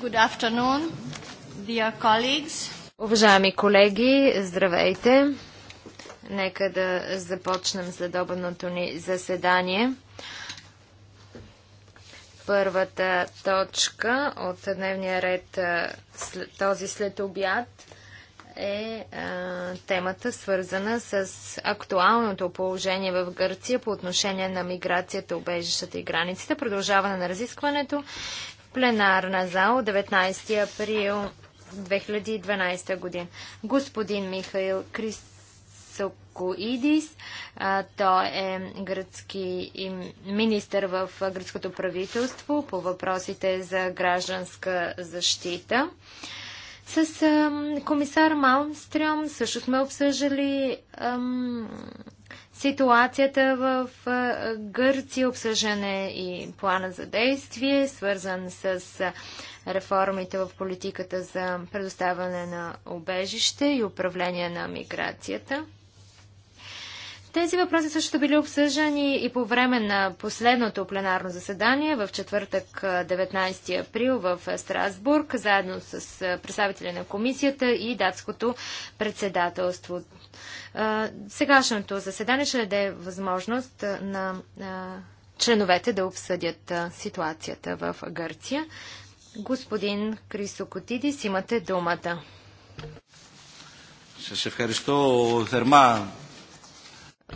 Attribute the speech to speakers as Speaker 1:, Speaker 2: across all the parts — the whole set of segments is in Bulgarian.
Speaker 1: Good afternoon, dear colleagues. Уважаеми колеги, здравейте! Нека да започнем следобедното ни заседание. Първата точка от дневния ред този след обяд е темата свързана с актуалното положение в Гърция по отношение на миграцията, убежищата и границите. Продължаване на разискването пленарна зал 19 април 2012 година. Господин Михаил Крисокоидис, той е гръцки министър в гръцкото правителство по въпросите за гражданска защита. С комисар Малмстрем също сме обсъждали Ситуацията в Гърция, обсъждане и плана за действие, свързан с реформите в политиката за предоставяне на обежище и управление на миграцията. Тези въпроси също били обсъждани и по време на последното пленарно заседание в четвъртък 19 април в Страсбург, заедно с представители на комисията и датското председателство. Сегашното заседание ще даде възможност на членовете да обсъдят ситуацията в Гърция. Господин Крисо Котидис, имате думата.
Speaker 2: се ευχαριστώ θερμά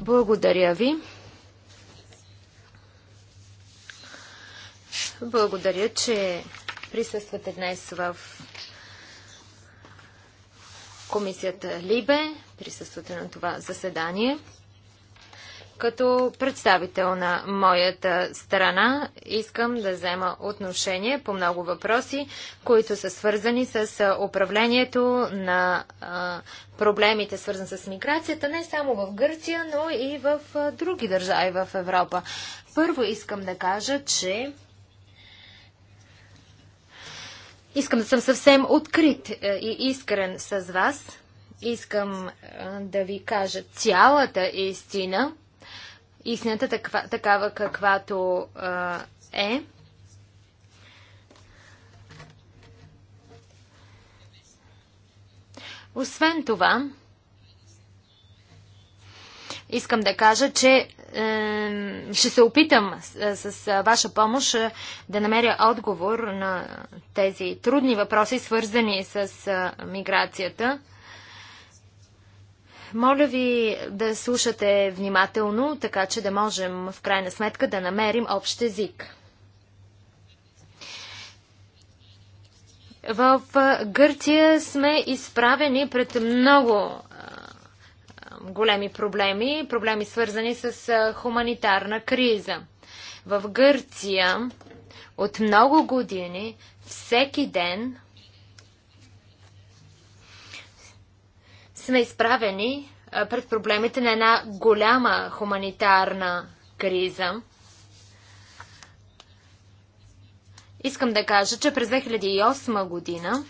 Speaker 1: благодаря ви. Благодаря, че присъствате днес в комисията Либе, присъствате на това заседание като представител на моята страна искам да взема отношение по много въпроси, които са свързани с управлението на проблемите, свързани с миграцията, не само в Гърция, но и в други държави в Европа. Първо искам да кажа, че искам да съм съвсем открит е, и искрен с вас. Искам е, да ви кажа цялата истина истината таква, такава каквато а, е. Освен това, искам да кажа, че е, ще се опитам с, с, ваша помощ е, да намеря отговор на тези трудни въпроси, свързани с е, миграцията. Моля ви да слушате внимателно, така че да можем в крайна сметка да намерим общ език. В Гърция сме изправени пред много големи проблеми, проблеми свързани с хуманитарна криза. В Гърция от много години всеки ден сме изправени пред проблемите на една голяма хуманитарна криза. Искам да кажа, че през 2008 година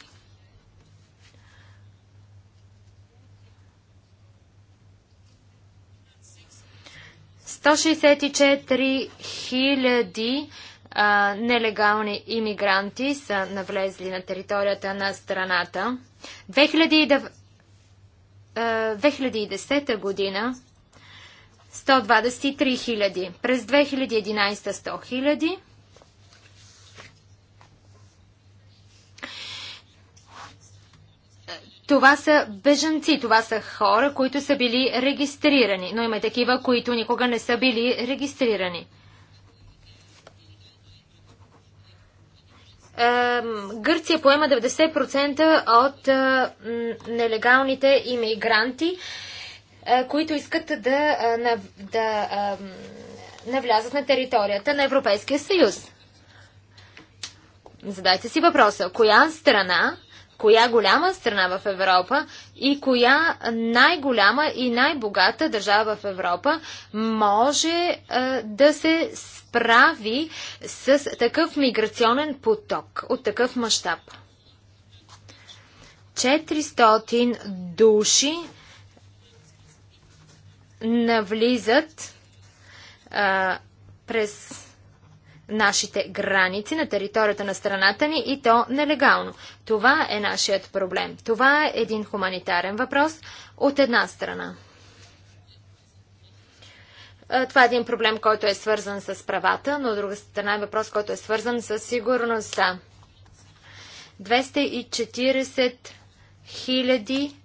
Speaker 1: хиляди нелегални иммигранти са навлезли на територията на страната. 2010 е, година 123 000, през 2011 100 хиляди Това са бежанци, това са хора, които са били регистрирани, но има такива, които никога не са били регистрирани. Гърция поема 90% от нелегалните иммигранти, които искат да, да навлязат на територията на Европейския съюз. Задайте си въпроса. Коя страна коя голяма страна в Европа и коя най-голяма и най-богата държава в Европа може а, е, да се справи с такъв миграционен поток от такъв мащаб. 400 души навлизат а, е, през нашите граници на територията на страната ни и то нелегално. Това е нашият проблем. Това е един хуманитарен въпрос от една страна. Е, това е един проблем, който е свързан с правата, но от друга страна е въпрос, който е свързан с сигурността. 240 хиляди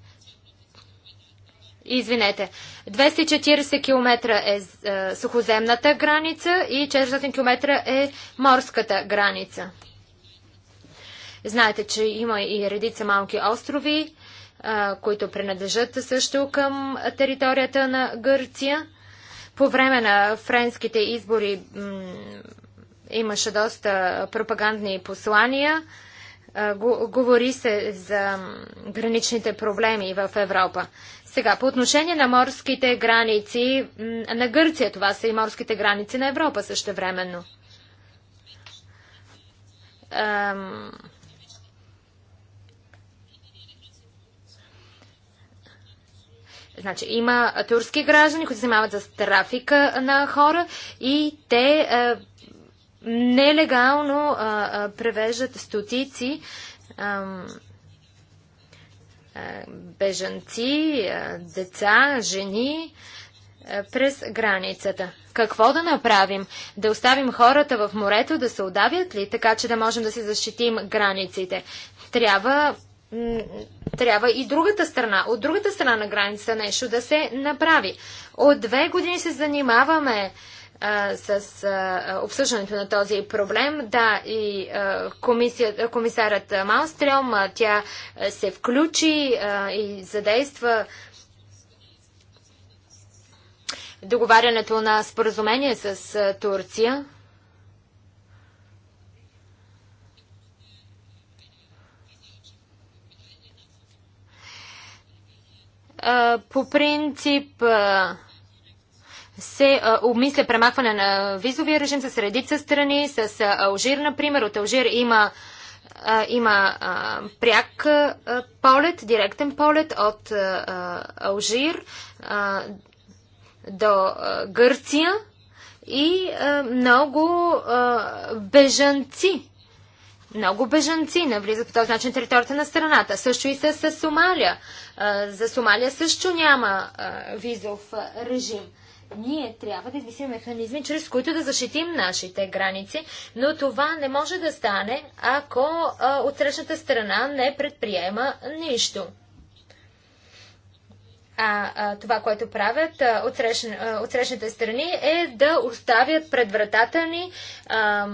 Speaker 1: Извинете, 240 км е, е сухоземната граница и 400 км е морската граница. Знаете, че има и редица малки острови, а, е, които принадлежат също към територията на Гърция. По време на френските избори имаше доста пропагандни послания. Е, го говори се за граничните проблеми в Европа. Сега, по отношение на морските граници на Гърция, това са и морските граници на Европа също времено. Ам... Значи, има турски граждани, които се занимават с за трафика на хора и те а, нелегално а, а, превеждат стотици а, е, бежанци, е, деца, жени е, през границата. Какво да направим? Да оставим хората в морето да се удавят ли, така че да можем да си защитим границите? Трябва, трябва и другата страна, от другата страна на границата нещо да се направи. От две години се занимаваме с а, обсъждането на този проблем. Да, и а, комисия, комисарът Малстрем, а, тя се включи а, и задейства договарянето на споразумение с а, Турция. по принцип, се а, обмисля премахване на визовия режим с редица страни, с а, Алжир, например. От Алжир има, а, има а, пряк а, полет, директен полет от а, Алжир а, до а, Гърция и а, много а, бежанци. Много бежанци навлизат по този начин територията на страната. Също и с, Сомалия. за Сомалия също няма визов режим ние трябва да измислим механизми, чрез които да защитим нашите граници, но това не може да стане, ако а, отсрещната страна не предприема нищо. А, а това, което правят а, отсрещ, а, отсрещните страни е да оставят пред вратата ни а,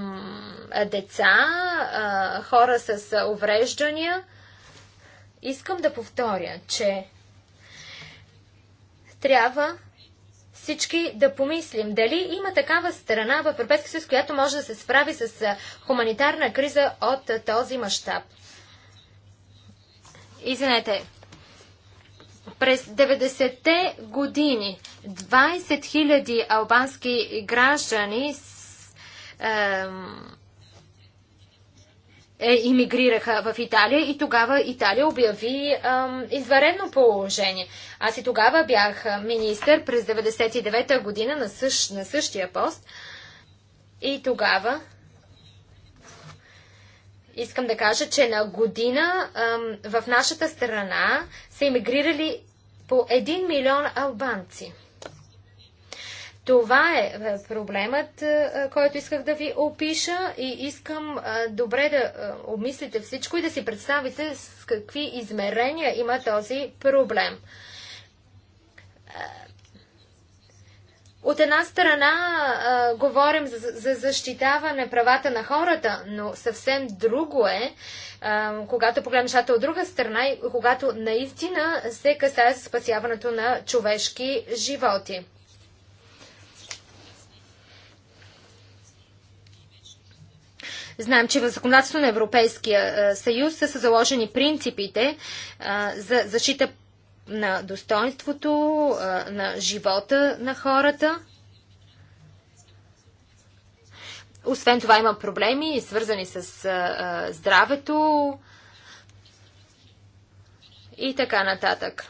Speaker 1: деца, а, хора с увреждания. Искам да повторя, че трябва всички да помислим дали има такава страна в Европейския съюз, която може да се справи с хуманитарна криза от този мащаб. Извинете, през 90-те години 20 000 албански граждани с, е, иммигрираха в Италия и тогава Италия обяви ам, изварено положение. Аз и тогава бях министър през 99-та година на, същ, на същия пост. И тогава искам да кажа, че на година ам, в нашата страна са иммигрирали по 1 милион албанци. Това е, е проблемът, е, е, който исках да ви опиша и искам добре да обмислите всичко и да си представите с какви измерения има този проблем. От една страна говорим за, защитаване правата на хората, но съвсем друго е, когато погледнем нещата от друга страна и когато наистина се касае за спасяването на човешки животи. Знаем, че в законодателството на Европейския е, съюз са заложени принципите е, за защита на достоинството, е, на живота на хората. Освен това има проблеми, свързани с здравето и така нататък.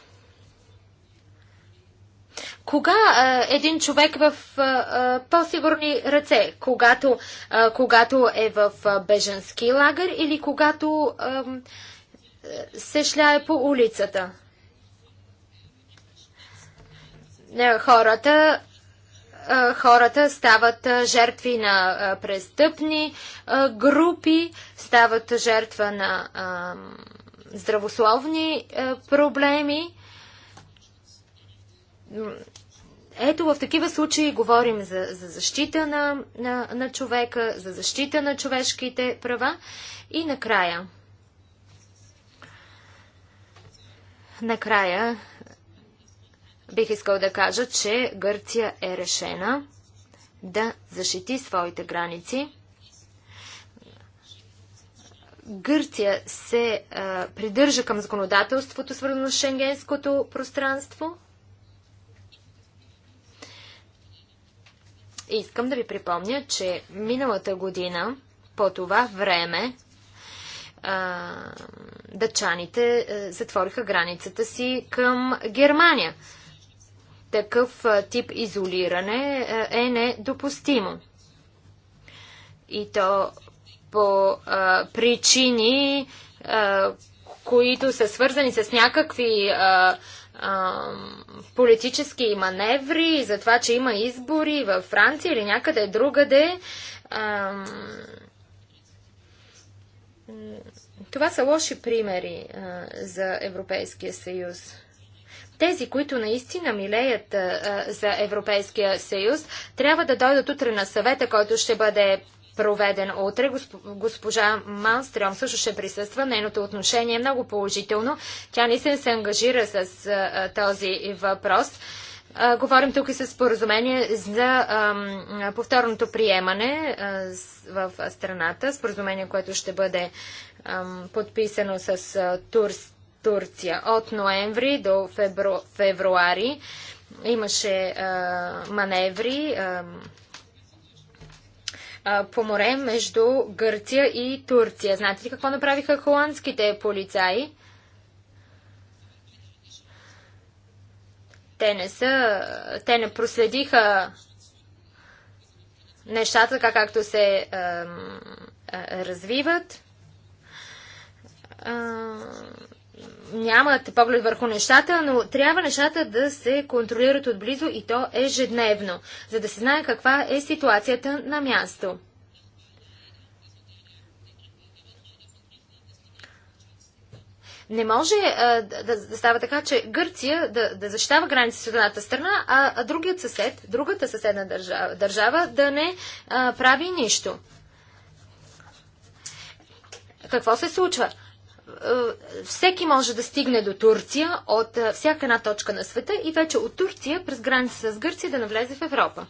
Speaker 1: Кога а, един човек в по-сигурни ръце? Когато, а, когато е в беженски лагер или когато а, се шляе по улицата? Хората хората стават жертви на престъпни групи, стават жертва на здравословни проблеми ето в такива случаи говорим за, за защита на, на, на човека, за защита на човешките права и накрая. Накрая бих искал да кажа, че Гърция е решена да защити своите граници. Гърция се а, придържа към законодателството, свързано с шенгенското пространство Искам да ви припомня, че миналата година по това време дъчаните е, затвориха границата си към Германия. Такъв тип изолиране е, е недопустимо. И то по причини, които са свързани с някакви политически маневри, за това, че има избори във Франция или някъде другаде. това са лоши примери за Европейския съюз. Тези, които наистина милеят за Европейския съюз, трябва да дойдат утре на съвета, който ще бъде проведен утре. Госпожа Манстрем също ще присъства. Нейното отношение е много положително. Тя не се ангажира с този въпрос. говорим тук и с споразумение за повторното приемане в страната. Споразумение, което ще бъде подписано с Турция от ноември до февру, февруари. Имаше маневри по море между Гърция и Турция. Знаете ли какво направиха холандските полицаи? Те не са, те не проследиха нещата така както се развиват нямат поглед върху нещата, но трябва нещата да се контролират отблизо и то ежедневно, за да се знае каква е ситуацията на място. Не може а, да, да става така, че Гърция да, да защитава границите от едната страна, а, а другият съсед, другата съседна държава, държава да не а, прави нищо. Какво се случва? Е, всеки може да стигне до Турция от е, всяка една точка на света и вече от Турция през граница с Гърция да навлезе в Европа.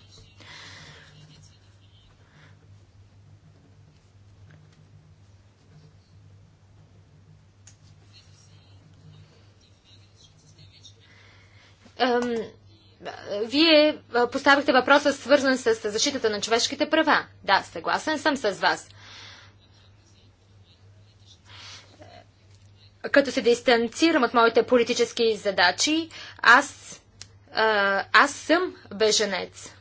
Speaker 1: Вие е, поставихте въпроса свързан с защитата на човешките права. Да, съгласен съм с вас. като се дистанцирам от моите политически задачи, аз, а, аз съм беженец.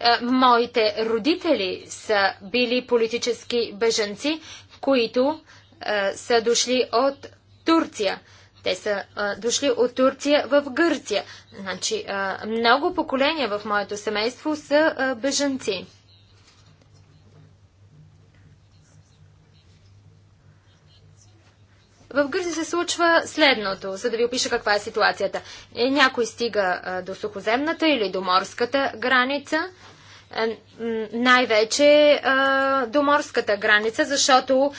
Speaker 1: А, моите родители са били политически беженци, които а, са дошли от Турция. Те са а, дошли от Турция в Гърция. Значи, а, много поколения в моето семейство са а, беженци. В Гърция се случва следното, за да ви опиша каква е ситуацията. Е, някой стига до сухоземната или до морската граница, е, най-вече до морската граница, защото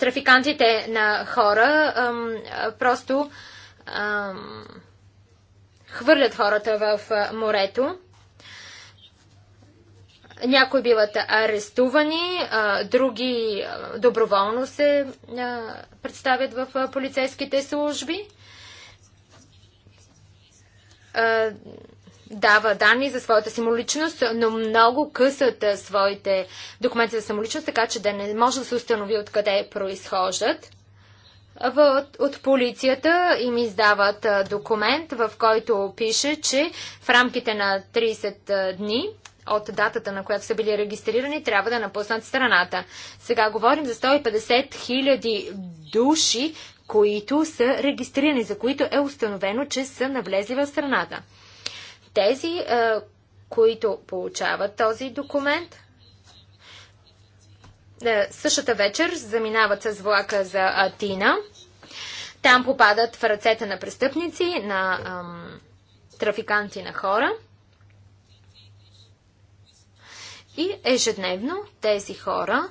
Speaker 1: трафикантите на хора просто хвърлят хората в морето. Някои биват арестувани, а, други а, доброволно се а, представят в полицейските служби. Дава данни за своята самоличност, но много късат своите документи за самоличност, така че да не може да се установи откъде произхождат. От, от полицията им издават документ, в който пише, че в рамките на 30 дни от датата, на която са били регистрирани, трябва да напуснат страната. Сега говорим за 150 000 души, които са регистрирани, за които е установено, че са навлезли в страната. Тези, които получават този документ, същата вечер заминават с влака за Атина. Там попадат в ръцете на престъпници, на ам, трафиканти на хора – и ежедневно тези хора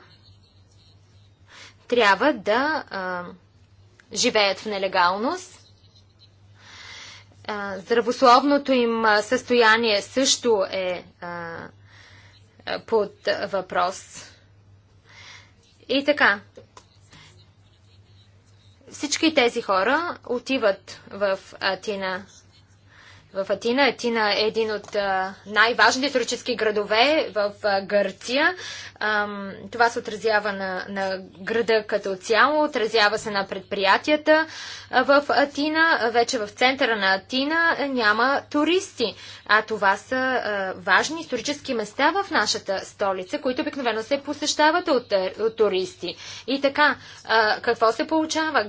Speaker 1: трябва да а, живеят в нелегалност. А, здравословното им състояние също е а, под въпрос. И така. Всички тези хора отиват в Атина в Атина. Атина е един от най-важните исторически градове в Гърция. Това се отразява на, на града като цяло, отразява се на предприятията в Атина. Вече в центъра на Атина няма туристи, а това са важни исторически места в нашата столица, които обикновено се посещават от, е, от туристи. И така, какво се получава?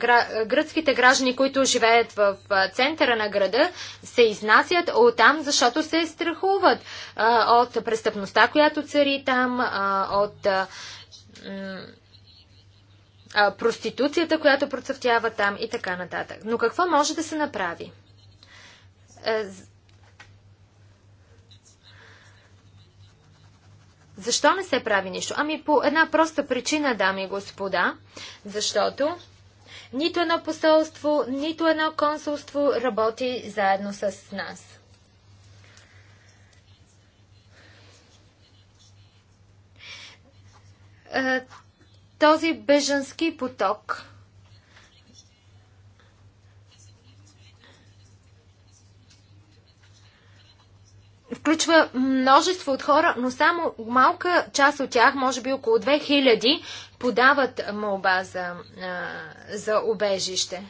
Speaker 1: Гръцките граждани, които живеят в центъра на града, се изнасят изнасят оттам, защото се страхуват а, от престъпността, която цари там, а, от а, проституцията, която процъфтява там и така нататък. Но какво може да се направи? Е, Защо не се прави нищо? Ами по една проста причина, дами и господа, защото нито едно посолство, нито едно консулство работи заедно с нас. Е, този бежански поток включва множество от хора, но само малка част от тях, може би около 2000, подават молба за, за обежище.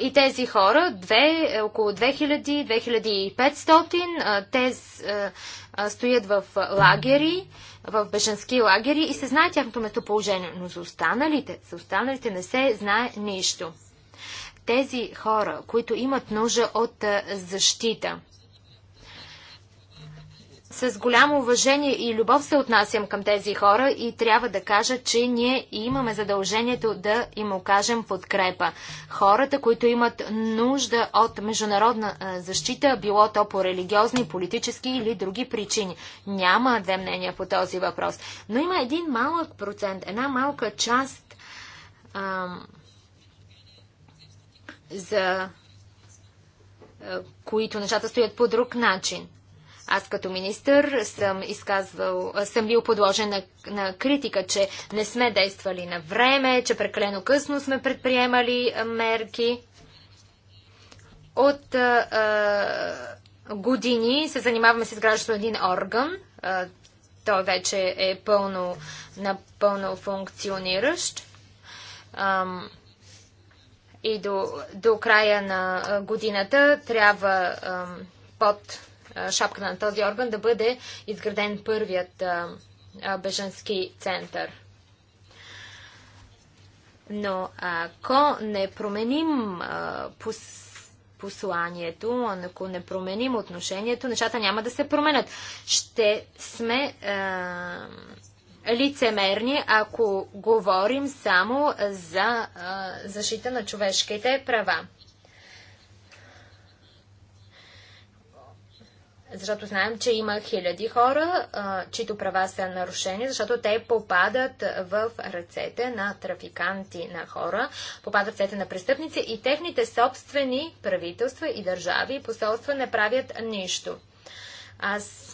Speaker 1: И тези хора, две, около 2000-2500, те стоят в лагери, в беженски лагери и се знае тяхното местоположение. Но за останалите, за останалите не се знае нищо тези хора, които имат нужда от защита. С голямо уважение и любов се отнасям към тези хора и трябва да кажа, че ние имаме задължението да им окажем подкрепа. Хората, които имат нужда от международна защита, било то по религиозни, политически или други причини. Няма две мнения по този въпрос. Но има един малък процент, една малка част. Ам за е, които нещата стоят по друг начин. Аз като министър съм изказвал, е, съм бил подложен на, на критика, че не сме действали на време, че прекалено късно сме предприемали е, мерки. От а, а, години се занимаваме с изграждането на един орган. А, той вече е пълно, напълно функциониращ. А, и до, до края на годината трябва под шапка на този орган да бъде изграден първият беженски център. Но ако не променим посланието, ако не променим отношението, нещата няма да се променят. Ще сме лицемерни, ако говорим само за а, защита на човешките права. Защото знаем, че има хиляди хора, а, чието права са нарушени, защото те попадат в ръцете на трафиканти на хора, попадат в ръцете на престъпници и техните собствени правителства и държави и посолства не правят нищо. Аз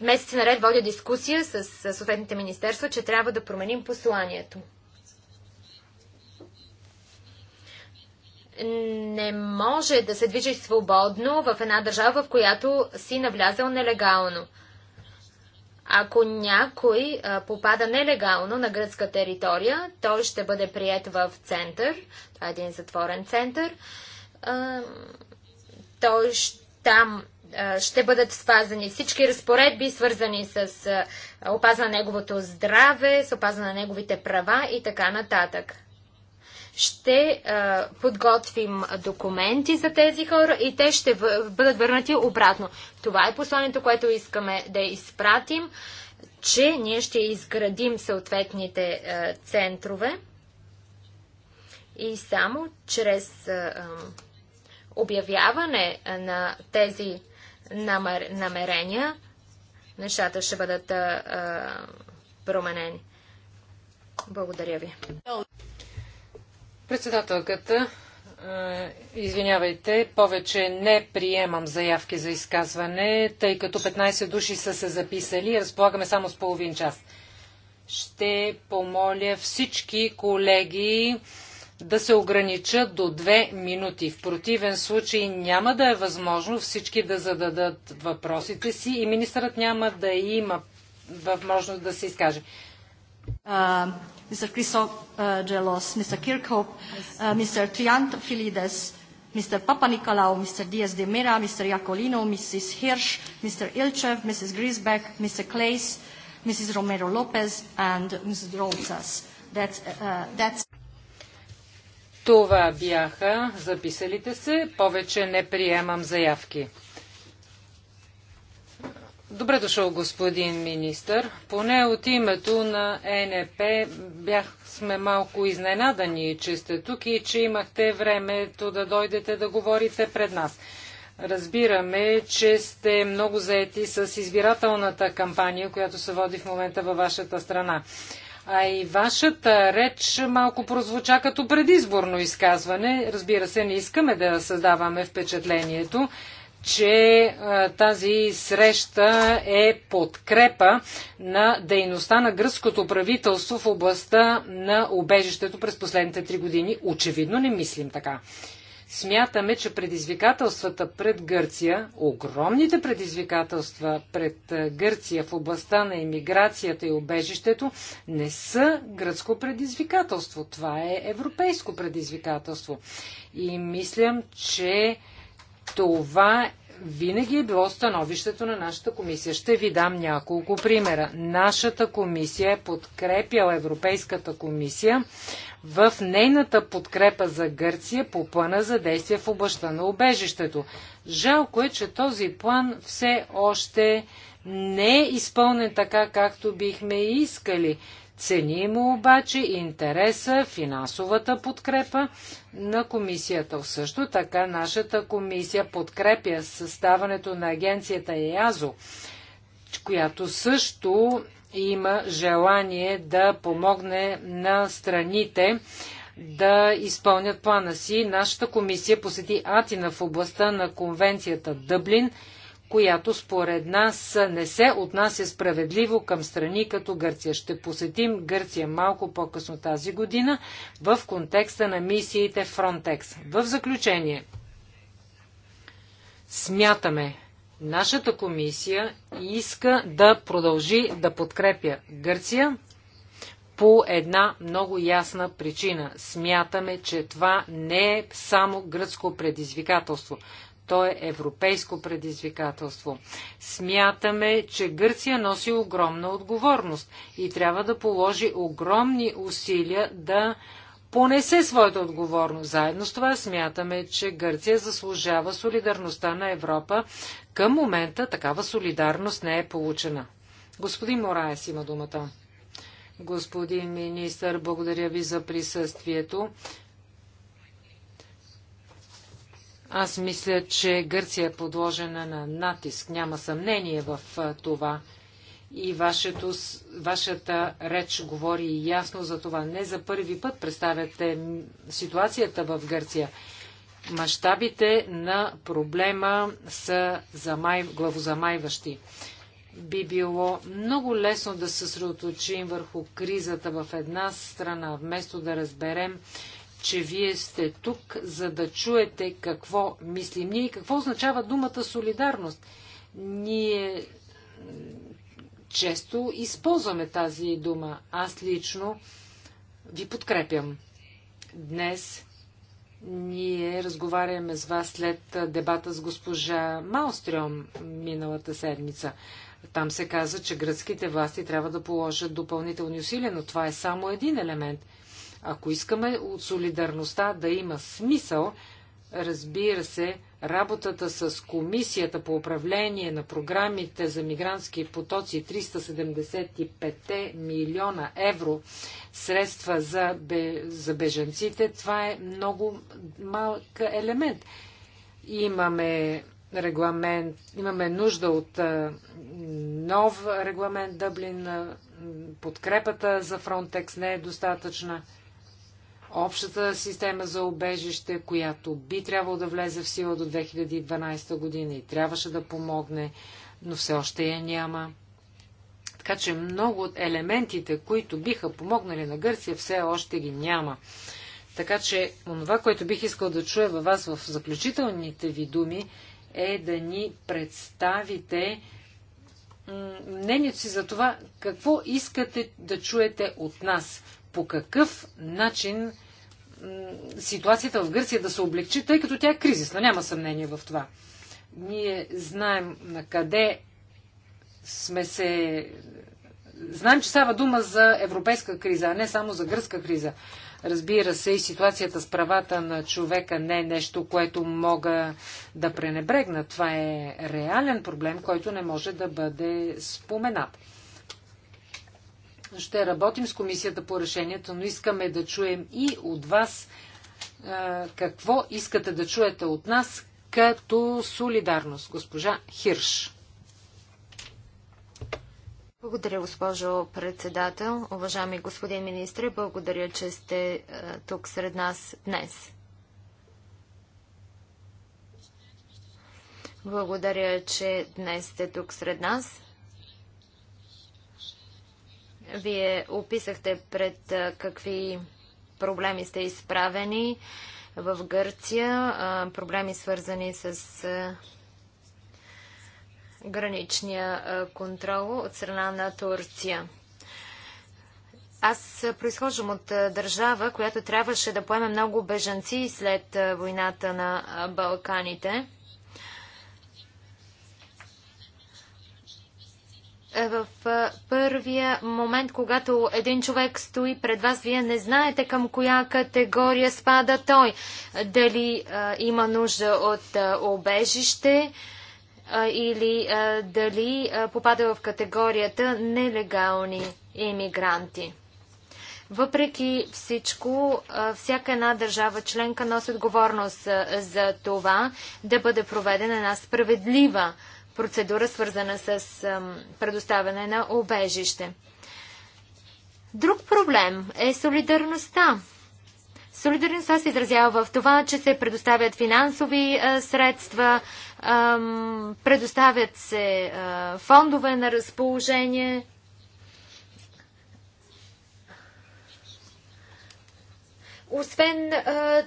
Speaker 1: месеци наред водя дискусия с съответните министерства, че трябва да променим посланието. Не може да се движиш свободно в една държава, в която си навлязал нелегално. Ако някой а, попада нелегално на гръцка територия, той ще бъде прият в център. Това е един затворен център. А, той ще, там ще бъдат спазани всички разпоредби, свързани с опазване на неговото здраве, с опазване на неговите права и така нататък. Ще подготвим документи за тези хора и те ще бъдат върнати обратно. Това е посланието, което искаме да изпратим, че ние ще изградим съответните центрове и само чрез обявяване на тези намер... намерения, нещата ще бъдат а, променени. Благодаря ви.
Speaker 3: Председателката, извинявайте, повече не приемам заявки за изказване, тъй като 15 души са се записали и разполагаме само с половин час. Ще помоля всички колеги да се ограничат до две минути. В противен случай няма да е възможно всички да зададат въпросите си и министърът няма да има възможност да се изкаже. Мистер Крисок Джелос, мистер Киркоп, мистер Триант
Speaker 1: Филидес, мистер Папа Николау, мистер Диас Демира, мистер Яколино, мисис Хирш, мистер Илчев, мисис Грисбек, мистер Клейс, мисис Ромеро Лопес и мисис Роуцас. That's, uh,
Speaker 3: това бяха записалите се. Повече не приемам заявки. Добре дошъл, господин министър. Поне от името на НП бях сме малко изненадани, че сте тук и че имахте времето да дойдете да говорите пред нас. Разбираме, че сте много заети с избирателната кампания, която се води в момента във вашата страна. А и вашата реч малко прозвуча като предизборно изказване. Разбира се, не искаме да създаваме впечатлението, че тази среща е подкрепа на дейността на гръцкото правителство в областта на убежището през последните три години. Очевидно не мислим така. Смятаме, че предизвикателствата пред Гърция, огромните предизвикателства пред е, Гърция в областта на иммиграцията и убежището, не са гръцко предизвикателство. Това е европейско предизвикателство. И мислям, че това винаги е било становището на нашата комисия. Ще ви дам няколко примера. Нашата комисия е подкрепяла Европейската комисия в нейната подкрепа за Гърция по плана за действие в областта на убежището. Жалко е, че този план все още не е изпълнен така, както бихме искали. Цени му обаче интереса, финансовата подкрепа на комисията. Също така нашата комисия подкрепя съставането на агенцията ЕАЗО, която също има желание да помогне на страните да изпълнят плана си. Нашата комисия посети Атина в областта на конвенцията Дъблин, която според нас не се отнася справедливо към страни като Гърция. Ще посетим Гърция малко по-късно тази година в контекста на мисиите Frontex. В заключение, смятаме, Нашата комисия иска да продължи да подкрепя Гърция по една много ясна причина. Смятаме, че това не е само гръцко предизвикателство. То е европейско предизвикателство. Смятаме, че Гърция носи огромна отговорност и трябва да положи огромни усилия да понесе своята отговорност. Заедно с това смятаме, че Гърция заслужава солидарността на Европа към момента такава солидарност не е получена. Господин Мораес има думата. Господин министър, благодаря ви за присъствието. Аз мисля, че Гърция е подложена на натиск. Няма съмнение в това. И вашето, вашата реч говори ясно за това. Не за първи път представяте ситуацията в Гърция. Мащабите на проблема са замай, главозамайващи. Би било много лесно да се съсредоточим върху кризата в една страна, вместо да разберем, че вие сте тук, за да чуете какво мислим ние и какво означава думата солидарност. Ние често използваме тази дума. Аз лично ви подкрепям. Днес ние разговаряме с вас след дебата с госпожа Малстрем миналата седмица. Там се каза, че гръцките власти трябва да положат допълнителни усилия, но това е само един елемент. Ако искаме от солидарността да има смисъл, разбира се, работата с Комисията по управление на програмите за мигрантски потоци 375 милиона евро средства за, бе, за беженците, това е много малък елемент. Имаме регламент, имаме нужда от нов регламент Дъблин, подкрепата за Фронтекс не е достатъчна общата система за обежище, която би трябвало да влезе в сила до 2012 година и трябваше да помогне, но все още я няма. Така че много от елементите, които биха помогнали на Гърция, все още ги няма. Така че това, което бих искал да чуя във вас в заключителните ви думи, е да ни представите мнението си за това, какво искате да чуете от нас, по какъв начин ситуацията в Гърция да се облегчи, тъй като тя е кризисна. Няма съмнение в това. Ние знаем на къде сме се. Знаем, че става дума за европейска криза, а не само за гръцка криза. Разбира се, и ситуацията с правата на човека не е нещо, което мога да пренебрегна. Това е реален проблем, който не може да бъде споменат. Ще работим с комисията по решението, но искаме да чуем и от вас какво искате да чуете от нас като солидарност. Госпожа Хирш.
Speaker 1: Благодаря, госпожо председател. Уважаеми господин министр, благодаря, че сте тук сред нас днес. Благодаря, че днес сте тук сред нас. Вие описахте пред какви проблеми сте изправени в Гърция, проблеми свързани с граничния контрол от страна на Турция. Аз произхождам от държава, която трябваше да поеме много бежанци след войната на Балканите – Е в е, първия момент, когато един човек стои пред вас, вие не знаете към коя категория спада той. Дали а, е, има нужда от а, обежище а, или а, дали а, попада в категорията нелегални иммигранти. Въпреки всичко, всяка една държава членка носи отговорност за това да бъде проведена една справедлива процедура, свързана с предоставяне на обежище. Друг проблем е солидарността. Солидарността се изразява в това, че се предоставят финансови средства, предоставят се фондове на разположение. Освен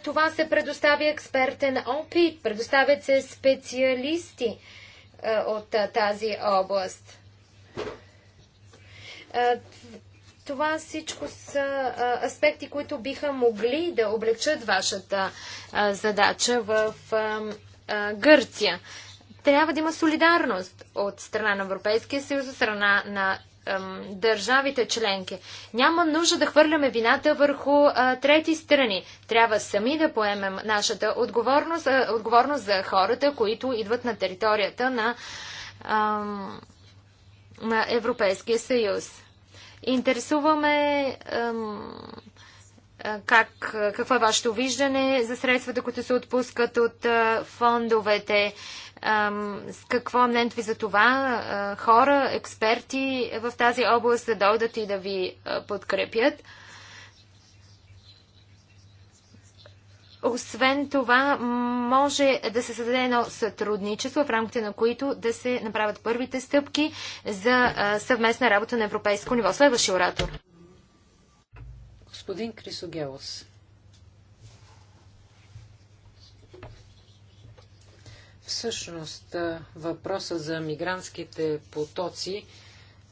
Speaker 1: това се предоставя експертен опит, предоставят се специалисти. Е, от е, тази област. Е, това всичко са аспекти, които биха могли да облегчат вашата задача в Гърция. Трябва да има солидарност от страна на Европейския съюз, от страна на държавите членки. Няма нужда да хвърляме вината върху а, трети страни. Трябва сами да поемем нашата отговорност, а, отговорност за хората, които идват на територията на, а, на Европейския съюз. Интересуваме как, какво е вашето виждане за средствата, които се отпускат от фондовете с какво е мнението ви за това? Хора, експерти в тази област да дойдат и да ви подкрепят. Освен това, може да се създаде едно сътрудничество, в рамките на които да се направят първите стъпки за съвместна работа на европейско ниво. Следващи оратор.
Speaker 3: Господин Крисогелос. Всъщност въпроса за мигрантските потоци,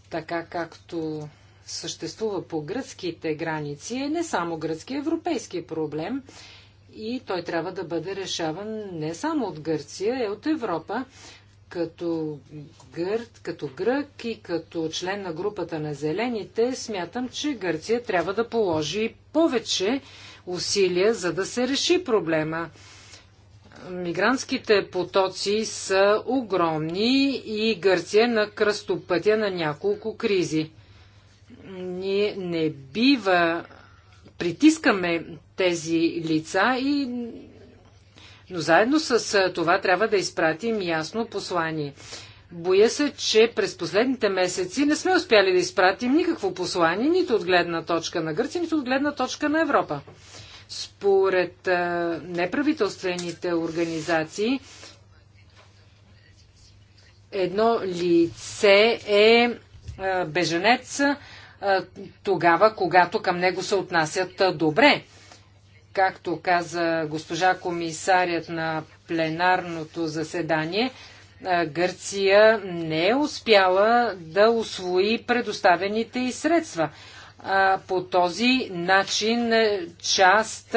Speaker 3: така както съществува по гръцките граници, е не само гръцки, е европейски проблем и той трябва да бъде решаван не само от Гърция, е от Европа, като, гър, като грък и като член на групата на зелените, смятам, че Гърция трябва да положи повече усилия, за да се реши проблема мигрантските потоци са огромни и Гърция е на кръстопътя на няколко кризи. Ние не бива притискаме тези лица и но заедно с това трябва да изпратим ясно послание. Боя се, че през последните месеци не сме успяли да изпратим никакво послание, нито от гледна точка на Гърция, нито от гледна точка на Европа. Според неправителствените организации, едно лице е беженец тогава, когато към него се отнасят добре. Както каза госпожа комисарят на пленарното заседание, Гърция не е успяла да освои предоставените и средства по този начин е, част,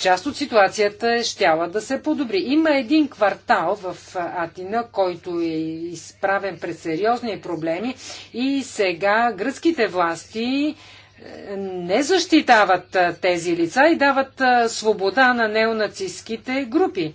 Speaker 3: част от ситуацията щяла да се подобри. Има един квартал в Атина, който е изправен пред сериозни проблеми и сега гръцките власти е, не защитават тези лица и дават свобода на неонацистските групи.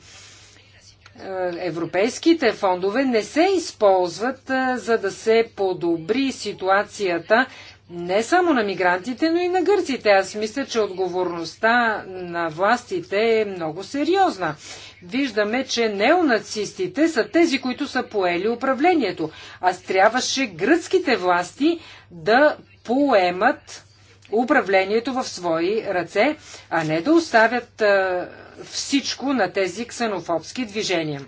Speaker 3: Е, европейските фондове не се използват е, за да се подобри ситуацията не само на мигрантите, но и на гърците. Аз мисля, че отговорността на властите е много сериозна. Виждаме, че неонацистите са тези, които са поели управлението. Аз трябваше гръцките власти да поемат управлението в свои ръце, а не да оставят е, всичко на тези ксенофобски движения.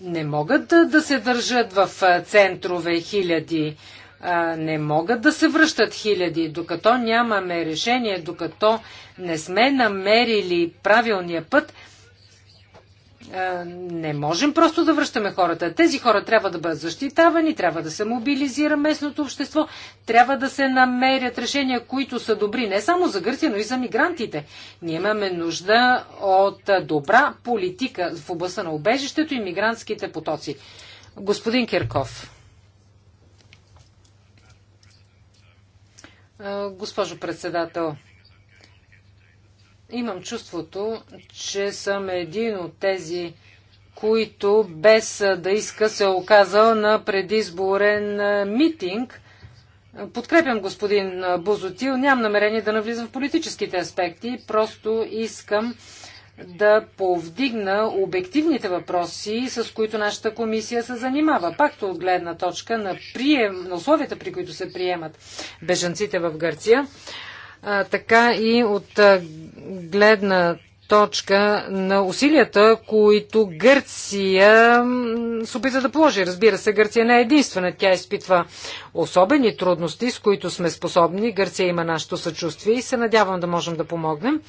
Speaker 3: Не могат да, да се държат в центрове хиляди, не могат да се връщат хиляди, докато нямаме решение, докато не сме намерили правилния път – не можем просто да връщаме хората. Тези хора трябва да бъдат защитавани, трябва да се мобилизира местното общество, трябва да се намерят решения, които са добри не само за Гърция, но и за мигрантите. Ние имаме нужда от добра политика в областта на убежището и мигрантските потоци. Господин Кирков. Госпожо председател, имам чувството, че съм един от тези, които без да иска се е оказал на предизборен е, митинг. Подкрепям господин е, Бозотил, нямам намерение да навлизам в политическите аспекти, просто искам да повдигна обективните въпроси, с които нашата комисия се занимава. Пакто от гледна точка на, прием, на условията, при които се приемат бежанците в Гърция така и от гледна точка на усилията, които Гърция се опита да положи. Разбира се, Гърция не е единствена. Тя изпитва особени трудности, с които сме способни. Гърция има нашето съчувствие и се надявам да можем да помогнем.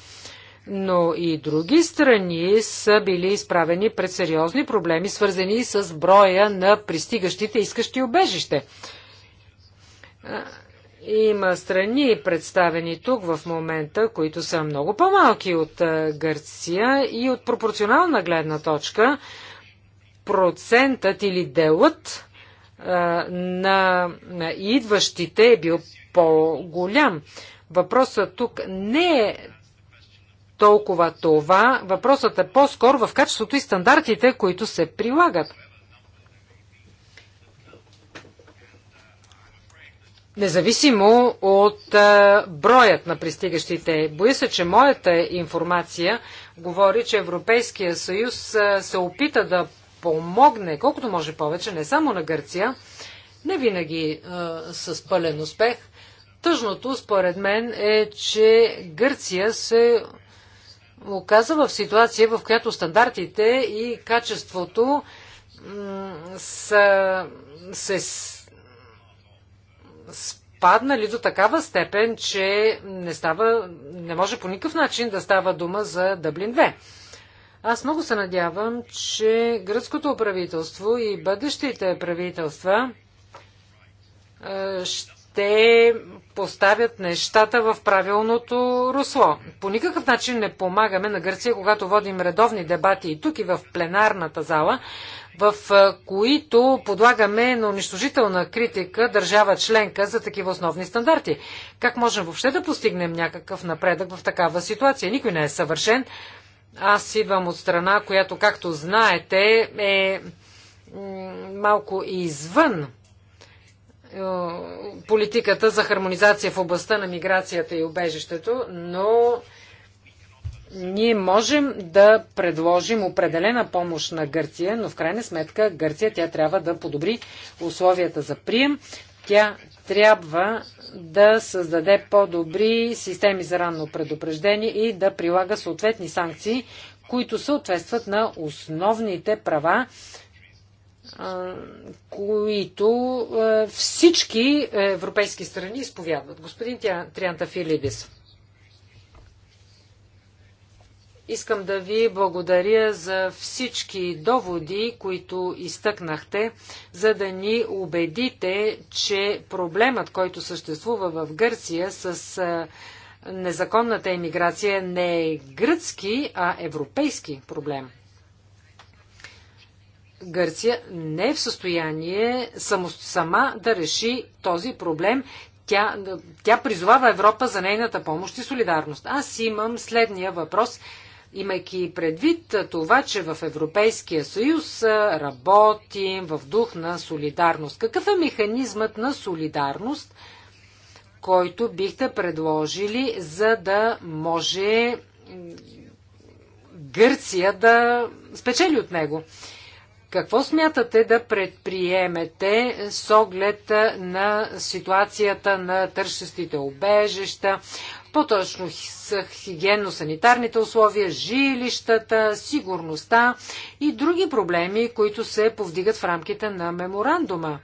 Speaker 3: Но и други страни са били изправени пред сериозни проблеми, свързани с броя на пристигащите искащи обежище. Има страни, представени тук в момента, които са много по-малки от Гърция и от пропорционална гледна точка процентът или делът а, на, на идващите е бил по-голям. Въпросът тук не е толкова това. Въпросът е по-скоро в качеството и стандартите, които се прилагат. независимо от броят на пристигащите. Боя се, че моята информация говори, че Европейския съюз се опита да помогне колкото може повече, не само на Гърция, не винаги а, с пълен успех. Тъжното, според мен, е, че Гърция се оказа в ситуация, в която стандартите и качеството са, се спаднали до такава степен, че не, става, не може по никакъв начин да става дума за Дъблин 2. Аз много се надявам, че гръцкото правителство и бъдещите правителства ще поставят нещата в правилното русло. По никакъв начин не помагаме на Гърция, когато водим редовни дебати и тук и в пленарната зала, в които подлагаме на унищожителна критика държава членка за такива основни стандарти. Как можем въобще да постигнем някакъв напредък в такава ситуация? Никой не е съвършен. Аз идвам от страна, която, както знаете, е малко извън е, политиката за хармонизация в областта на миграцията и убежището, но ние можем да предложим определена помощ на Гърция, но в крайна сметка Гърция тя трябва да подобри условията за прием. Тя трябва да създаде по-добри системи за ранно предупреждение и да прилага съответни санкции, които съответстват на основните права, които всички европейски страни изповядват. Господин Трианта Филидис. Искам да ви благодаря за всички доводи, които изтъкнахте, за да ни убедите, че проблемът, който съществува в Гърция с незаконната емиграция не е гръцки, а европейски проблем. Гърция не е в състояние само, сама да реши този проблем. Тя, тя призовава Европа за нейната помощ и солидарност. Аз имам следния въпрос имайки предвид това, че в Европейския съюз работим в дух на солидарност. Какъв е механизмът на солидарност, който бихте предложили, за да може Гърция да спечели от него? Какво смятате да предприемете с оглед на ситуацията на търсещите обежища, по-точно са хигиенно-санитарните условия, жилищата, сигурността и други проблеми, които се повдигат в рамките на меморандума.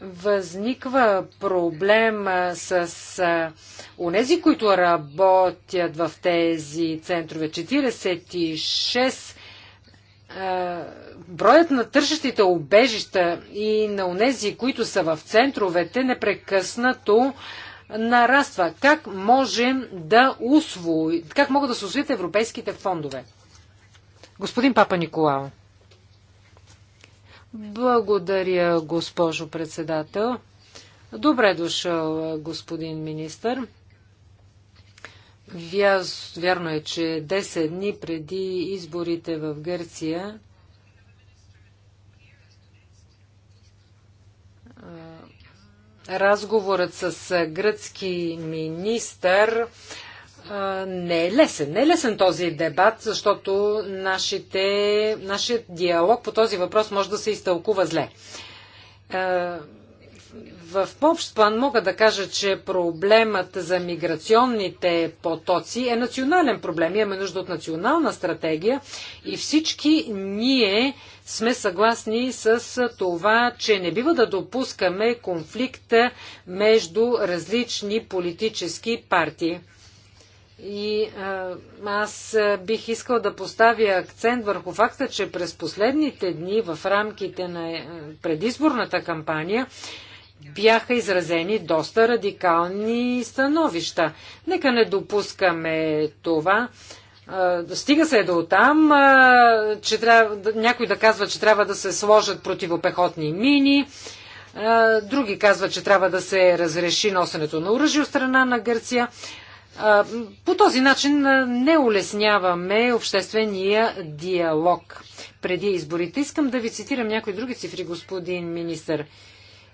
Speaker 3: възниква проблем с онези, унези, които работят в тези центрове. 46 а, броят на тържащите обежища и на онези, които са в центровете, непрекъснато нараства. Как можем да усвои, как могат да се усвоят европейските фондове? Господин Папа Николао. Благодаря, госпожо председател. Добре дошъл, господин министър. Вярно е, че 10 дни преди изборите в Гърция разговорът с гръцки министър не е лесен. Не е лесен този дебат, защото нашите, нашият диалог по този въпрос може да се изтълкува зле. В общ план мога да кажа, че проблемът за миграционните потоци е национален проблем. Имаме нужда от национална стратегия и всички ние сме съгласни с това, че не бива да допускаме конфликта между различни политически партии. И а, аз бих искал да поставя акцент върху факта, че през последните дни в рамките на е, предизборната кампания бяха изразени доста радикални становища. Нека не допускаме това. Стига се до там, че трябва, някой да казва, че трябва да се сложат противопехотни мини, други казват, че трябва да се разреши носенето на оръжие от страна на Гърция. По този начин не улесняваме обществения диалог преди изборите. Искам да ви цитирам някои други цифри, господин министър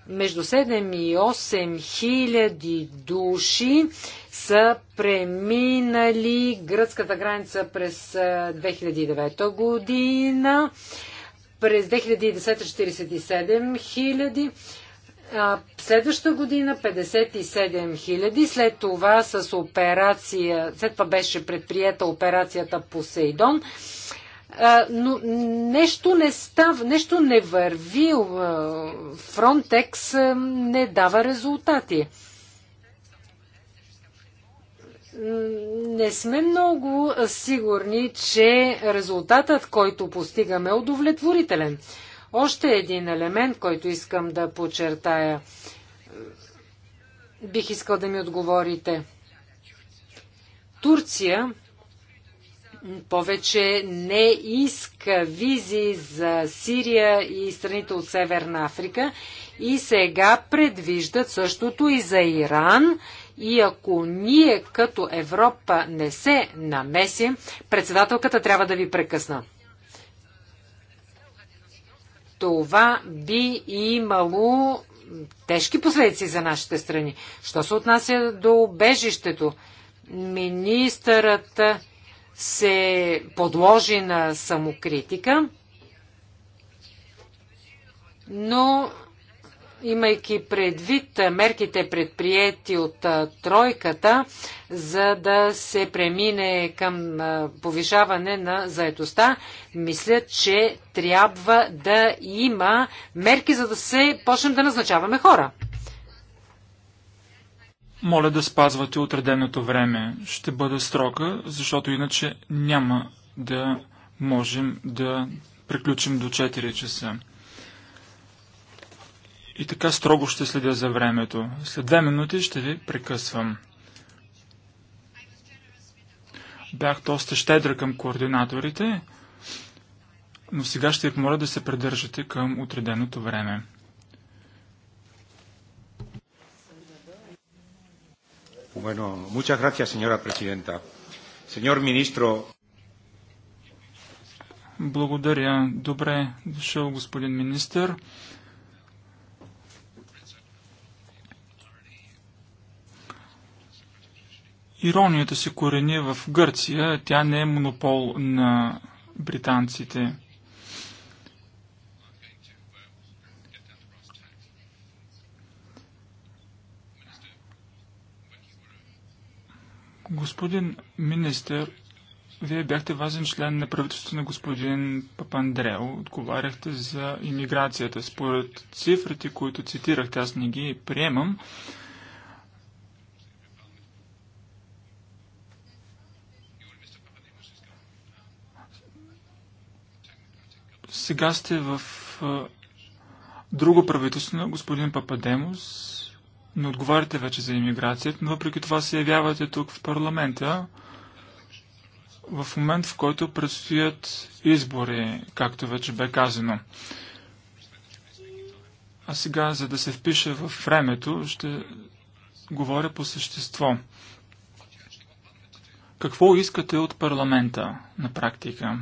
Speaker 3: между 7 и 8 хиляди души са преминали гръцката граница през 2009 година. През 2010 47 хиляди. Следваща година 57 хиляди. След това с операция, след това беше предприета операцията Посейдон но нещо не става, нещо не върви. Фронтекс не дава резултати. Не сме много сигурни, че резултатът, който постигаме, е удовлетворителен. Още един елемент, който искам да подчертая. Бих искал да ми отговорите. Турция повече не иска визи за Сирия и страните от Северна Африка и сега предвиждат същото и за Иран. И ако ние като Европа не се намесим, председателката трябва да ви прекъсна. Това би имало тежки последици за нашите страни. Що се отнася до убежището? Министърът се подложи на самокритика, но имайки предвид мерките предприяти от тройката, за да се премине към повишаване на заедостта, мисля, че трябва да има мерки, за да се почнем да назначаваме хора.
Speaker 4: Моля да спазвате отреденото време. Ще бъда строка, защото иначе няма да можем да приключим до 4 часа. И така строго ще следя за времето. След две минути ще ви прекъсвам. Бях доста щедра към координаторите, но сега ще ви помоля да се придържате към отреденото време. Bueno, muchas gracias, señora Señor Благодаря. Добре дошъл, господин министр. Иронията се корени в Гърция. Тя не е монопол на британците. Господин министър, вие бяхте важен член на правителството на господин Папандрео. Отговаряхте за иммиграцията. Според цифрите, които цитирахте, аз не ги приемам. Сега сте в друго правителство на господин Пападемос не отговаряте вече за иммиграцията, но въпреки това се явявате тук в парламента в момент, в който предстоят избори, както вече бе казано. А сега, за да се впиша в времето, ще говоря по същество. Какво искате от парламента на практика?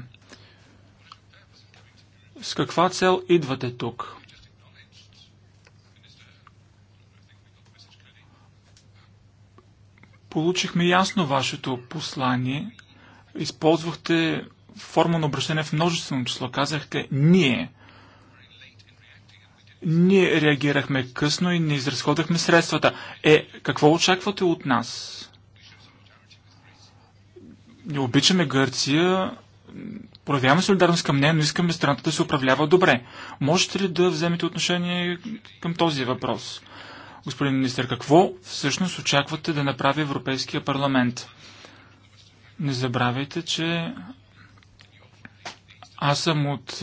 Speaker 4: С каква цел идвате тук? Получихме ясно вашето послание. Използвахте форма на обращение в множествено число. Казахте ние. Ние реагирахме късно и не изразходахме средствата. Е, какво очаквате от нас? Не обичаме Гърция, проявяваме солидарност към нея, но искаме страната да се управлява добре. Можете ли да вземете отношение към този въпрос? Господин министр, какво всъщност очаквате да направи Европейския парламент? Не забравяйте, че аз съм от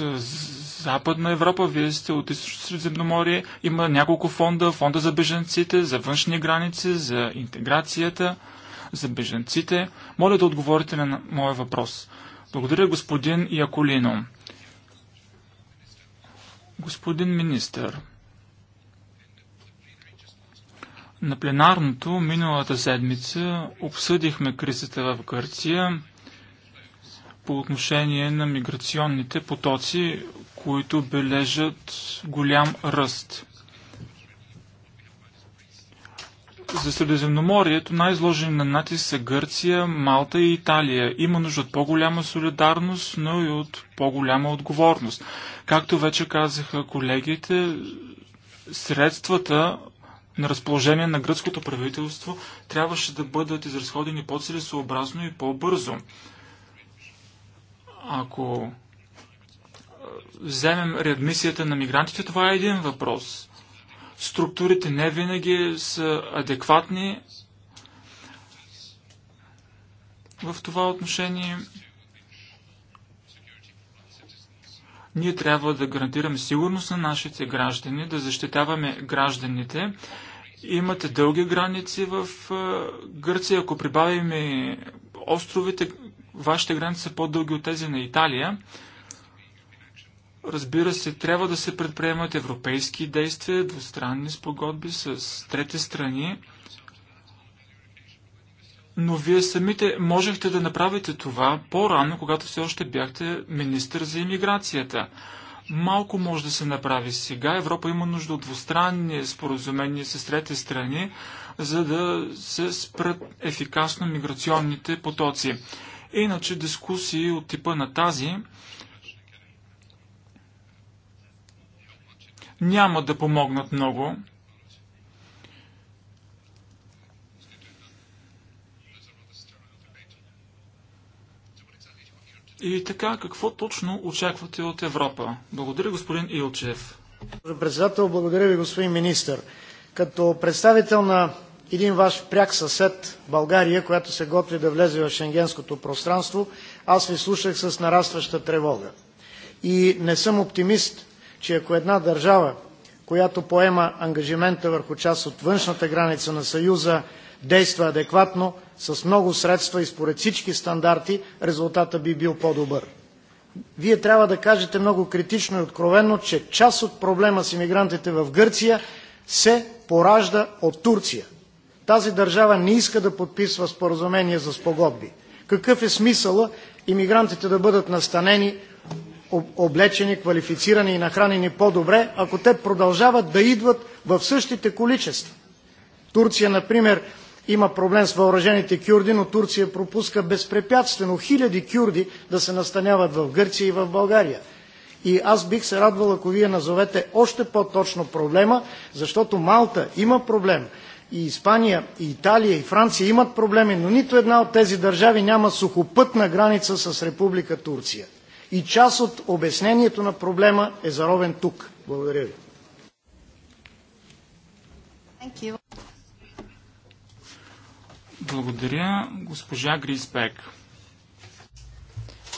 Speaker 4: Западна Европа, вие сте от Източното Средиземноморие. Има няколко фонда. Фонда за беженците, за външни граници, за интеграцията, за беженците. Моля да отговорите на моя въпрос. Благодаря, господин Яколино. Господин министър, На пленарното миналата седмица обсъдихме кризата в Гърция по отношение на миграционните потоци, които бележат голям ръст. За Средиземноморието най-изложени на натиск са Гърция, Малта и Италия. Има нужда от по-голяма солидарност, но и от по-голяма отговорност. Както вече казаха колегите, средствата на разположение на гръцкото правителство трябваше да бъдат изразходени по-целесообразно и по-бързо. Ако вземем реадмисията на мигрантите, това е един въпрос. Структурите не винаги са адекватни. В това отношение ние трябва да гарантираме сигурност на нашите граждани, да защитаваме гражданите Имате дълги граници в Гърция. Ако прибавим и островите, вашите граници са по-дълги от тези на Италия. Разбира се, трябва да се предприемат европейски действия, двустранни спогодби с трети страни. Но вие самите можехте да направите това по-рано, когато все още бяхте министър за иммиграцията. Малко може да се направи сега. Европа има нужда от двустранни споразумения с трети страни, за да се спрат ефикасно миграционните потоци. Иначе дискусии от типа на тази няма да помогнат много. И така, какво точно очаквате от Европа? Благодаря, господин Илчев.
Speaker 2: Председател, благодаря ви, господин министр. Като представител на един ваш пряк съсед, България, която се готви да влезе в шенгенското пространство, аз ви слушах с нарастваща тревога. И не съм оптимист, че ако една държава, която поема ангажимента върху част от външната граница на Съюза, действа адекватно, с много средства и според всички стандарти, резултата би бил по-добър. Вие трябва да кажете много критично и откровенно, че част от проблема с иммигрантите в Гърция се поражда от Турция. Тази държава не иска да подписва споразумение за спогодби. Какъв е смисъла иммигрантите да бъдат настанени, облечени, квалифицирани и нахранени по-добре, ако те продължават да идват в същите количества? Турция, например, има проблем с въоръжените кюрди, но Турция пропуска безпрепятствено хиляди кюрди да се настаняват в Гърция и в България. И аз бих се радвал, ако вие назовете още по-точно проблема, защото Малта има проблем. И Испания, и Италия, и Франция имат проблеми, но нито една от тези държави няма сухопътна граница с Република Турция. И част от обяснението на проблема е заровен тук. Благодаря ви.
Speaker 1: Thank you.
Speaker 4: Благодаря, госпожа Гриспек.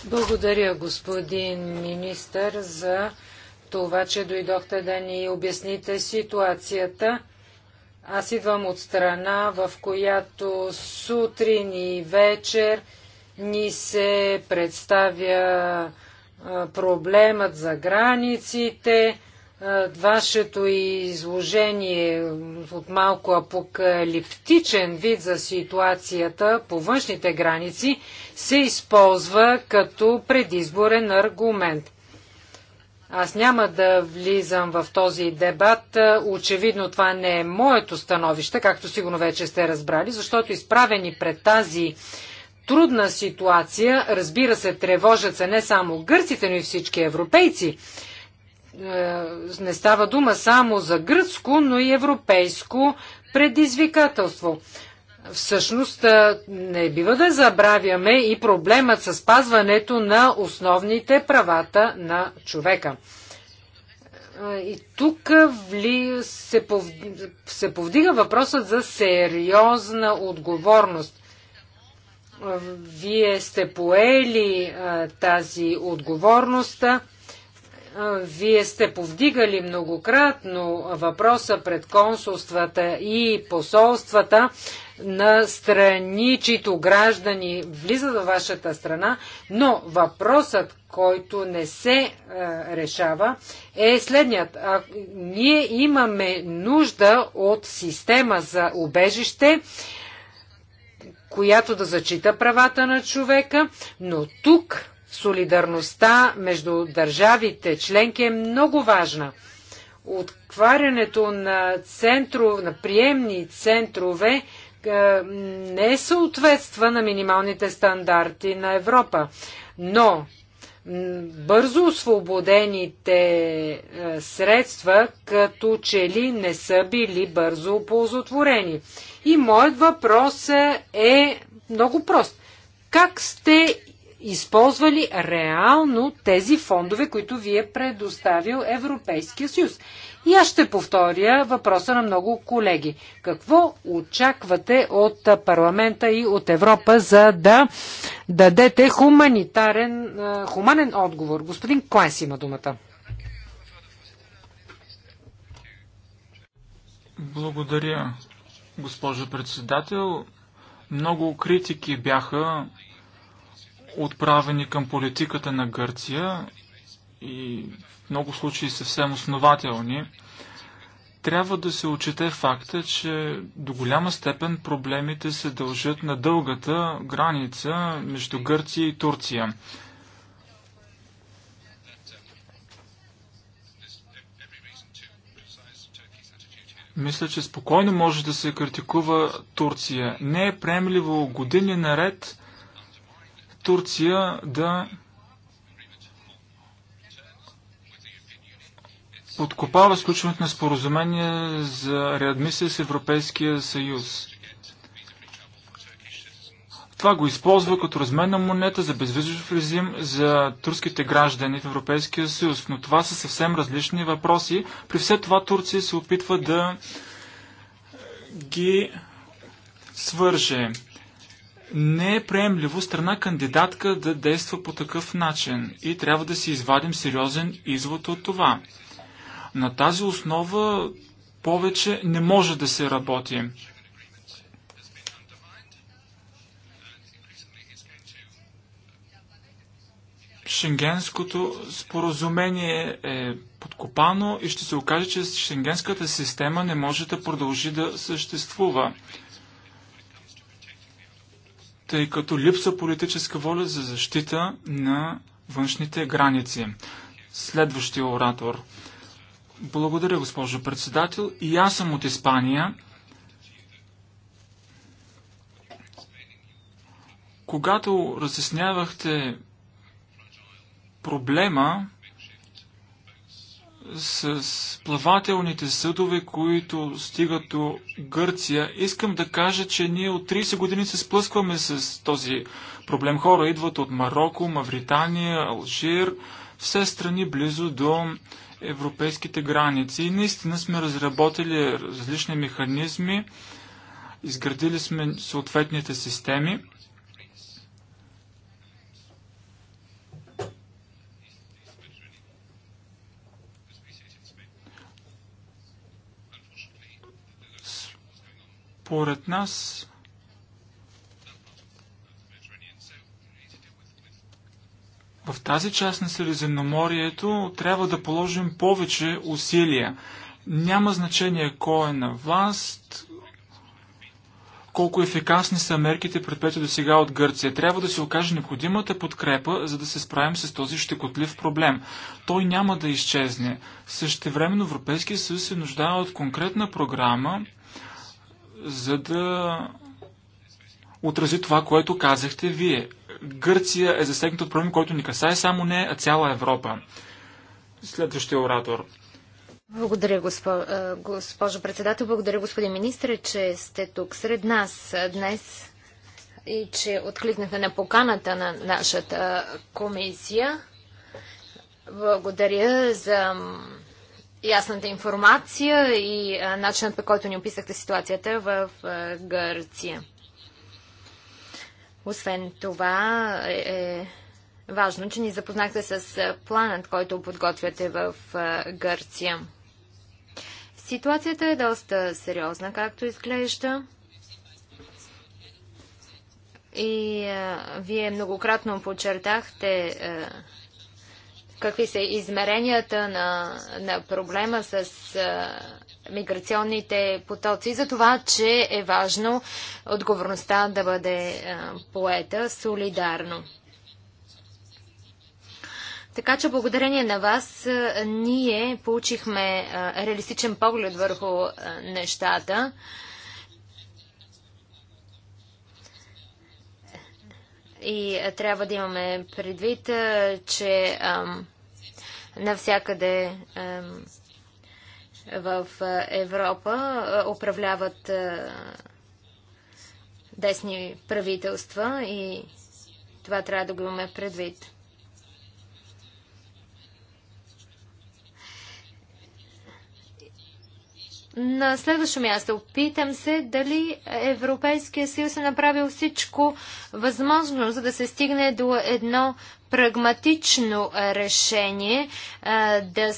Speaker 3: Благодаря, господин министър, за това, че дойдохте да ни обясните ситуацията. Аз идвам от страна, в която сутрин и вечер ни се представя проблемът за границите, вашето изложение от малко апокалиптичен вид за ситуацията по външните граници се използва като предизборен аргумент. Аз няма да влизам в този дебат. Очевидно това не е моето становище, както сигурно вече сте разбрали, защото изправени пред тази трудна ситуация, разбира се, тревожат се не само гърците, но и всички европейци е, не става дума само за гръцко, но и европейско предизвикателство. Всъщност е, не бива да забравяме и проблемът с пазването на основните правата на човека. Е, и тук вли, се, пов... се повдига въпросът за сериозна отговорност. Вие сте поели а, тази отговорност. Вие сте повдигали многократно въпроса пред консулствата и посолствата на страни, чието граждани влизат във вашата страна, но въпросът, който не се е, решава, е следният. А, ние имаме нужда от система за убежище, която да зачита правата на човека, но тук Солидарността между държавите членки е много важна. Отварянето на, центров, на приемни центрове е, не съответства на минималните стандарти на Европа. Но бързо освободените е, средства като че ли не са били бързо оползотворени. И моят въпрос е, е много прост. Как сте използвали реално тези фондове, които ви е предоставил Европейския съюз? И аз ще повторя въпроса на много колеги. Какво очаквате от парламента и от Европа, за да дадете хуманитарен, хуманен отговор? Господин Клайс има думата.
Speaker 4: Благодаря, госпожо председател. Много критики бяха отправени към политиката на Гърция и в много случаи съвсем основателни, трябва да се отчете факта, че до голяма степен проблемите се дължат на дългата граница между Гърция и Турция. Мисля, че спокойно може да се критикува Турция. Не е приемливо години наред Турция да подкопава сключването на споразумение за реадмисия с Европейския съюз. Това го използва като разменна монета за безвизов режим за турските граждани в Европейския съюз. Но това са съвсем различни въпроси. При все това Турция се опитва да ги свърже. Не е приемливо страна кандидатка да действа по такъв начин и трябва да си извадим сериозен извод от това. На тази основа повече не може да се работи. Шенгенското споразумение е подкопано и ще се окаже, че шенгенската система не може да продължи да съществува тъй като липса политическа воля за защита на външните граници. Следващия оратор. Благодаря, госпожо председател. И аз съм от Испания. Когато разяснявахте проблема с плавателните съдове, които стигат до Гърция, искам да кажа, че ние от 30 години се сплъскваме с този проблем. Хора идват от Марокко, Мавритания, Алжир, все страни близо до европейските граници. И наистина сме разработили различни механизми, изградили сме съответните системи. Според нас в тази част на Средиземноморието трябва да положим повече усилия. Няма значение кой е на власт, колко ефикасни са мерките предпети до сега от Гърция. Трябва да се окаже необходимата подкрепа, за да се справим с този щекотлив проблем. Той няма да изчезне. Същевременно Европейския съюз се нуждае от конкретна програма, за да отрази това, което казахте вие. Гърция е засегната от проблем, който ни касае само не, а цяла Европа. Следващия оратор.
Speaker 1: Благодаря, госпо... госпожо председател. Благодаря, господин министр, че сте тук сред нас днес и че откликнахте на поканата на нашата комисия. Благодаря за ясната информация и начинът, по който ни описахте ситуацията в Гърция. Освен това е, е важно, че ни запознахте с планът, който подготвяте в Гърция. Ситуацията е доста сериозна, както изглежда. И вие многократно подчертахте какви са измеренията на, на проблема с а, миграционните потоци, за това, че е важно отговорността да бъде а, поета солидарно. Така че благодарение на вас а, ние получихме реалистичен поглед върху нещата. И е, трябва да имаме предвид, е, че навсякъде в е, Европа управляват десни правителства и това трябва да го имаме предвид. На следващо място, питам се дали Европейския съюз е направил всичко възможно, за да се стигне до едно прагматично решение, да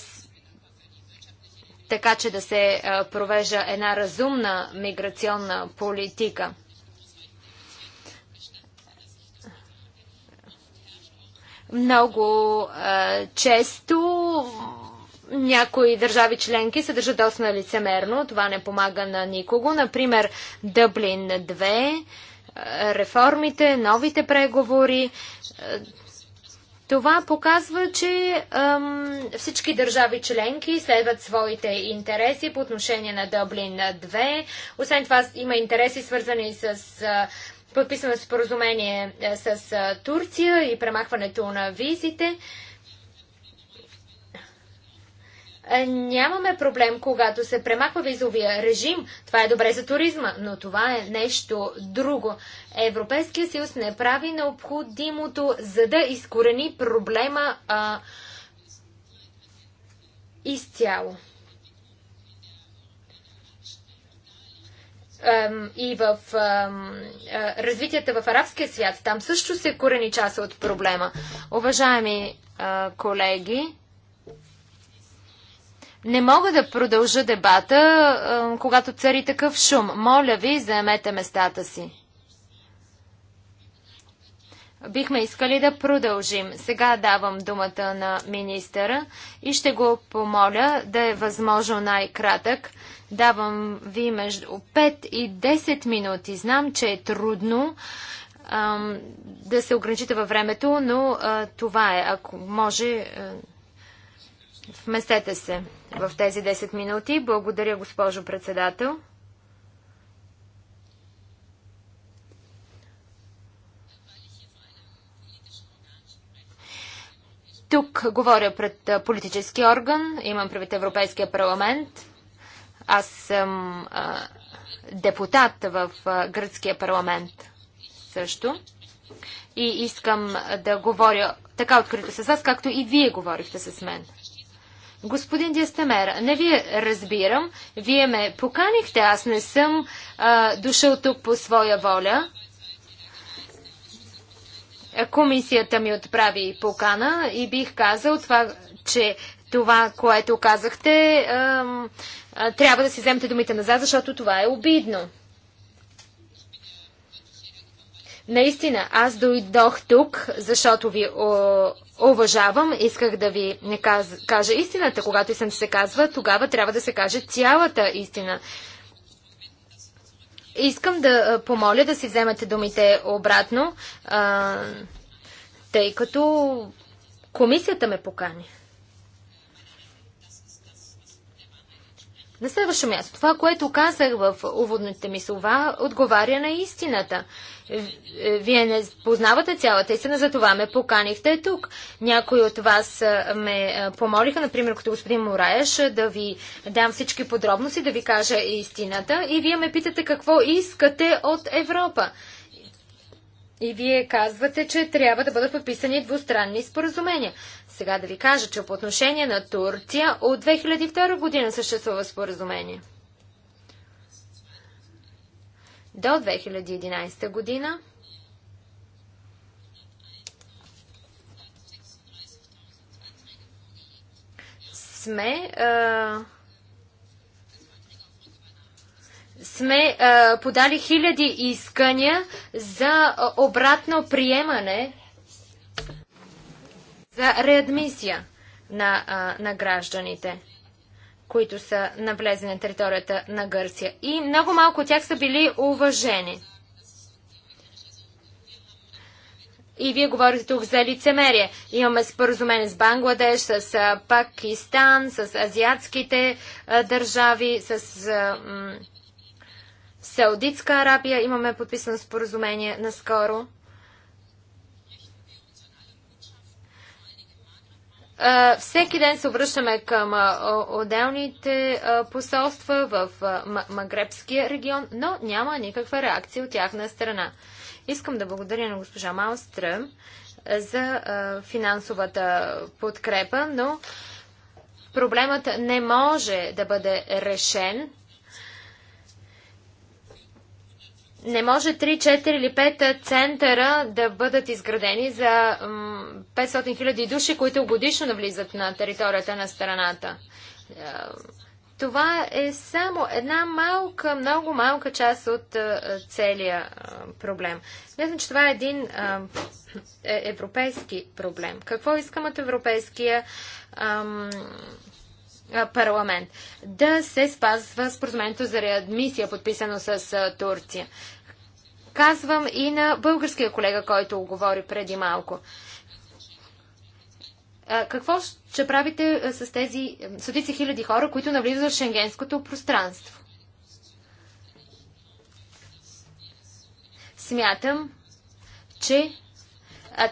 Speaker 1: така че да се провежда една разумна миграционна политика. Много често някои държави членки се държат доста лицемерно. Това не помага на никого. Например, Дъблин 2, е, реформите, новите преговори. Е, това показва, че ам, всички държави членки следват своите интереси по отношение на Дъблин 2. Освен това има интереси свързани с е, подписано споразумение с Турция и премахването на визите. Е, нямаме проблем, когато се премахва визовия режим. Това е добре за туризма, но това е нещо друго. Европейския съюз не прави необходимото, за да изкорени проблема а, изцяло. и в развитията в арабския свят. Там също се корени част от проблема. Уважаеми колеги, не мога да продължа дебата, когато цари такъв шум. Моля ви, заемете местата си. Бихме искали да продължим. Сега давам думата на министъра и ще го помоля да е възможно най-кратък. Давам ви между 5 и 10 минути. Знам, че е трудно да се ограничите във времето, но това е. Ако може, Вместете се в тези 10 минути. Благодаря, госпожо председател. Тук говоря пред политически орган, имам правит Европейския парламент. Аз съм а, депутат в а, гръцкия парламент също. И искам да говоря така открито с вас, както и вие говорихте с мен. Господин Диастемера, не ви разбирам. Вие ме поканихте, аз не съм а, дошъл тук по своя воля. Комисията ми отправи покана и бих казал това, че това, което казахте, а, а, трябва да си вземете думите назад, защото това е обидно. Наистина, аз дойдох тук, защото ви о, уважавам. Исках да ви не каз, кажа истината. Когато и съм се казва, тогава трябва да се каже цялата истина. Искам да помоля да си вземете думите обратно, а, тъй като комисията ме покани. На следващо място, това, което казах в уводните ми слова, отговаря на истината. Е, вие не познавате цялата истина, за това ме поканихте тук. Някои от вас е, ме е, помолиха, например, като господин Мораеш, да ви дам всички подробности, да ви кажа истината. И вие ме питате какво искате от Европа. И вие казвате, че трябва да бъдат подписани двустранни споразумения. Сега да ви кажа, че по отношение на Турция от 2002 година съществува споразумение. До 2011 година сме а, сме а, подали хиляди искания за обратно приемане за реадмисия на, а, на гражданите, които са навлезени на територията на Гърция. И много малко от тях са били уважени. И вие говорите тук за лицемерие. Имаме споразумение с Бангладеш, с Пакистан, с азиатските държави, с. Саудитска Арабия имаме подписано споразумение наскоро. Всеки ден се обръщаме към отделните посолства в Магребския регион, но няма никаква реакция от тяхна страна. Искам да благодаря на госпожа Малстръм за финансовата подкрепа, но проблемът не може да бъде решен не може 3, 4 или 5 центъра да бъдат изградени за 500 000 души, които годишно навлизат на територията на страната. Е, това е само една малка, много малка част от е, целия е, проблем. Мисля, че това е един европейски проблем. Какво искам от Европейския парламент. Да се спазва споразумението за реадмисия, подписано с Турция. Казвам и на българския колега, който говори преди малко. Какво ще правите с тези стотици хиляди хора, които навлизат в шенгенското пространство? Смятам, че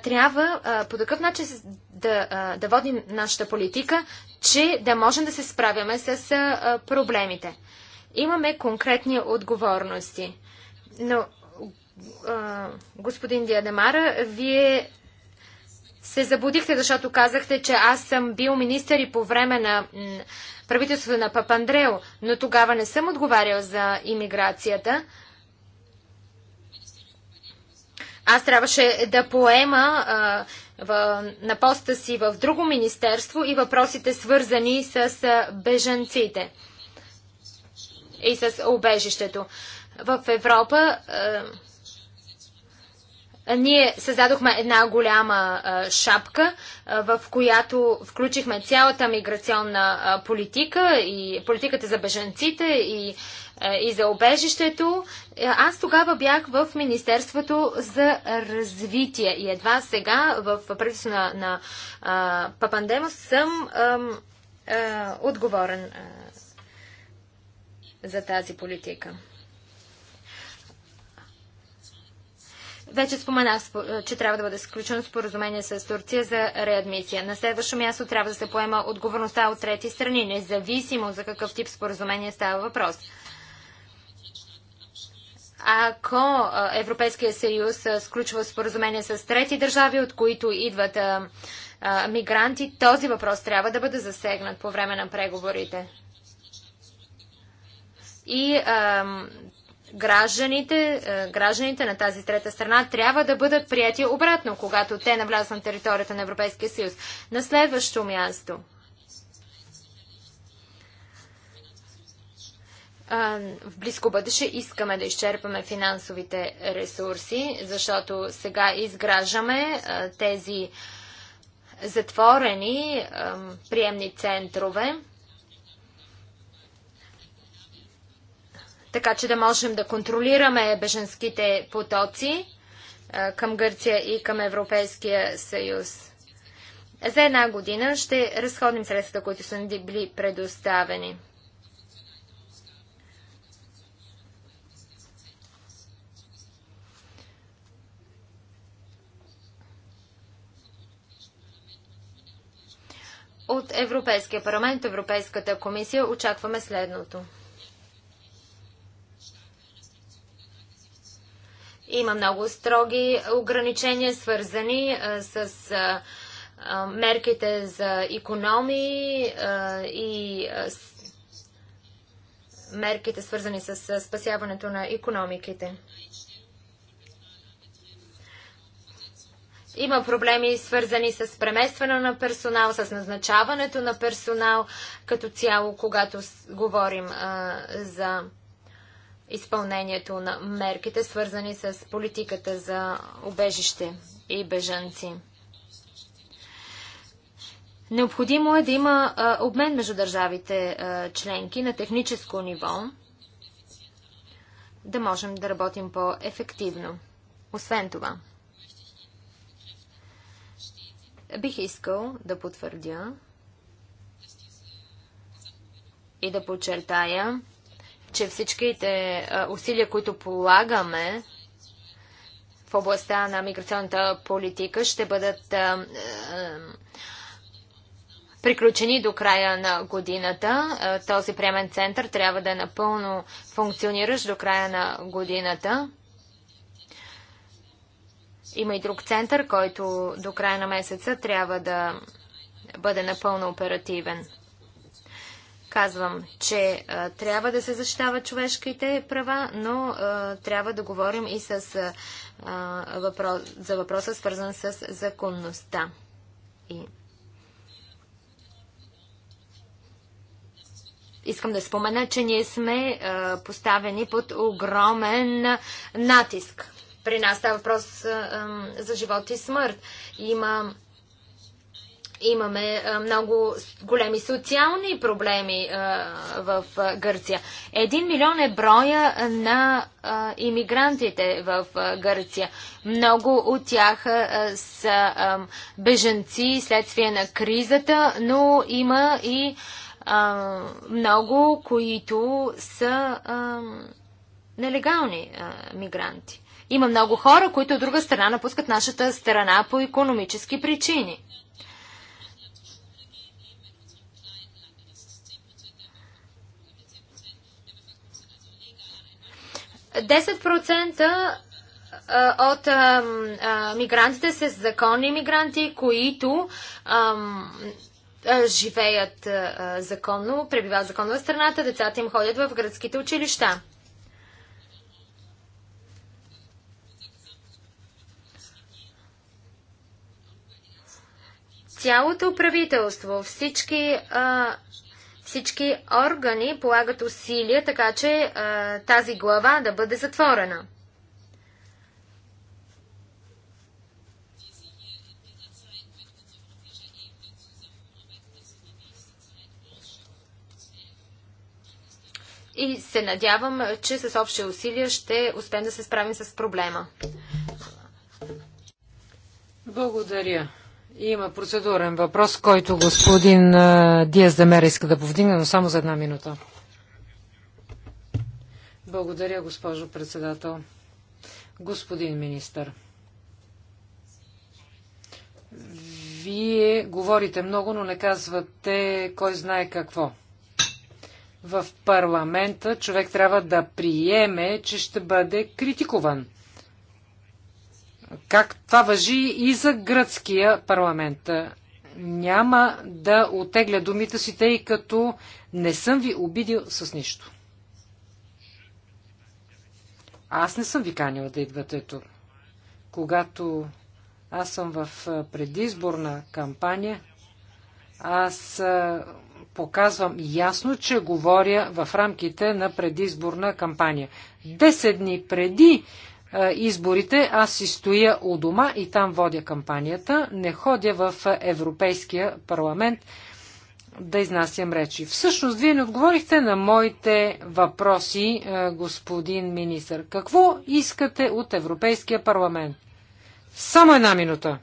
Speaker 1: трябва по такъв начин да, да водим нашата политика, че да можем да се справяме с проблемите. Имаме конкретни отговорности. Но, господин Диадемара, вие се забудихте, защото казахте, че аз съм бил министър и по време на правителството на Папандрео, но тогава не съм отговарял за иммиграцията. Аз трябваше да поема а, в, на поста си в друго министерство и въпросите свързани с бежанците и с обежището. В Европа е, ние създадохме една голяма е, шапка, е, в която включихме цялата миграционна политика и политиката за бежанците и е, е, и за обежището. Е, аз тогава бях в Министерството за развитие и едва сега в правителство на, на а, съм а, а, отговорен а, за тази политика. Вече споменах, че трябва да бъде сключено споразумение с Турция за реадмисия. На следващо място трябва да се поема отговорността от трети страни, независимо за какъв тип споразумение става въпрос. Ако Европейския съюз сключва споразумение с трети държави, от които идват мигранти, този въпрос трябва да бъде засегнат по време на преговорите. И а, гражданите, гражданите на тази трета страна трябва да бъдат прияти обратно, когато те навлязат на територията на Европейския съюз. На следващо място – в близко бъдеще искаме да изчерпаме финансовите ресурси, защото сега изграждаме тези затворени приемни центрове, така че да можем да контролираме беженските потоци към Гърция и към Европейския съюз. За една година ще разходим средствата, които са ни били предоставени. От Европейския парламент, Европейската комисия очакваме следното. Има много строги ограничения, свързани с мерките за економии и мерките, свързани с спасяването на економиките. Има проблеми свързани с преместване на персонал, с назначаването на персонал като цяло, когато говорим а, за изпълнението на мерките, свързани с политиката за убежище и бежанци. Необходимо е да има а, обмен между държавите а, членки на техническо ниво, да можем да работим по-ефективно. Освен това, Бих искал да потвърдя и да подчертая, че всичките усилия, които полагаме в областта на миграционната политика, ще бъдат приключени до края на годината. Този приемен център трябва да е напълно функциониращ до края на годината. Има и друг център, който до края на месеца трябва да бъде напълно оперативен. Казвам, че а, трябва да се защитава човешките права, но а, трябва да говорим и с, а, въпрос, за въпроса, свързан с законността. И... Искам да спомена, че ние сме а, поставени под огромен натиск при нас става въпрос за живот и смърт. Има имаме много големи социални проблеми в Гърция. Един милион е броя на иммигрантите в Гърция. Много от тях са беженци следствие на кризата, но има и много, които са нелегални мигранти. Има много хора, които от друга страна напускат нашата страна по економически причини. Десет процента от а, а, мигрантите са законни мигранти, които а, живеят законно, пребивават законно в страната, децата им ходят в градските училища. Цялото правителство, всички, а, всички органи полагат усилия, така че а, тази глава да бъде затворена. и се надявам, че с общи усилия ще успеем
Speaker 3: да се справим с проблема. Благодаря. Има процедурен въпрос, който господин Диас Демера иска да повдигне, но само за една минута. Благодаря, госпожо председател. Господин министър, вие говорите много, но не казвате кой знае какво. В парламента човек трябва да приеме, че ще бъде критикуван – как това въжи и за гръцкия парламент. Няма да отегля думите си, тъй като не съм ви обидил с нищо. Аз не съм ви канила да идвате тук. Когато аз съм в предизборна кампания, аз показвам ясно, че говоря в рамките на предизборна кампания. Десет дни преди е, изборите, аз си стоя у дома и там водя кампанията, не ходя в Европейския парламент да изнасям речи. Всъщност, вие не отговорихте на моите въпроси, е, господин министр. Какво искате от Европейския парламент? Само една минута.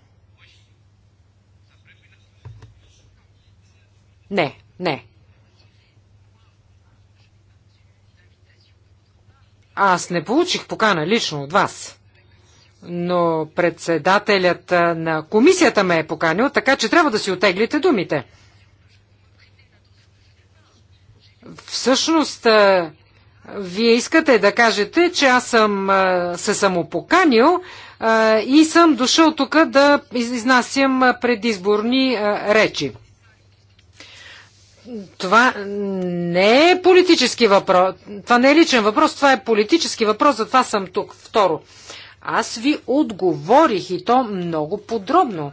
Speaker 3: Не, не. Аз не получих покана лично от вас, но председателят на комисията ме е поканил, така че трябва да си отеглите думите. Всъщност, вие искате да кажете, че аз съм се самопоканил и съм дошъл тук да изнасям предизборни речи това не е политически въпрос. Това не е личен въпрос, това е политически въпрос, затова съм тук. Второ, аз ви отговорих и то много подробно.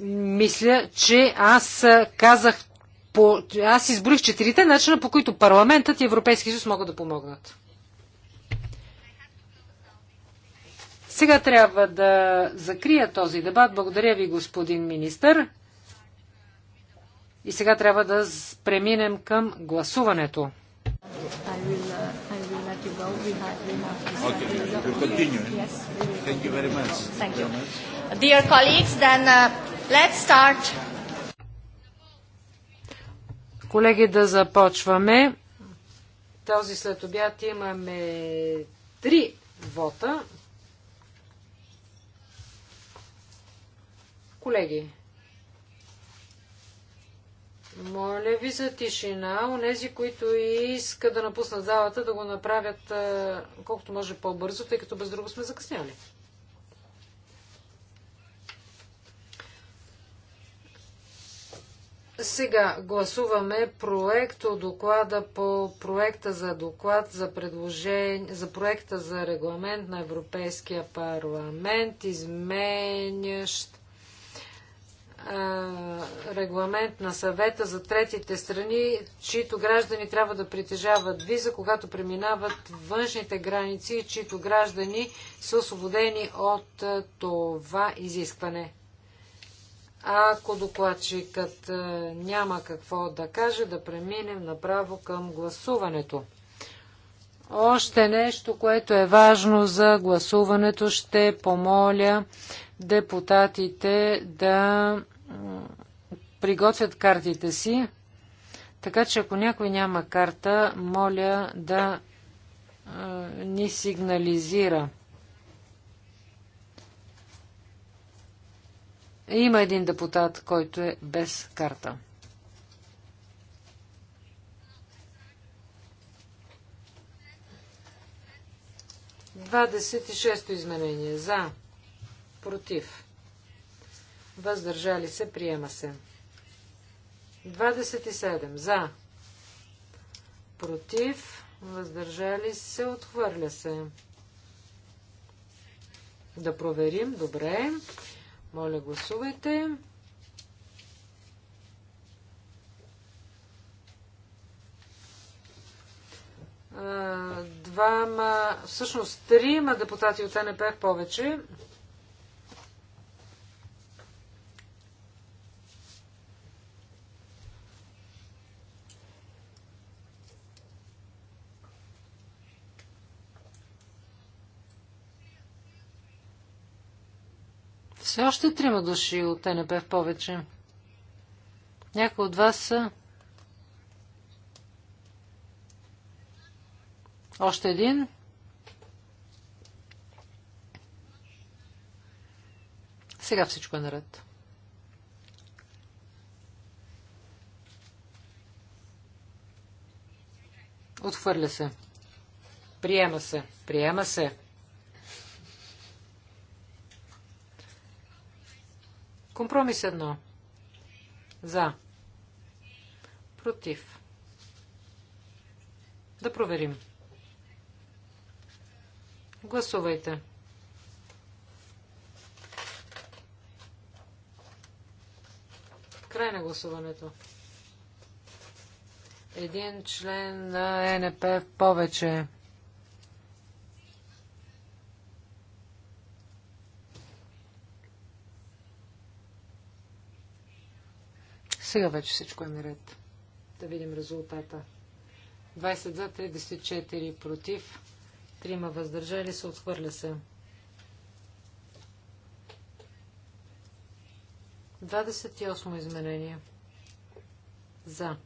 Speaker 3: Мисля, че аз казах, по... аз изброих четирите начина, по които парламентът и Европейския съюз могат да помогнат. Сега трябва да закрия този дебат. Благодаря ви, господин министър. И сега трябва да преминем към гласуването.
Speaker 2: Uh,
Speaker 3: Колеги, да започваме. Този след обяд имаме три вота. Колеги, моля ви за тишина. Онези, които искат да напуснат залата, да го направят колкото може по-бързо, тъй като без друго сме закъсняли. Сега гласуваме проекто доклада по проекта за доклад за предложение, за проекта за регламент на Европейския парламент, изменящ регламент на съвета за третите страни, чието граждани трябва да притежават виза, когато преминават външните граници и чието граждани са освободени от това изискване. Ако докладчикът няма какво да каже, да преминем направо към гласуването. Още нещо, което е важно за гласуването, ще помоля депутатите да приготвят картите си. Така че ако някой няма карта, моля да ни сигнализира. Има един депутат, който е без карта. Двадесет и шесто изменение. За. Против въздържали се, приема се. 27. За, против, въздържали се, отхвърля се. Да проверим, добре. Моля, гласувайте. Двама, всъщност трима депутати от НП повече. Все още трима души от ТНП в повече. Някои от вас са... Още един. Сега всичко е наред. Отхвърля се. Приема се. Приема се. Компромис 1. За. Против. Да проверим. Гласувайте. Край на гласуването. Един член на ЕНП повече. Сега вече всичко е наред. Да видим резултата. 20 за, 34 против, Трима въздържали се, отхвърля се. 28 изменение. За.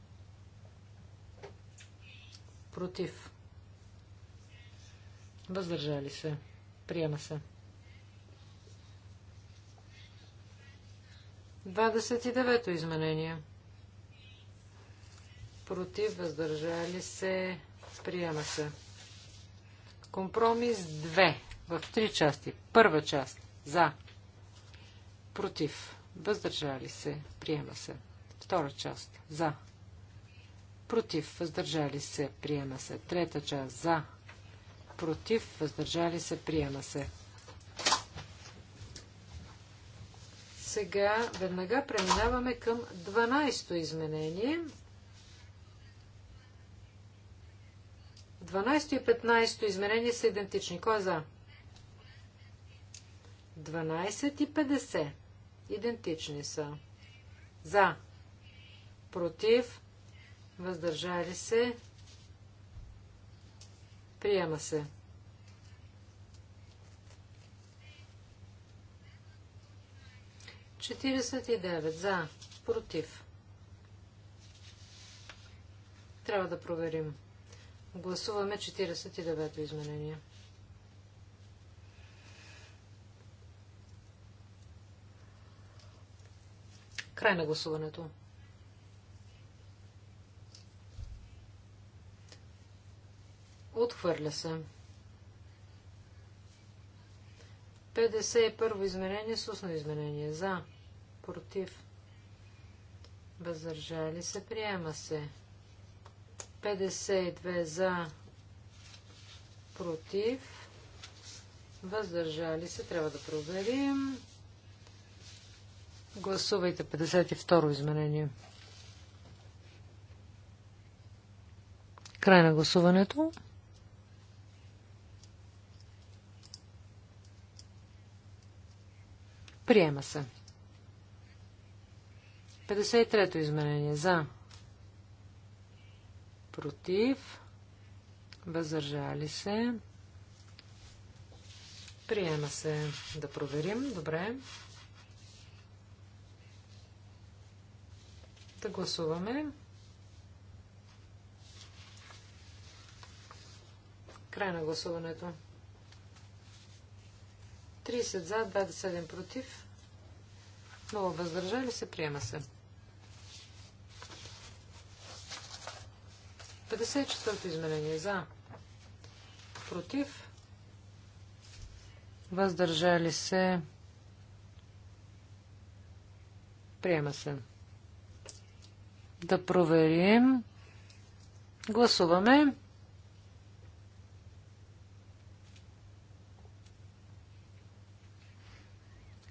Speaker 3: Против. Въздържали се. Приема се. 29-то изменение. Против, въздържали се, приема се. Компромис 2 в три части. Първа част за, против, въздържали се, приема се. Втора част за, против, въздържали се, приема се. Трета част за, против, въздържали се, приема се. Сега веднага преминаваме към 12-то изменение. 12 и 15 изменение са идентични. Кой е за? 12 и 50. Идентични са. За. Против. Въздържали се. Приема се. 49 за, против. Трябва да проверим. Гласуваме 49-то изменение. Край на гласуването. Отхвърля се. 51 изменение с устно изменение. За против, въздържали се, приема се. 52 за, против, въздържали се, трябва да проверим. Гласувайте 52 изменение. Край на гласуването. Приема се. 53-то изменение за. Против. Въздържали се. Приема се да проверим. Добре. Да гласуваме. Край на гласуването. 30 за, 27 против. Много въздържали се, приема се. 54-то изменение за. Против. Въздържали се. Приема се. Да проверим. Гласуваме.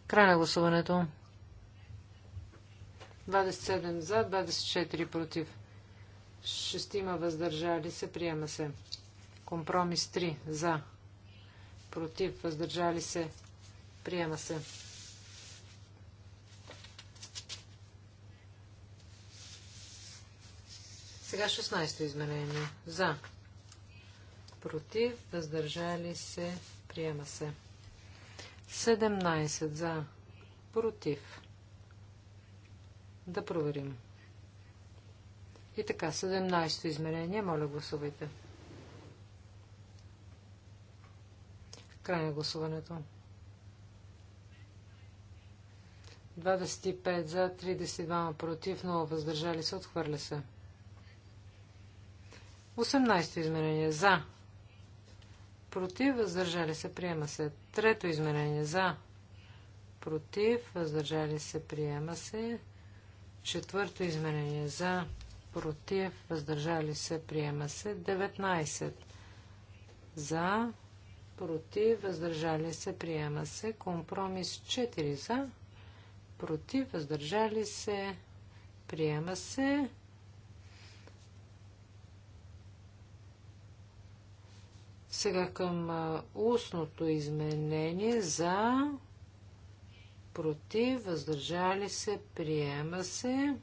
Speaker 3: Край на гласуването. 27 за, 24 против. Шестима въздържали се. Приема се. Компромис 3 за. Против. Въздържали се. Приема се. Сега 16-то изменение. За. Против. Въздържали се. Приема се. 17 за. Против. Да проверим. И така, 17-то измерение. Моля, гласувайте. Край на гласуването. 25 за, 32 против, 0 въздържали се, отхвърля се. 18-то измерение. За. Против, въздържали се, приема се. Трето измерение. За. Против, въздържали се, приема се. Четвърто изменение за, против, въздържали се, приема се. 19 за, против, въздържали се, приема се. Компромис 4 за, против, въздържали се, приема се. Сега към устното изменение за против, въздържали се, приема се.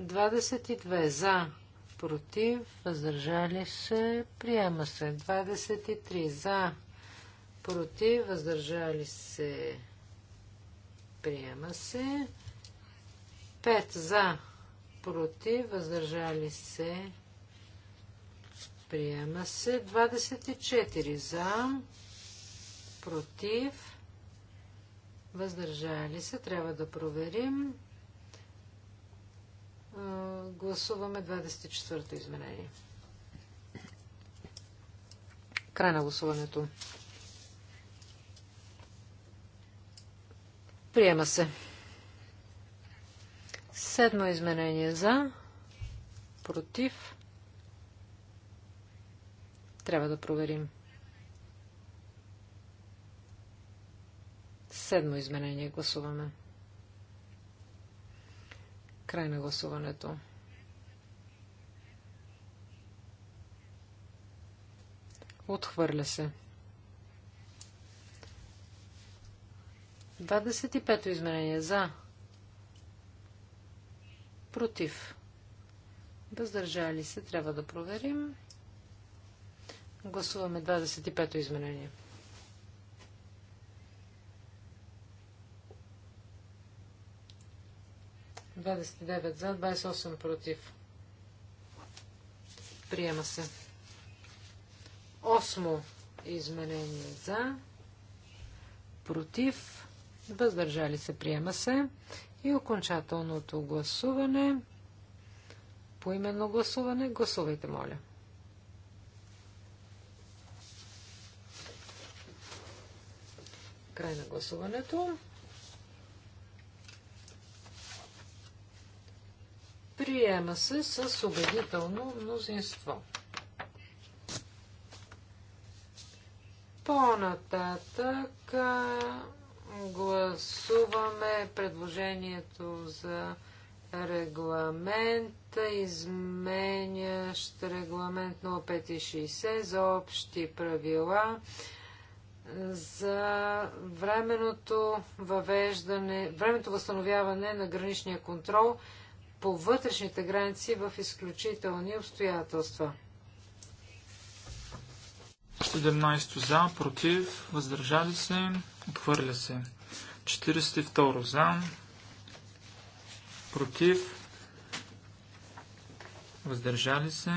Speaker 3: 22 за, против, въздържали се, приема се. 23 за, против, въздържали се, приема се. 5 за, против, въздържали се, приема се. 24 за, против, въздържали се. Трябва да проверим. Гласуваме 24-то изменение. Край на гласуването. Приема се. Седмо изменение за. Против. Трябва да проверим. Седмо изменение гласуваме. Край на гласуването. Отхвърля се. 25-то изменение за. Против. Въздържали се. Трябва да проверим. Гласуваме 25-то изменение. 29 за, 28 против. Приема се. Осмо изменение за, против, въздържали се, приема се. И окончателното гласуване, поименно гласуване, гласувайте, моля. Край на гласуването. Приема се с убедително мнозинство. По-нататък гласуваме предложението за регламент, изменящ регламент 0560 за общи правила за временното въвеждане, времето възстановяване на граничния контрол – по вътрешните граници в изключителни обстоятелства.
Speaker 4: 17 за, против, въздържали се, отхвърля се. 42 за, против, въздържали се,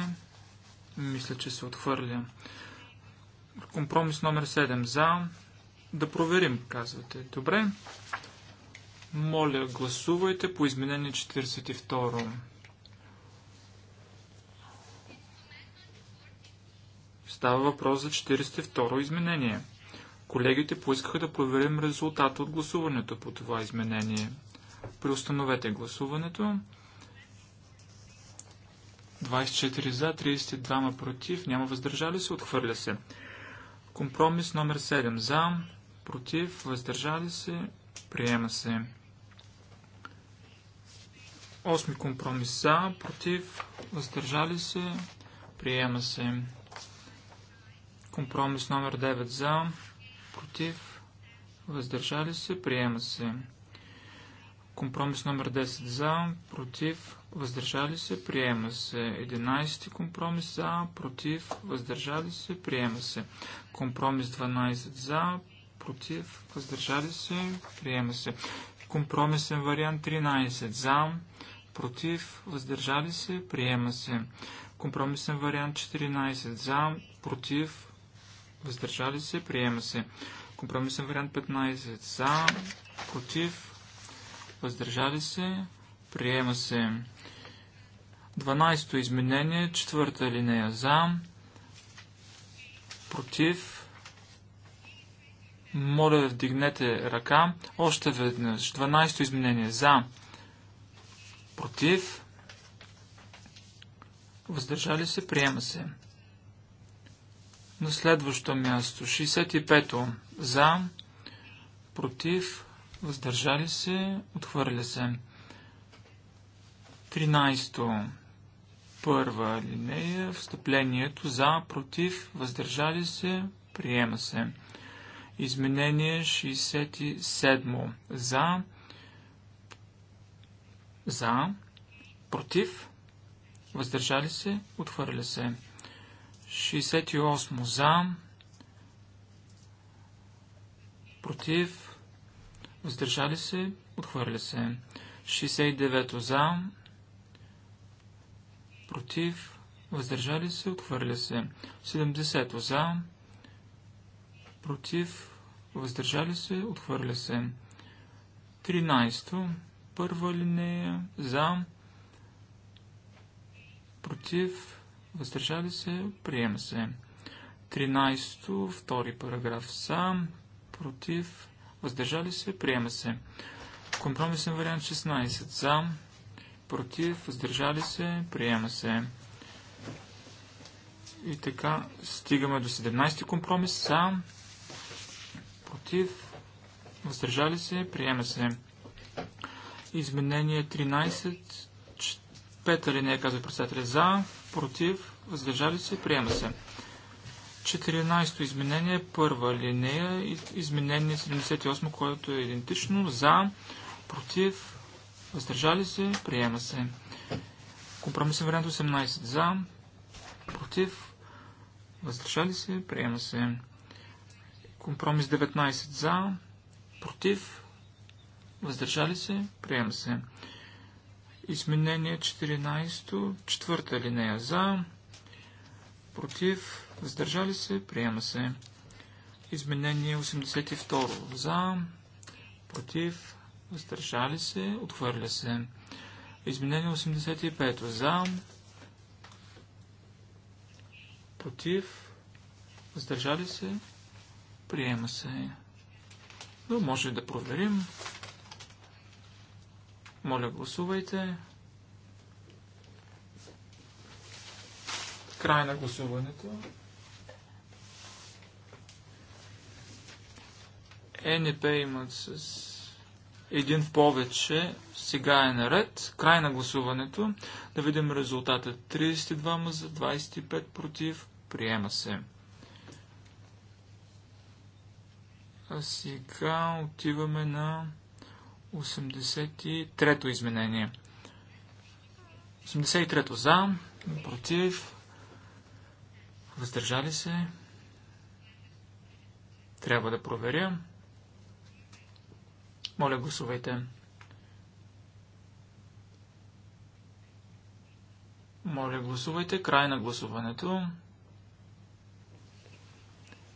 Speaker 4: мисля, че се отхвърля. Компромис номер 7 за, да проверим, казвате. Добре, моля, гласувайте по изменение 42. Става въпрос за 42 изменение. Колегите поискаха да проверим резултата от гласуването по това изменение. Преустановете гласуването. 24 за, 32 против, няма въздържали се, отхвърля се. Компромис номер 7 за, против, въздържали се, приема се. Осми компромис за, против, въздържали се, приема се. Компромис номер 9 за, против, въздържали се, приема се. Компромис номер 10 за, против, въздържали се, приема се. 11 компромис за, против, въздържали се, приема се. Компромис 12 за, против, въздържали се, приема се. Компромисен вариант 13 за, против, въздържали се, приема се. Компромисен вариант 14 за, против, въздържали се, приема се. Компромисен вариант 15 за, против, въздържали се, приема се. 12-то изменение, четвърта линия за, против, моля да вдигнете ръка, още веднъж, 12-то изменение за, против, въздържали се, приема се. На следващо място, 65-то, за, против, въздържали се, отхвърля се. 13-то, първа линея, встъплението за, против, въздържали се, приема се. Изменение 67 за, за. Против. Въздържали се. Отхвърля се. 68. За. Против. Въздържали се. Отхвърля се. 69. За. Против. Въздържали се. Отхвърля се. 70. За. Против. Въздържали се. Отхвърля се. 13. Първа линия за, против, въздържали се, приема се. 13, втори параграф за, против, въздържали се, приема се. Компромисен вариант 16 за, против, въздържали се, приема се. И така стигаме до 17 компромис за, против, въздържали се, приема се. Изменение 13, 5 алинея, казва председателя, за, против, въздържали се, приема се. 14-то изменение, първа линея, изменение 78, което е идентично, за, против, въздържали се, приема се. Компромисен вариант 18, за, против, въздържали се, приема се. Компромис 19, за, против, Въздържали се? Приема се. Изменение 14, четвърта линея за, против, въздържали се, приема се. Изменение 82 за, против, въздържали се, отхвърля се. Изменение 85 за, против, въздържали се, приема се. Но може да проверим. Моля, гласувайте. Край на гласуването. Е НП имат с един в повече. Сега е наред. Край на гласуването. Да видим резултата. 32 за 25 против. Приема се. А сега отиваме на 83-то изменение. 83-то за, против, въздържали се. Трябва да проверя. Моля, гласувайте. Моля, гласувайте. Край на гласуването.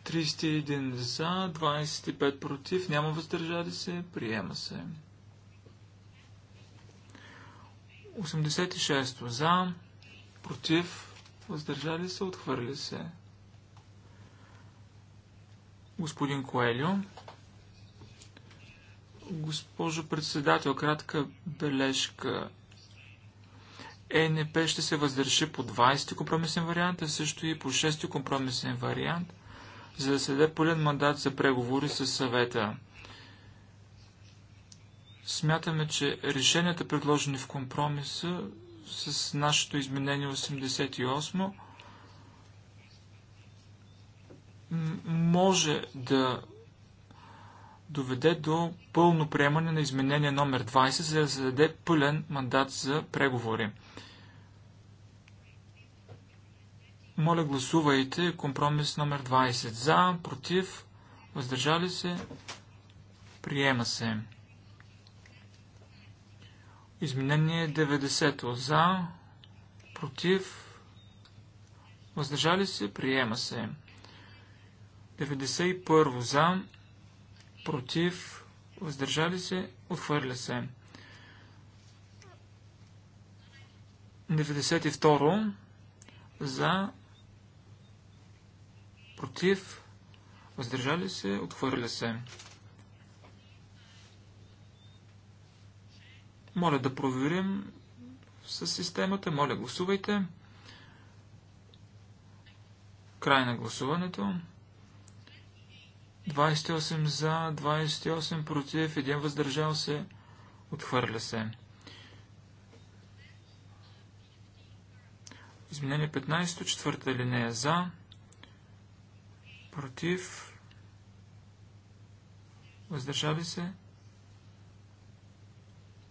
Speaker 4: 31 за, 25 против, няма въздържали се, приема се. 86 за, против, въздържали се, отхвърли се. Господин Коелио. Госпожо председател, кратка бележка. ЕНП ще се въздържи по 20-ти компромисен вариант, а също и по 6-ти компромисен вариант, за да се даде пълен мандат за преговори с съвета. Смятаме, че решенията, предложени в компромиса с нашето изменение 88, може да доведе до пълно приемане на изменение номер 20, за да се даде пълен мандат за преговори. Моля, гласувайте компромис номер 20. За, против, въздържали се, приема се. Изменение 90 за, против, въздържали се, приема се. 91 за, против, въздържали се, отхвърля се. 92 за, против, въздържали се, отхвърля се. Моля да проверим с системата. Моля, гласувайте. Край на гласуването. 28 за, 28 против, 1 въздържал се, отхвърля се. Изменение 15, четвърта линия за, против, въздържали се,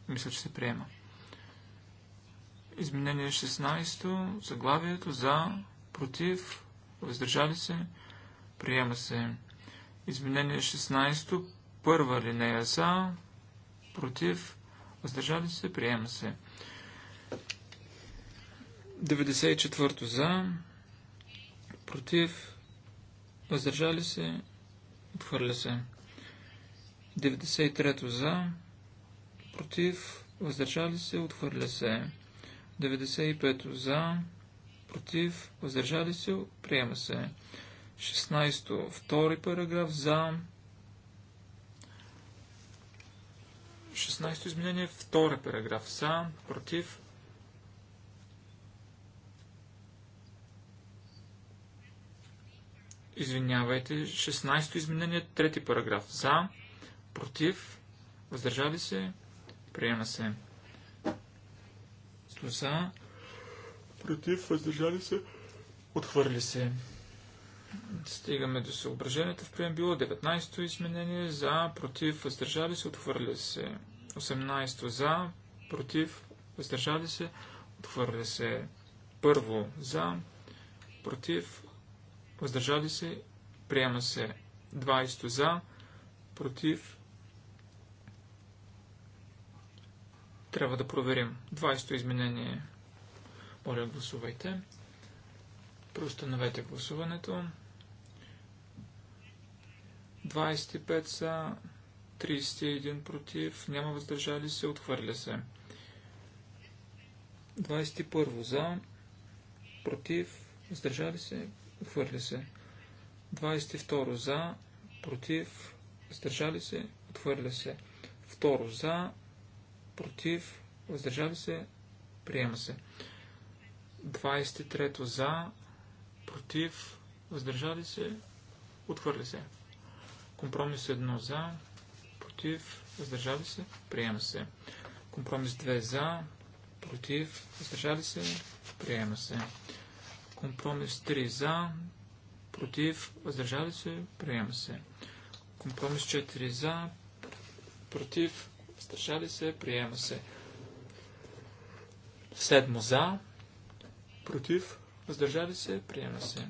Speaker 4: мисля, че се приема. Изменение 16. Заглавието за, против, въздържали се, приема се. Изменение 16. Първа линея за, против, въздържали се, приема се. 94 за, против, въздържали се, отхвърля се. 93 за, против, въздържали се, отхвърля се. 95 за, против, въздържали се, приема се. 16 втори параграф за. 16 изменение, втори параграф за, против, Извинявайте, 16-то изменение, трети параграф. За, против, въздържали се, Приема се. За. Против. Въздържали се. Отхвърли се. Стигаме до съображението в преамбюла. 19-то изменение. За. Против. Въздържали се. Отхвърли се. 18-то. За. Против. Въздържали се. Отхвърли се. Първо. За. Против. Въздържали се. Приема се. 20 за. Против Трябва да проверим. 20-то изменение. Моля, гласувайте. Проустановете гласуването. 25 са, 31 против, няма въздържали се, отхвърля се. 21 за, против, въздържали се, отхвърля се. 22 за, против, въздържали се, отхвърля се. 2 за, против, въздържали се, приема се. 23 за, против, въздържали се, отхвърля се. Компромис 1 за, против, въздържали се, приема се. Компромис 2 за, против, въздържали се, приема се. Компромис 3 за, против, въздържали се, приема се. Компромис 4 за, против, въздържали се, приема се. Седмо за, против, въздържали се, приема се.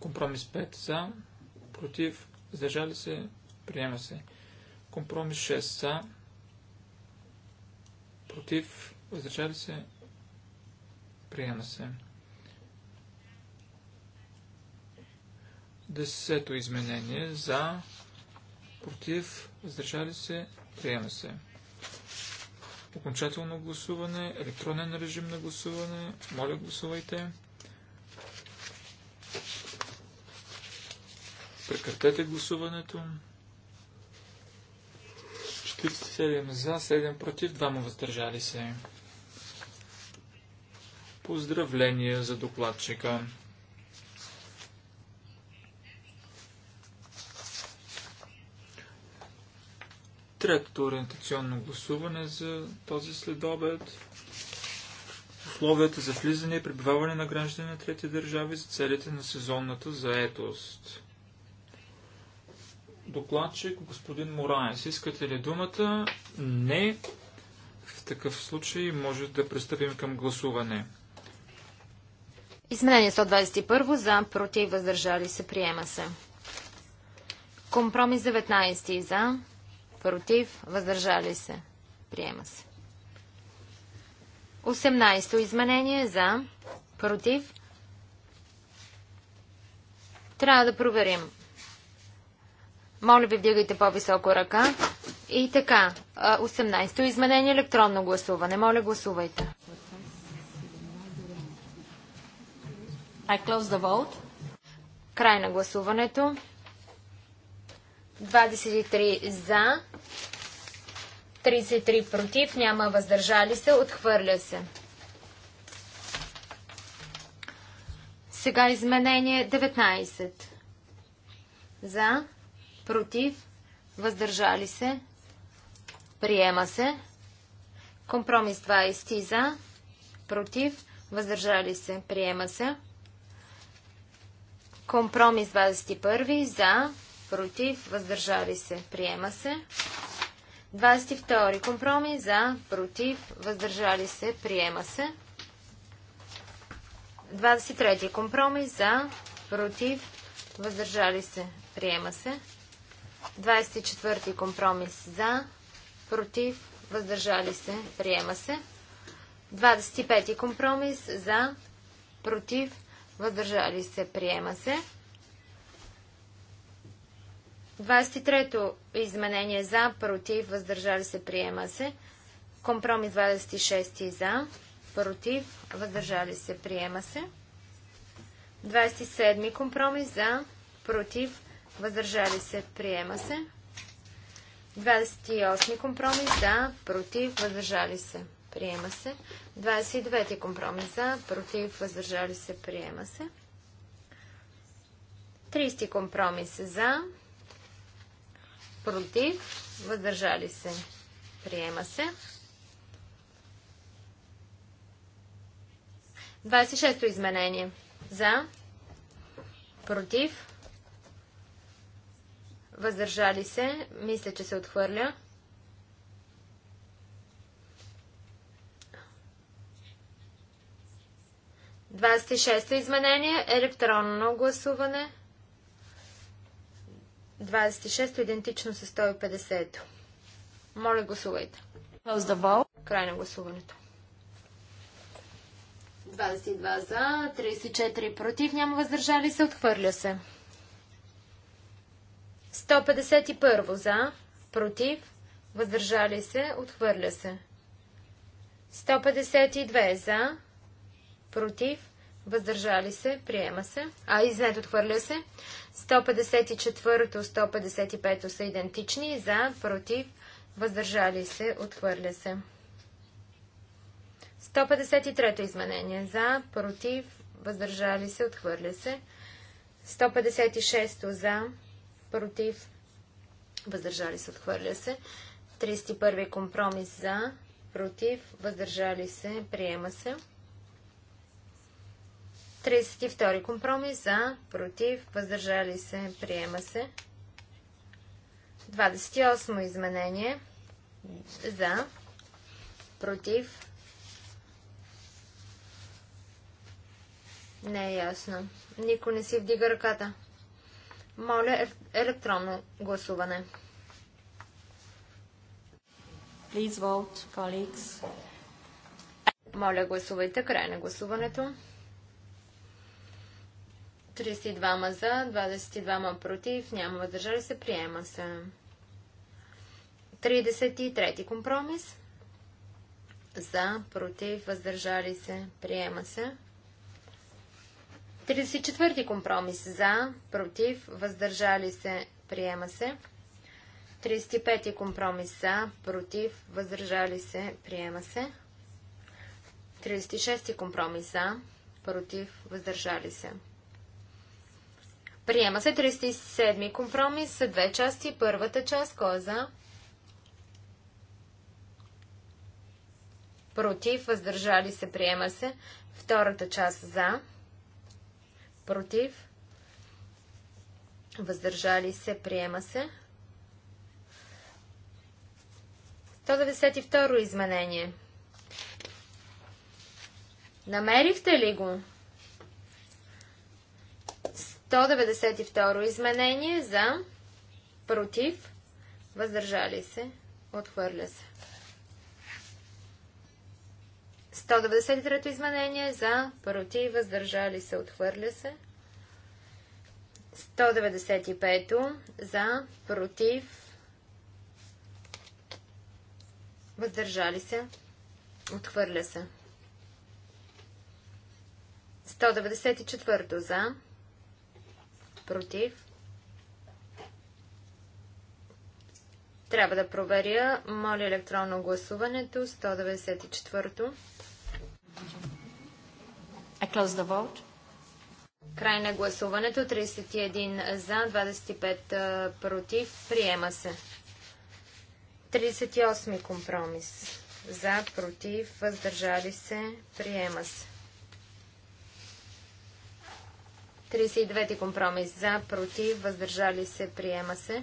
Speaker 4: Компромис 5 за, против, въздържали се, приема се. Компромис 6 за, против, въздържали се, приема се. Десето изменение за, против, въздържали се, Приема се. Окончателно гласуване, електронен режим на гласуване. Моля, гласувайте. Прекратете гласуването. 47 за, 7 против, 2 въздържали се. Поздравления за докладчика. Третото ориентационно гласуване за този следобед. Условията за влизане и пребиваване на граждани на трети държави за целите на сезонната заетост. Докладчик господин Мораес, искате ли думата? Не. В такъв случай може да пристъпим към гласуване.
Speaker 1: Изменение 121 за против въздържали се приема се. Компромис 19 за против, въздържали се, приема се. 18-то изменение за, против. Трябва да проверим. Моля ви, вдигайте по-високо ръка. И така, 18-то изменение електронно гласуване. Моля, гласувайте. I close the vote. Край на гласуването. 23 за, 33 против, няма въздържали се, отхвърля се. Сега изменение 19. За, против, въздържали се, приема се. Компромис 20 за, против, въздържали се, приема се. Компромис 21 за, против, въздържали се, приема се. 22. Компромис за, против, въздържали се, приема се. 23. Компромис за, против, въздържали се, приема се. 24. Компромис за, против, въздържали се, приема се. 25. Компромис за, против, въздържали се, приема се. 23-то изменение за, против, въздържали се, приема се. Компромис 26 за, против, въздържали се, приема се. 27 компромис за, против, въздържали се, приема се. 28 компромис за, против, въздържали се, приема се. 29 компромис за, против, въздържали се, приема се. 30 компромис за, против, въздържали се, приема се. 26-то изменение. За, против, въздържали се, мисля, че се отхвърля. 26-то шесто изменение, електронно гласуване. 26 идентично с 150. Моля, гласувайте. Край на гласуването. 22 за, 34 против, няма въздържали се, отхвърля се. 151 за, против, въздържали се, отхвърля се. 152 за, против, Въздържали се. Приема се. А, изнет отхвърля се. 154-то, 155-то са идентични. За, против, въздържали се, отхвърля се. 153-то изменение. За, против, въздържали се, отхвърля се. 156-то за, против, въздържали се, отхвърля се. 31-и компромис за, против, въздържали се, приема се. 32 компромис за, против, въздържали се, приема се. 28 изменение за, против, не е ясно. Никой не си вдига ръката. Моля е- електронно гласуване. Please vote, colleagues. Моля гласувайте край на гласуването. 32 за, 22 против, няма въздържали се, приема се. 33 компромис. За, против, въздържали се, приема се. 34 компромис. За, против, въздържали се, приема се. 35 компромис. За, против, въздържали се, приема се. 36 компромис. За, против, въздържали се, Приема се 37 компромис са две части. Първата част, кой е за? Против, въздържали се, приема се. Втората част за. Против, въздържали се, приема се. 192 изменение. Намерихте ли го? 192 изменение за, против, въздържали се, отхвърля се. 193 изменение за, против, въздържали се, отхвърля се. 195 за, против, въздържали се, отхвърля се. 194 за, против. Трябва да проверя. Моля електронно гласуването. 194-то. Край на гласуването. 31 за, 25 против. Приема се. 38 компромис. За, против, въздържали се. Приема се. 39 компромис за, против, въздържали се, приема се.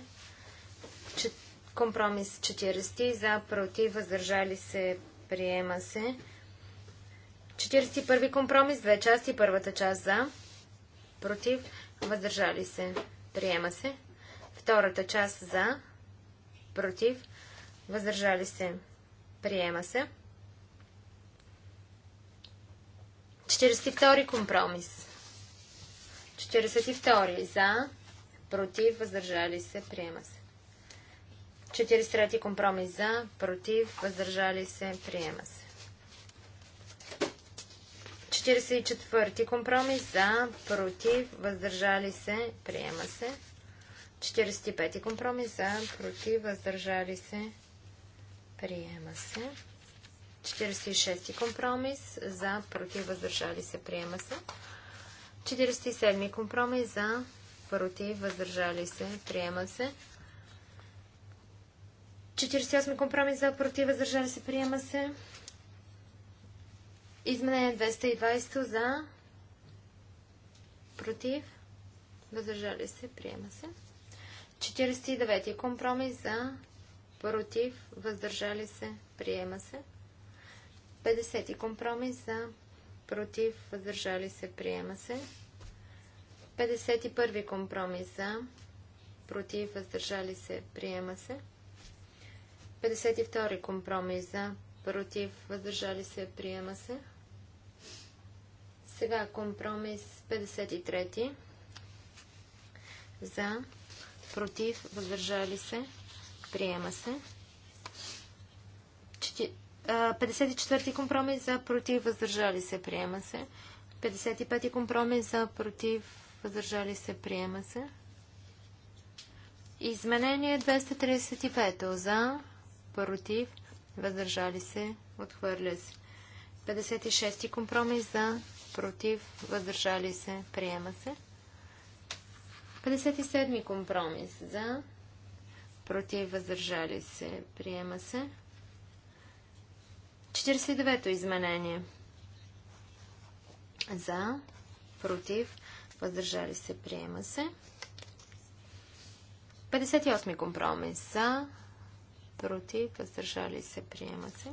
Speaker 1: Компромис 40 за, против, въздържали се, приема се. 41 компромис, две части, първата част за, против, въздържали се, приема се. Втората част за, против, въздържали се, приема се. 42 компромис. 42 за, против, въздържали се, приема се. 43 компромис за, против, въздържали се, приема се. 44 компромис за, против, въздържали се, приема се. 45 компромис за, против, въздържали се, приема се. 46 компромис за, против, въздържали се, приема се. 47. Компромис за, против, въздържали се, приема се. 48. Компромис за, против, въздържали се, приема се. Изменение 220 за, против, въздържали се, приема се. 49. Компромис за, против, въздържали се, приема се. 50. Компромис за, против, въздържали се, приема се. 51 компромис за, против, въздържали се, приема се. 52 компромис за, против, въздържали се, приема се. Сега компромис 53 за, против, въздържали се, приема се. 54 компромис за против, въздържали се, приема се. 55 компромис за против, въздържали се, приема се. Изменение 235 за против, въздържали се, отхвърля се. 56 компромис за против, въздържали се, приема се. 57 компромис за против, въздържали се, приема се. 49-то изменение. За, против, въздържали се, приема се. 58 компромис. За, против, въздържали се, приема се.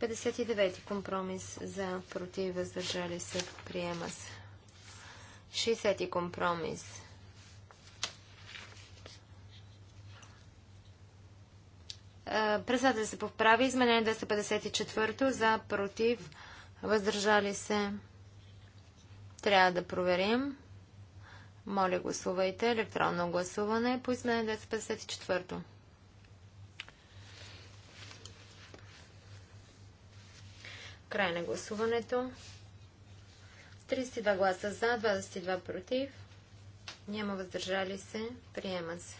Speaker 1: 59 компромис. За, против, въздържали се, приема се. 60 компромис. Председател се поправи. Изменение 254 за против. Въздържали се. Трябва да проверим. Моля, гласувайте. Електронно гласуване по изменение 254. Край на гласуването. 32 гласа за, 22 против. Няма въздържали се. Приема се.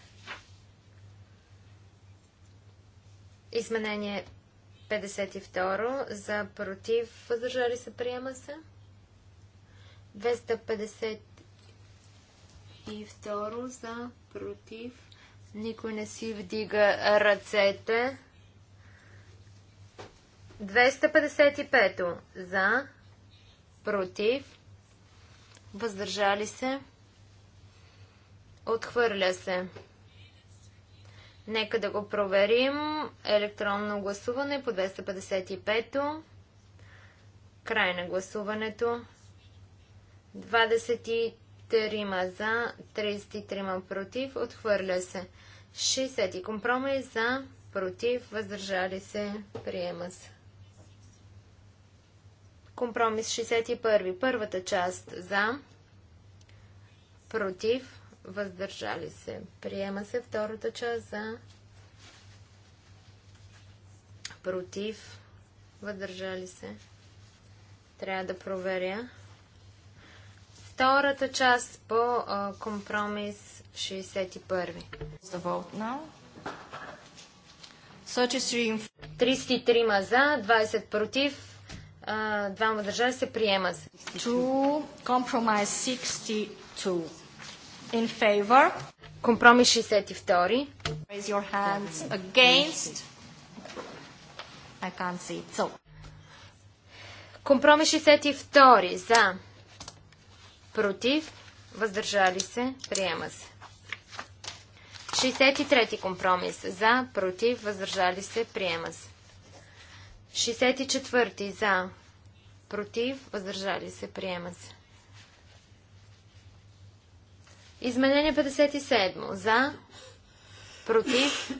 Speaker 1: Изменение 52 за против, въздържали се, приема се. 252 за против. Никой не си вдига ръцете. 255 за против. Въздържали се. Отхвърля се. Нека да го проверим. Електронно гласуване по 255-то. Край на гласуването. 23 за, 33 против. Отхвърля се. 60 компромис за, против, въздържали се, приема се. Компромис 61. Първата част за, против, въздържали се. Приема се втората част за против, въздържали се. Трябва да проверя. Втората част по а, компромис 61. 33 ма за, 20 против, а, двама държали се, приема се. To compromise 62 in favor. Компромис 62. Raise your hands against. I can't see it. So. Компромис 62. За. Против. Въздържали се. Приема се. 63. Компромис. За. Против. Въздържали се. Приема се. 64. За. Против. Въздържали се. Приема се. Изменение 57. За, против,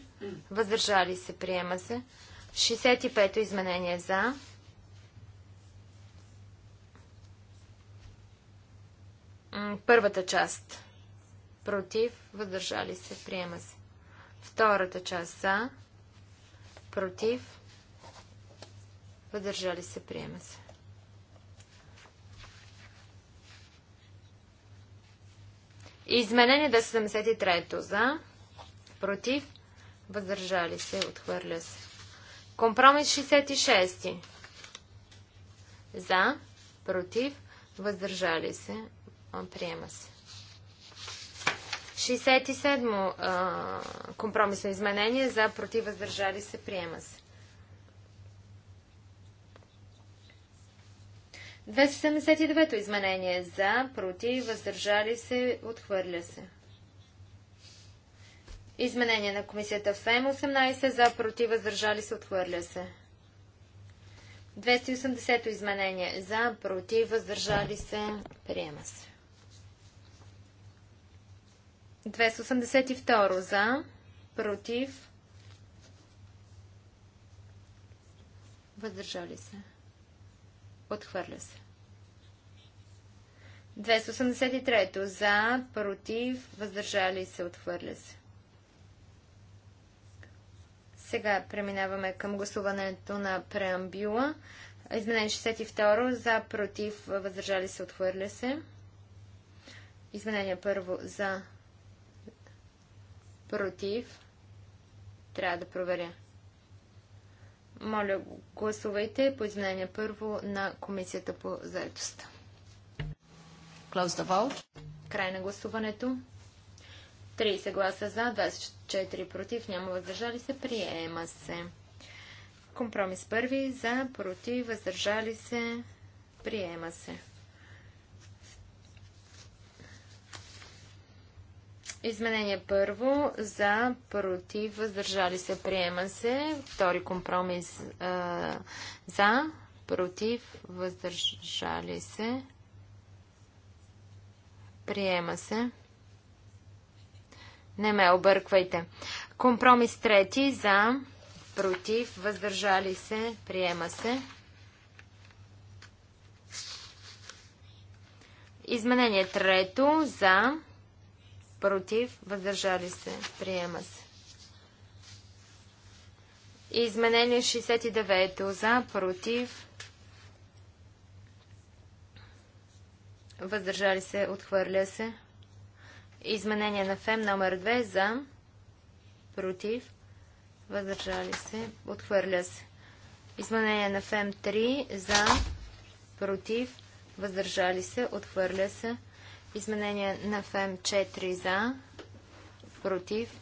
Speaker 1: въздържали се, приема се. 65-то изменение за. Първата част. Против, въздържали се, приема се. Втората част за. Против, въздържали се, приема се. Изменение 273 за, против, въздържали се, отхвърля се. Компромис 66 за, против, въздържали се, приема се. 67 компромисно изменение за против въздържали се приема се. 279-то изменение за, против, въздържали се, отхвърля се. Изменение на комисията м 18 за, против, въздържали се, отхвърля се. 280-то изменение за, против, въздържали се, приема се. 282 за, против, въздържали се. Отхвърля се. 283 за, против, въздържали се, отхвърля се. Сега преминаваме към гласуването на преамбюла. Изменение 62 за, против, въздържали се, отхвърля се. Изменение първо за, против. Трябва да проверя. Моля, гласувайте по изменение първо на Комисията по заедостта. Close the vote. Край на гласуването. 30 гласа за, 24 против, няма въздържали се, приема се. Компромис първи за, против, въздържали се, приема се. Изменение първо за, против, въздържали се, приема се. Втори компромис а, за, против, въздържали се, Приема се. Не ме обърквайте. Компромис трети за, против, въздържали се, приема се. Изменение трето за, против, въздържали се, приема се. Изменение 69 за, против, въздържали се, отхвърля се. Изменение на ФЕМ номер 2 за, против, въздържали се, отхвърля се. Изменение на ФЕМ 3 за, против, въздържали се, отхвърля се. Изменение на ФЕМ 4 за, против,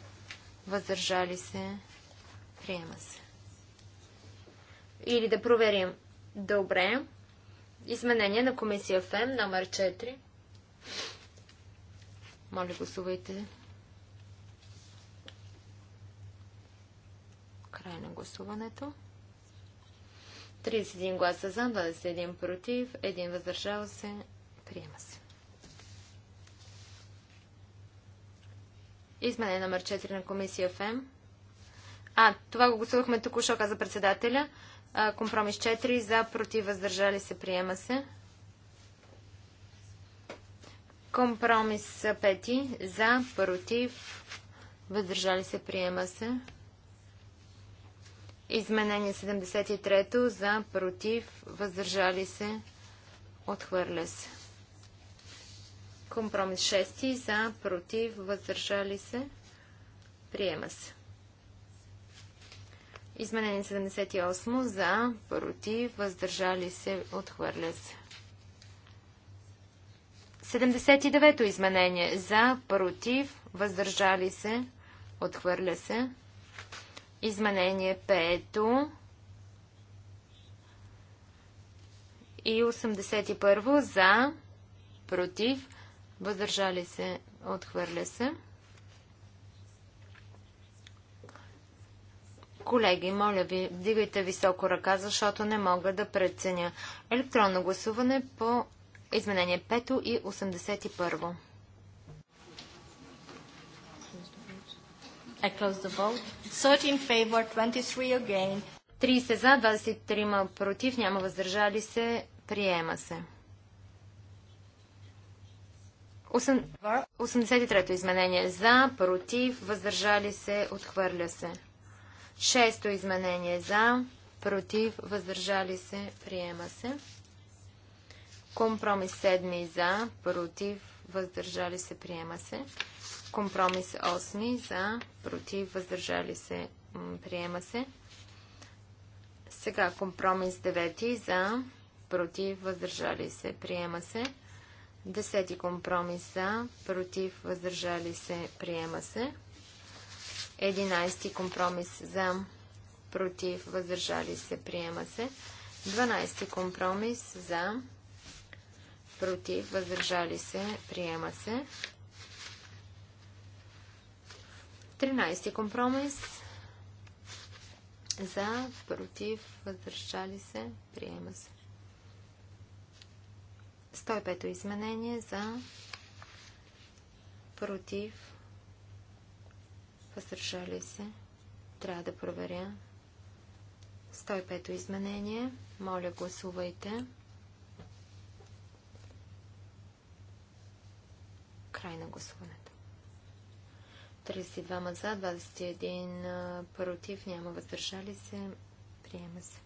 Speaker 1: въздържали се, приема се. Или да проверим. Добре. Изменение на комисия ФЕМ номер 4. Моля, гласувайте. Край на гласуването. 31 гласа за, 21 против, 1 въздържал се. Приема се. Изменение номер 4 на комисия ФМ. А, това го гласувахме току-що, каза председателя. Компромис 4 за, против, въздържали се, приема се. Компромис 5 за, против, въздържали се, приема се. Изменение 73 за, против, въздържали се, отхвърля се. Компромис 6 за, против, въздържали се, приема се. Изменение 78 за, против, въздържали се, отхвърля се. 79-то изменение за, против, въздържали се, отхвърля се. Изменение 5 и 81 за, против, въздържали се, отхвърля се. Колеги, моля ви, вдигайте високо ръка, защото не мога да преценя. Електронно гласуване по изменение 5 и 81. I close the vote. 13 in favor, 23 again. 30 за, 23 против, няма въздържали се, приема се. 83-то изменение за, против, въздържали се, отхвърля се. Шесто изменение за, против, въздържали се, приема се. Компромис 7 за, против, въздържали се, приема се. Компромис 8 за, против, въздържали се, приема се. Сега компромис 9 за, против, въздържали се, приема се. Десети компромис за, против, въздържали се, приема се. 11 компромис за, против, въздържали се, приема се. 12 компромис за, против, въздържали се, приема се. 13 компромис за, против, въздържали се, приема се. 105 изменение за, против, въздържали се. Трябва да проверя. 105-то изменение. Моля, гласувайте. Край на гласуването. 32 за, 21 против, няма въздържали се. Приема се.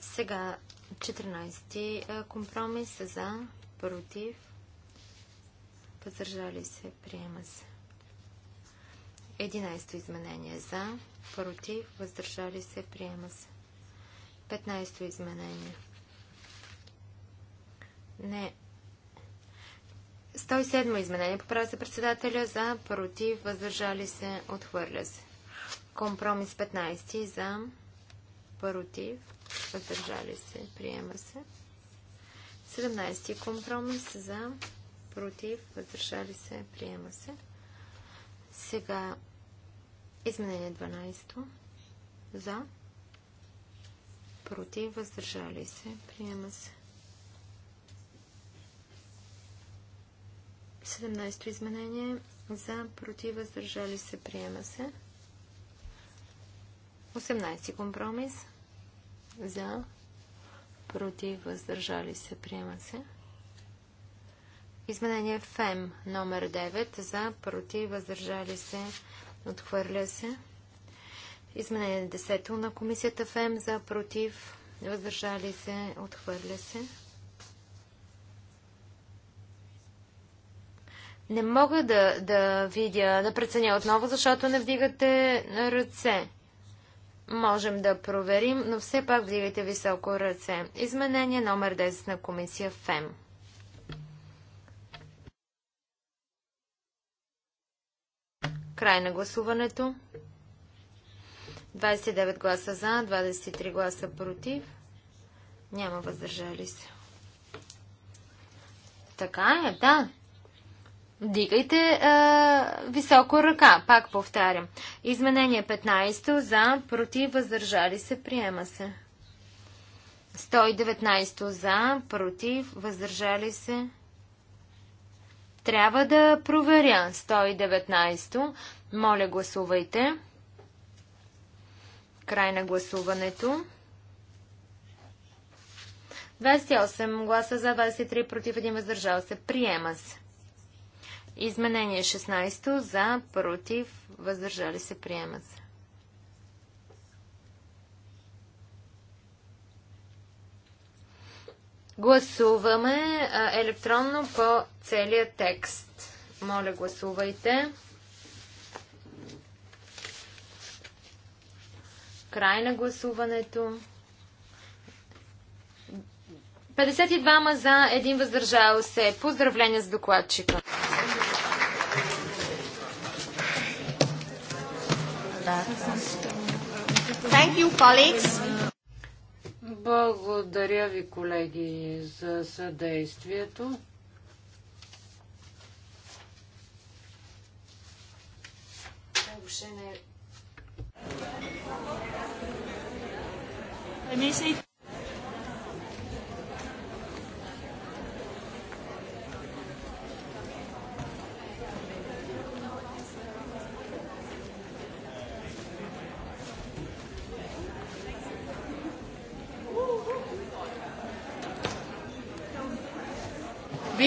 Speaker 1: Сега 14-ти компромис за, против, въздържали се, приема се. 11 изменение за, против, въздържали се, приема се. 15 изменение. Не. 107 изменение поправя се председателя за, против, въздържали се, отхвърля се. Компромис 15 за, против, въздържали се, приема се. 17 компромис за, против, въздържали се, приема се. Сега Изменение 12 за, против, въздържали се, приема се. 17 то изменение за, против, въздържали се, приема се. 18 компромис за, против, въздържали се, приема се. Изменение ФЕМ номер 9 за, против, въздържали се, приема се. Отхвърля се. Изменение 10 на комисията ФМ за против. Въздържали се. Отхвърля се. Не мога да, да видя, да преценя отново, защото не вдигате ръце. Можем да проверим, но все пак вдигайте високо ръце. Изменение номер 10 на комисия ФЕМ. Край на гласуването. 29 гласа за, 23 гласа против. Няма въздържали се. Така е, да. Дигайте е, високо ръка, пак повтарям. Изменение 15 за, против, въздържали се, приема се. 119 за, против, въздържали се, трябва да проверя 119. Моля, гласувайте. Край на гласуването. 28 гласа за, 23 против, 1 въздържал се. Приема се. Изменение 16 за, против, въздържали се, приема се. Гласуваме електронно по целия текст. Моля, гласувайте. Край на гласуването. 52 ма за, един въздържал се. Поздравления с докладчика.
Speaker 3: Thank you, colleagues. Благодаря ви, колеги, за съдействието. Обшене.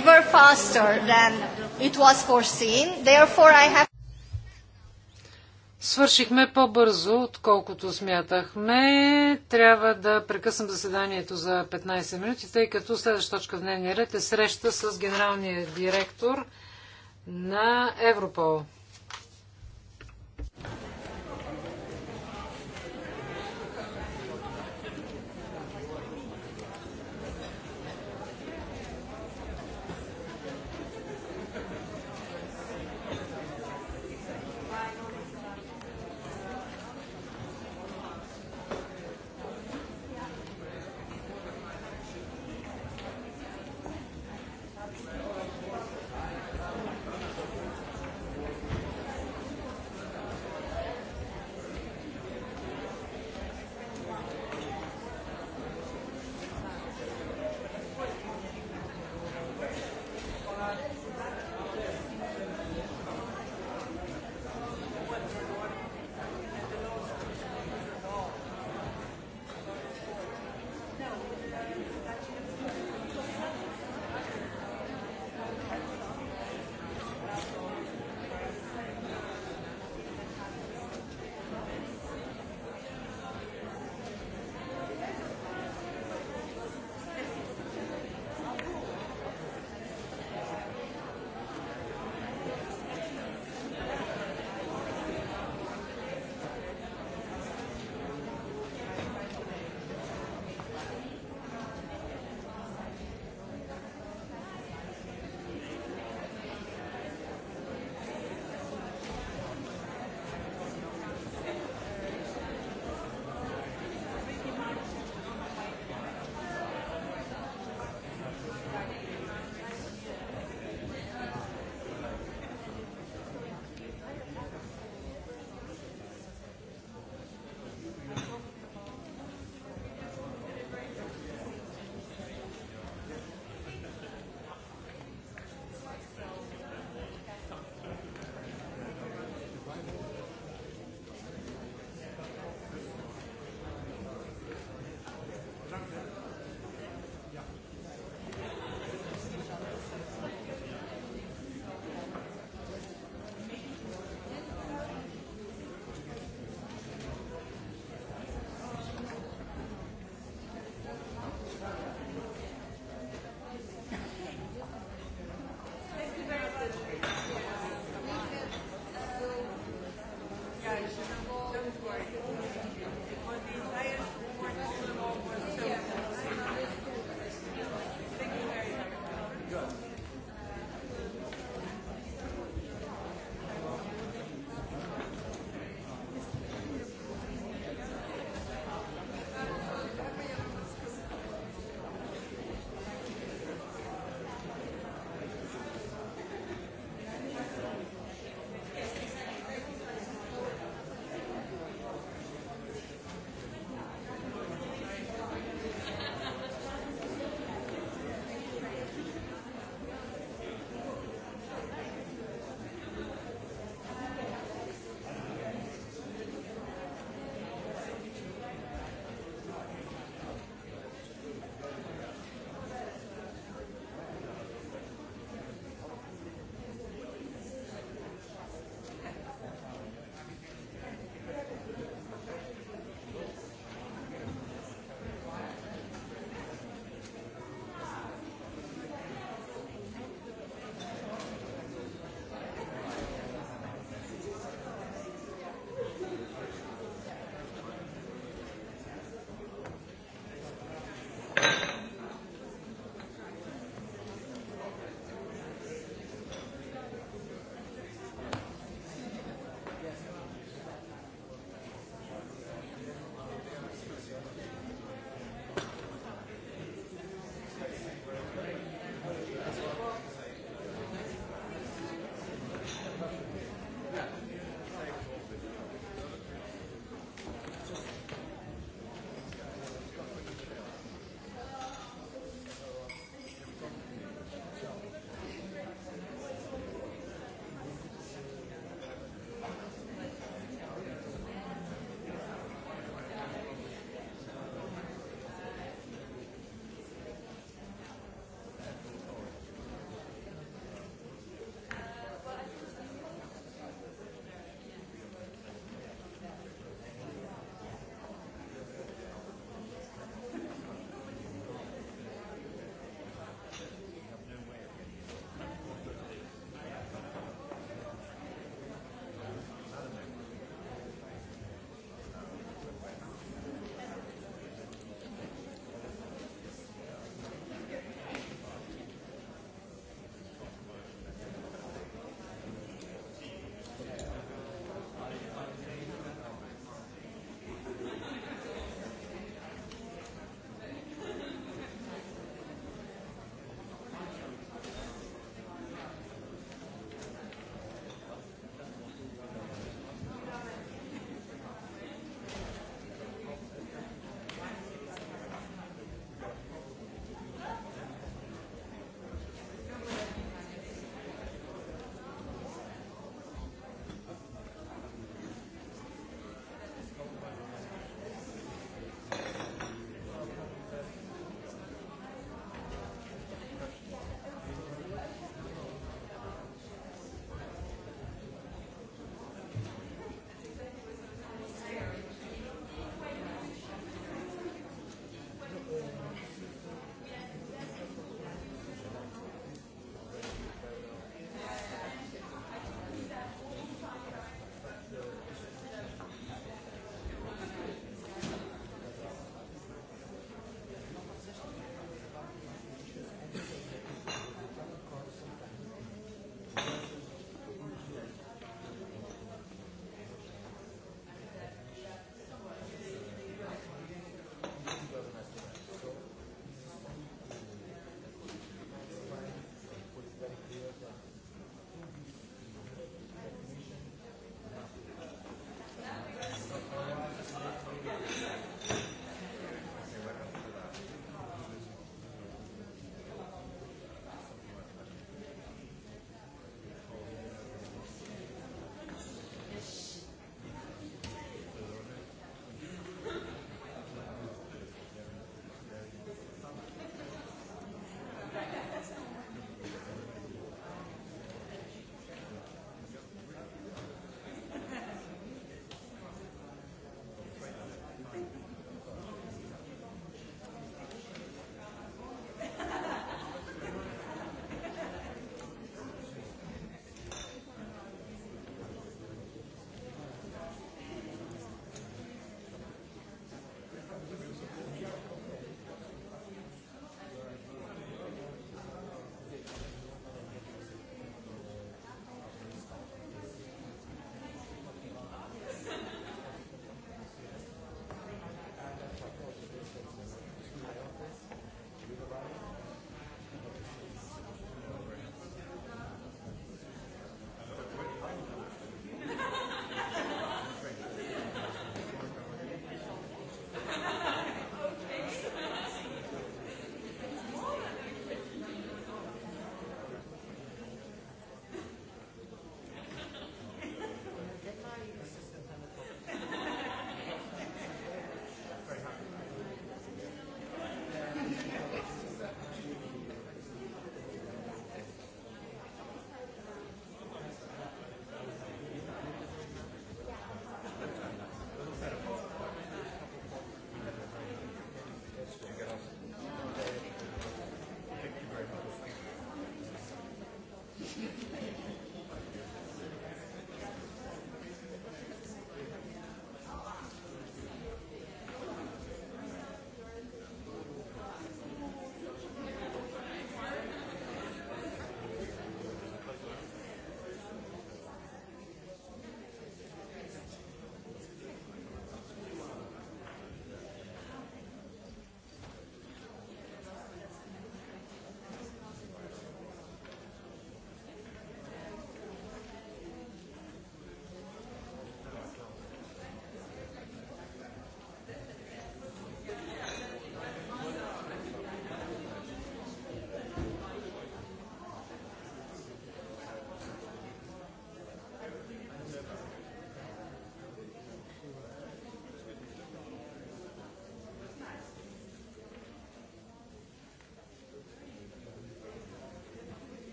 Speaker 3: deliver faster than it was foreseen. Therefore, I have Свършихме по-бързо, отколкото смятахме. Трябва да прекъсвам заседанието за 15 минути, тъй като следваща точка в дневния ред е среща с генералния директор на Европол.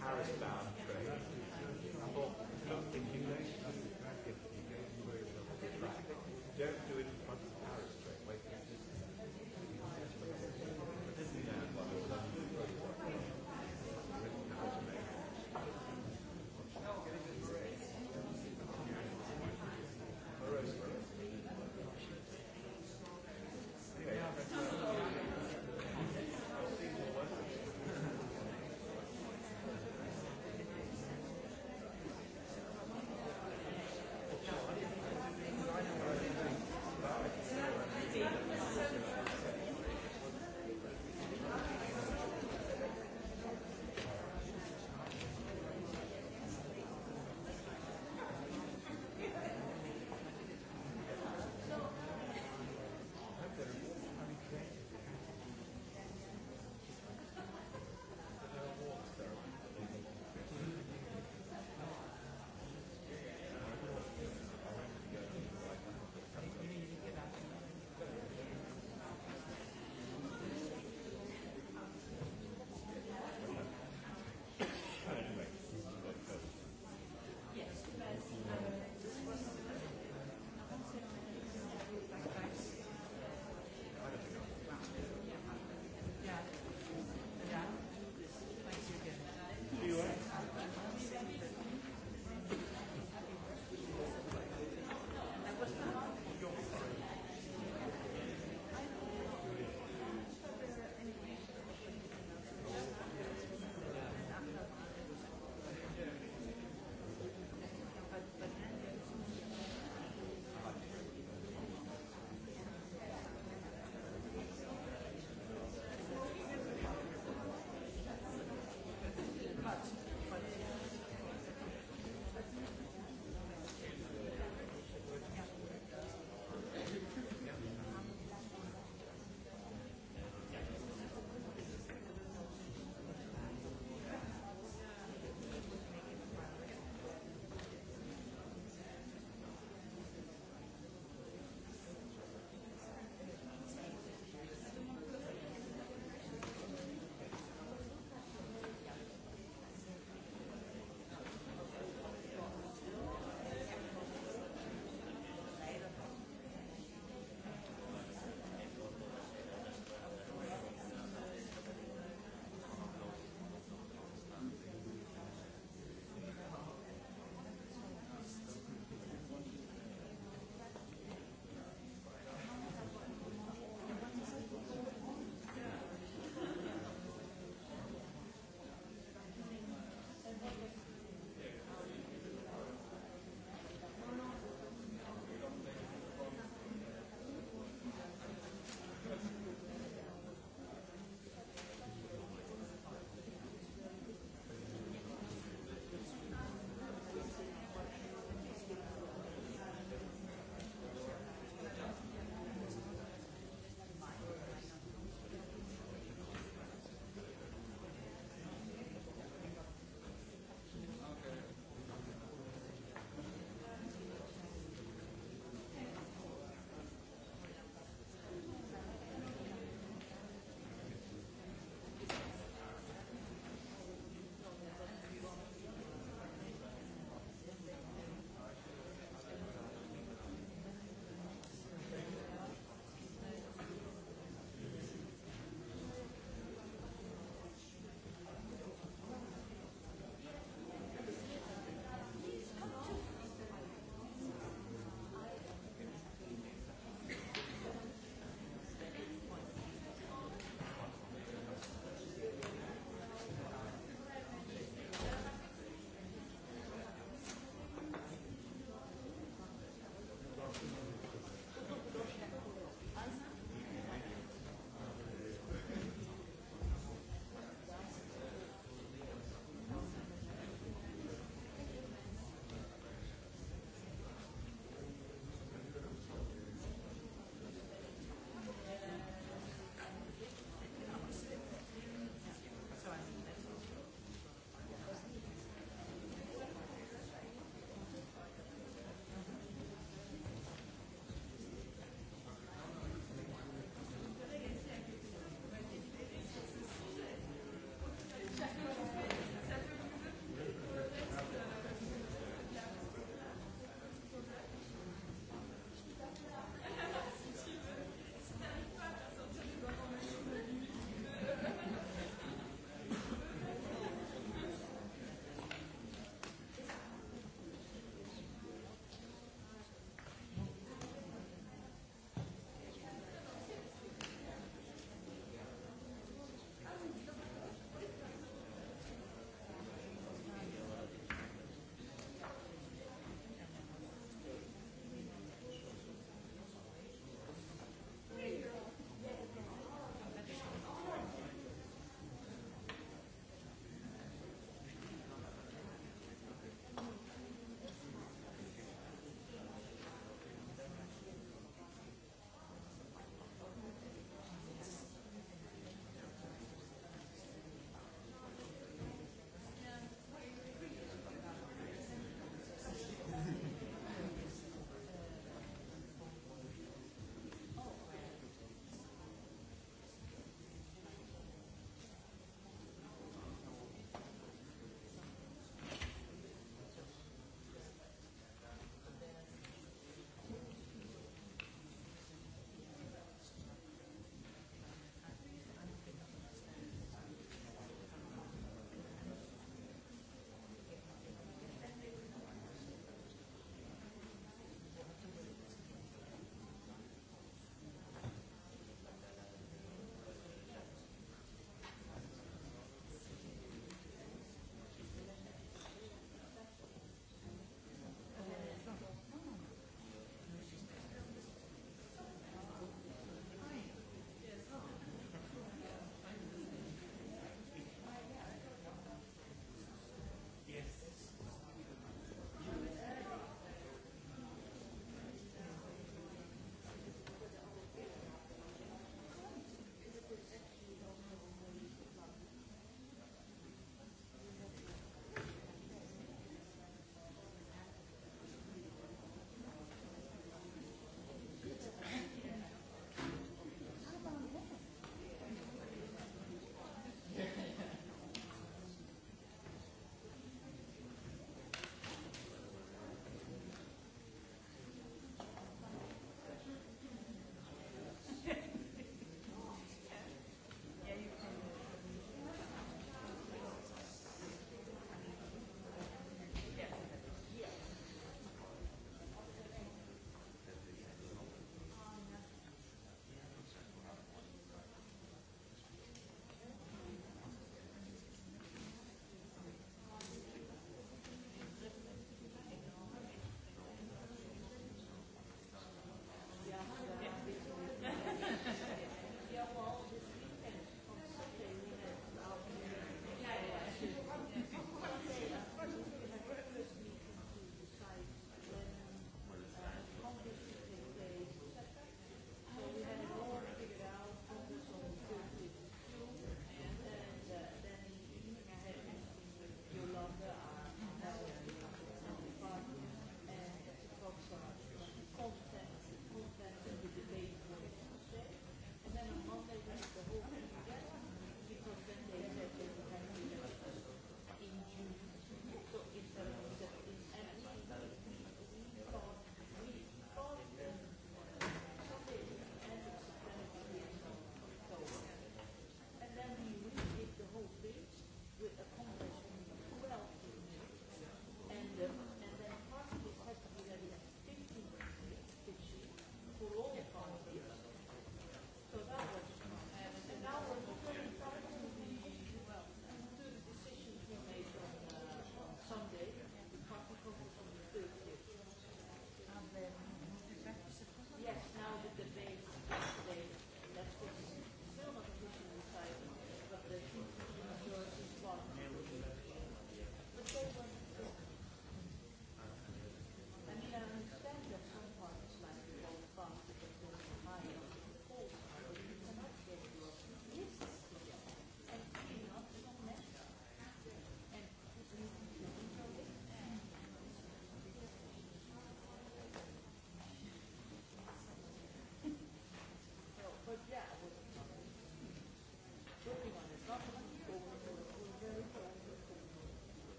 Speaker 4: How it's bound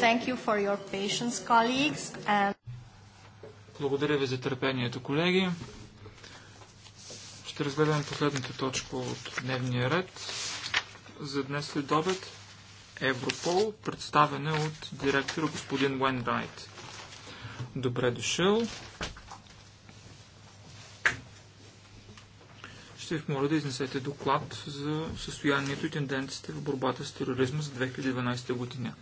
Speaker 1: thank you for your patience, colleagues.
Speaker 4: And... Благодаря ви за търпението, колеги. Ще разгледаме последната точка от дневния ред. За днес след обед Европол, представена от директора господин Уен Райт. Добре дошъл. Ще ви моля да изнесете доклад за състоянието и тенденциите в борбата с тероризма за 2012 година.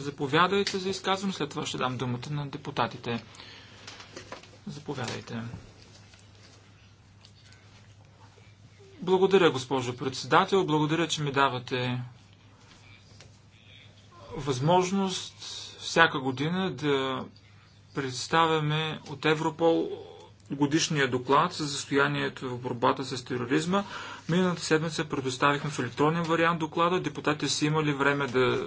Speaker 4: Заповядайте за изказване, след това ще дам думата на депутатите. Заповядайте. Благодаря, госпожо председател. Благодаря, че ми давате възможност всяка година да представяме от Европол годишния доклад за състоянието в борбата с тероризма. Миналата седмица предоставихме в електронен вариант доклада. Депутатите са имали време да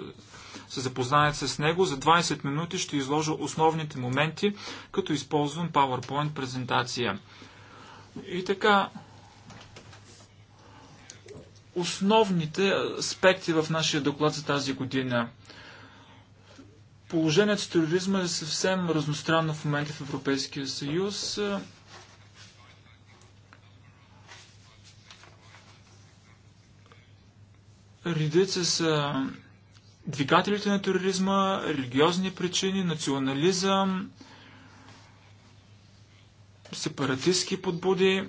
Speaker 4: се запознаят с него. За 20 минути ще изложа основните моменти, като използвам PowerPoint презентация. И така, основните аспекти в нашия доклад за тази година. Положението с тероризма е съвсем разностранно в момента в Европейския съюз. Редица са двигателите на тероризма, религиозни причини, национализъм, сепаратистски подбуди.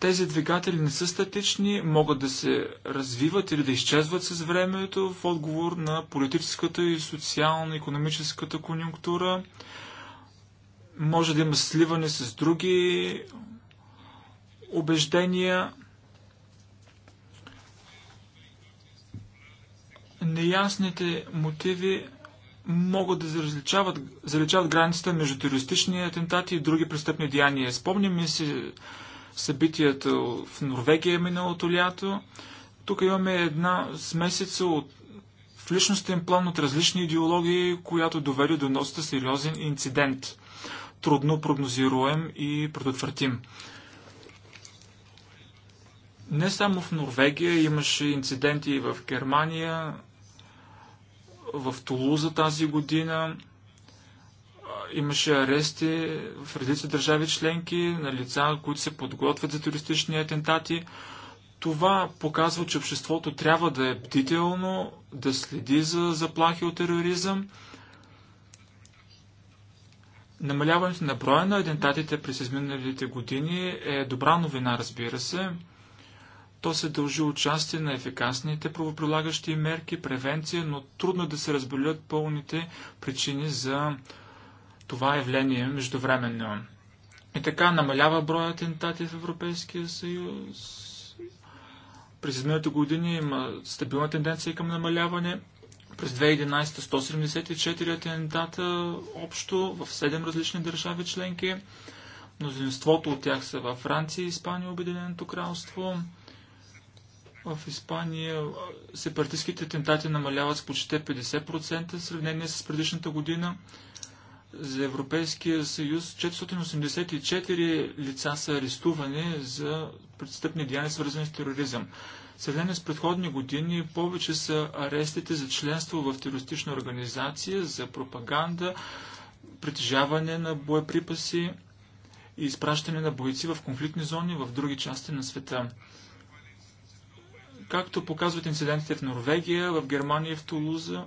Speaker 4: Тези двигатели не са статични, могат да се развиват или да изчезват с времето в отговор на политическата и социално-економическата конъюнктура. Може да има сливане с други убеждения. неясните мотиви могат да заличават, заличават границата между терористични атентати и други престъпни деяния. Спомним си събитията в Норвегия миналото лято. Тук имаме една смесица от в личностен план от различни идеологии, която доведе до доста сериозен инцидент. Трудно прогнозируем и предотвратим. Не само в Норвегия имаше инциденти и в Германия, в Тулуза тази година имаше арести в редица държави членки на лица, които се подготвят за терористични атентати. Това показва, че обществото трябва да е бдително, да следи за заплахи от тероризъм. Намаляването на броя на атентатите през изминалите години е добра новина, разбира се. То се дължи участие на ефикасните правоприлагащи мерки, превенция, но трудно е да се разбелят пълните причини за това явление междувременно. И така намалява броя атентати в Европейския съюз. През изминалите години има стабилна тенденция към намаляване. През 2011 174 атентата общо в 7 различни държави членки. Мнозинството от тях са във Франция, Испания, Обединеното кралство. В Испания сепаратистските атентати намаляват с почти 50% в сравнение с предишната година. За Европейския съюз 484 лица са арестувани за престъпни деяния, свързани с тероризъм. В сравнение с предходни години повече са арестите за членство в терористична организация, за пропаганда, притежаване на боеприпаси и изпращане на бойци в конфликтни зони в други части на света. Както показват инцидентите в Норвегия, в Германия в Тулуза,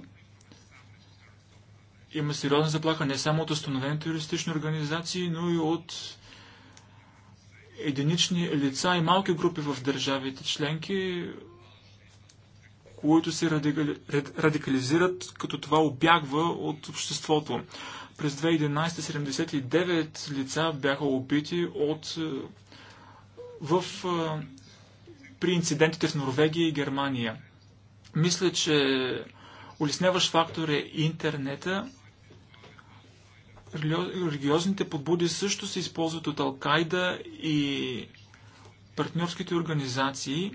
Speaker 4: има сериозна заплаха не само от установени терористични организации, но и от единични лица и малки групи в държавите членки, които се радикализират, като това обягва от обществото. През 2011 79 лица бяха убити от, в при инцидентите в Норвегия и Германия. Мисля, че улесняващ фактор е интернета. Религиозните побуди също се използват от Алкайда и партньорските организации.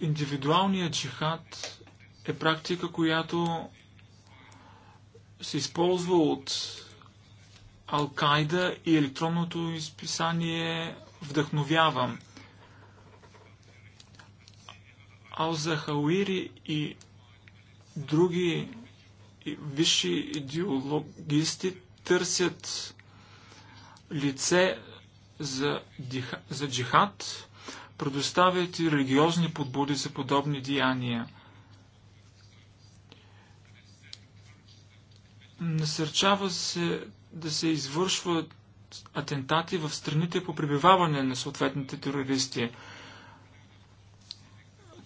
Speaker 4: Индивидуалният джихад е практика, която се използва от Алкайда и електронното изписание Вдъхновявам. Алзахауири и други висши идеологисти търсят лице за, диха, за джихад, предоставят и религиозни подбуди за подобни деяния. Насърчава се да се извършват атентати в страните по пребиваване на съответните терористи.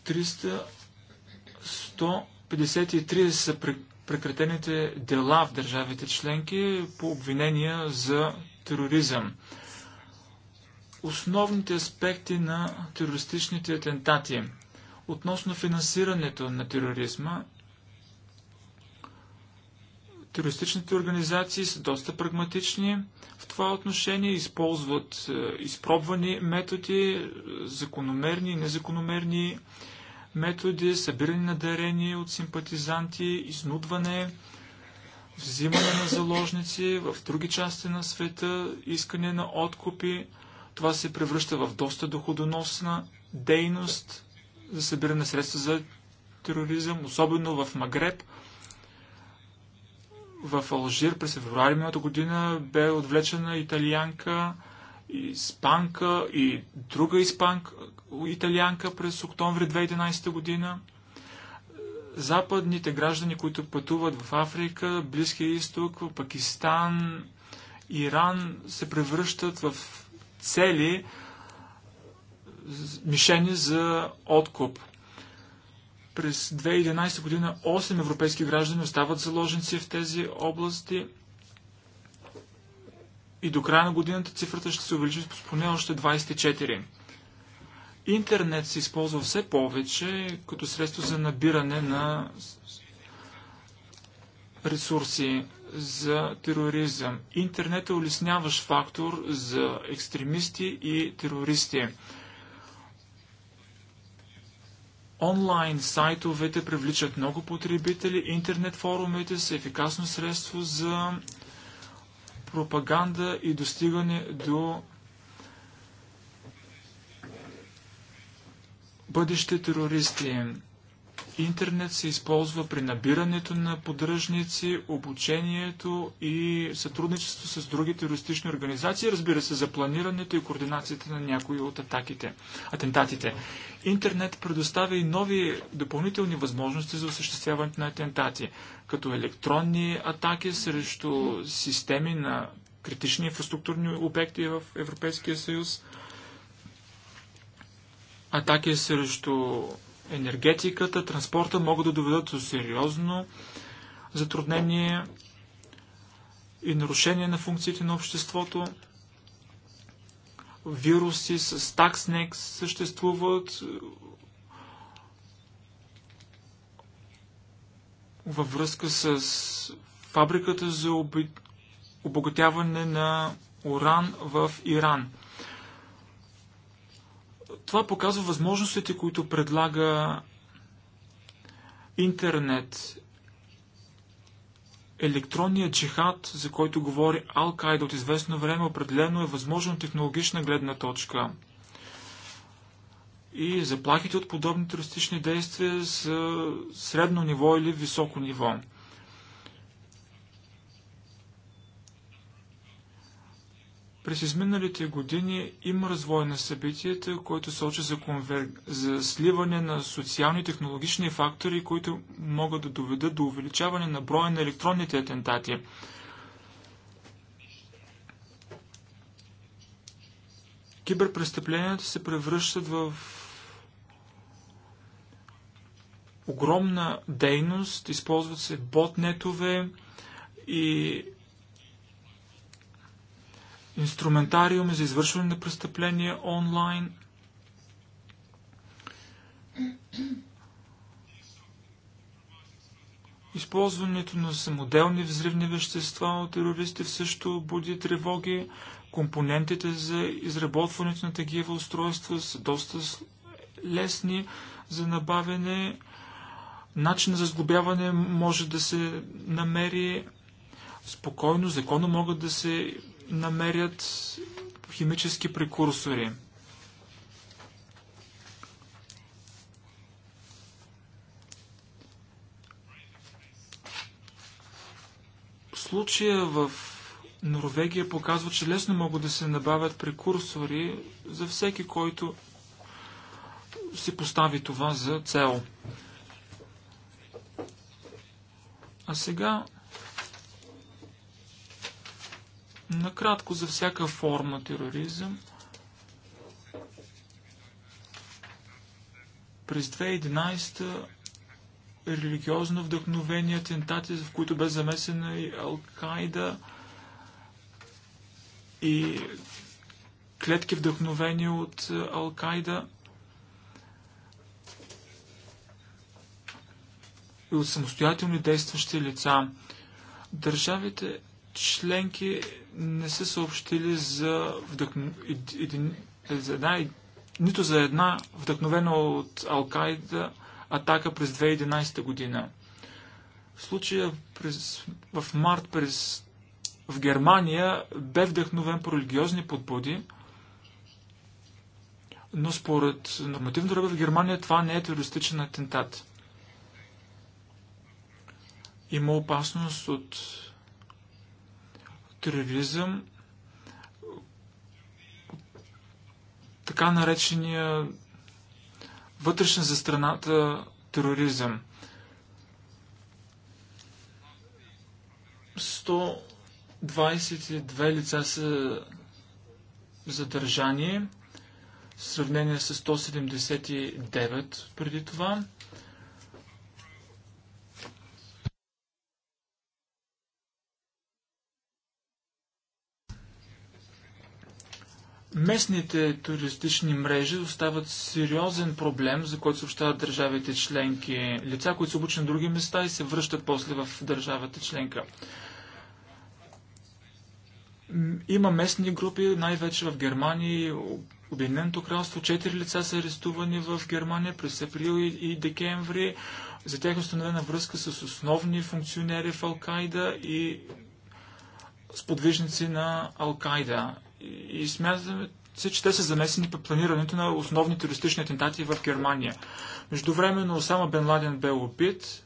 Speaker 4: 353 са прекратените дела в държавите членки по обвинения за тероризъм. Основните аспекти на терористичните атентати относно финансирането на тероризма Терористичните организации са доста прагматични в това отношение, използват е, изпробвани методи, е, закономерни и незакономерни методи, събиране на дарения от симпатизанти, изнудване, взимане на заложници в други части на света, искане на откупи. Това се превръща в доста доходоносна дейност за събиране на средства за тероризъм, особено в Магреб – в Алжир през февруари миналата година бе отвлечена италианка, испанка и друга испанка, италианка през октомври 2011 година. Западните граждани, които пътуват в Африка, Близкия изток, Пакистан, Иран, се превръщат в цели, мишени за откуп. През 2011 година 8 европейски граждани остават заложници в тези области и до края на годината цифрата ще се увеличи с поне още 24. Интернет се използва все повече като средство за набиране на ресурси за тероризъм. Интернет е улесняващ фактор за екстремисти и терористи. Онлайн сайтовете привличат много потребители, интернет форумите са ефикасно средство за пропаганда и достигане до бъдещи терористи. Интернет се използва при набирането на поддръжници, обучението и сътрудничество с други терористични организации, разбира се, за планирането и координацията на някои от атаките, атентатите. Интернет предоставя и нови допълнителни възможности за осъществяването на атентати, като електронни атаки срещу системи на критични инфраструктурни обекти в Европейския съюз, атаки срещу енергетиката, транспорта могат да доведат до сериозно затруднение и нарушение на функциите на обществото. Вируси с такснек съществуват във връзка с фабриката за обогатяване на уран в Иран. Това показва възможностите, които предлага интернет, електронният джихад, за който говори Ал-Кайда от известно време, определено е възможно технологична гледна точка. И заплахите от подобни терористични действия са средно ниво или високо ниво. През изминалите години има развой на събитията, който сочи за, конвер... за сливане на социални и технологични фактори, които могат да доведат до увеличаване на броя на електронните атентати. Киберпрестъпленията се превръщат в огромна дейност, използват се ботнетове и инструментариум за извършване на престъпления онлайн. Използването на самоделни взривни вещества от терористи също буди тревоги. Компонентите за изработването на такива устройства са доста лесни за набавяне. Начин за сглобяване може да се намери спокойно, законно могат да се намерят химически прекурсори. Случая в Норвегия показва, че лесно могат да се набавят прекурсори за всеки, който си постави това за цел. А сега Накратко за всяка форма тероризъм. През 2011 религиозно вдъхновени атентати, в които бе замесена и Ал-Кайда и клетки вдъхновени от Ал-Кайда и от самостоятелни действащи лица. Държавите членки не са съобщили за, един... за една... нито за една вдъхновена от Алкайда атака през 2011 година. В случая през... в март през... в Германия бе вдъхновен по религиозни подбуди, но според нормативно ръба в Германия това не е терористичен атентат. Има опасност от тероризъм, така наречения вътрешен за страната тероризъм. 122 лица са задържани в сравнение с 179 преди това. Местните туристични мрежи остават сериозен проблем, за който съобщават държавите членки. Лица, които са обучени на други места и се връщат после в държавата членка. Има местни групи, най-вече в Германия и Обединеното кралство. Четири лица са арестувани в Германия през април и, декември. За тях е установена връзка с основни функционери в Алкайда и сподвижници на Алкайда и смятаме се, че те са замесени по планирането на основни туристични атентати в Германия. Междувременно Осама Бен Ладен бе убит,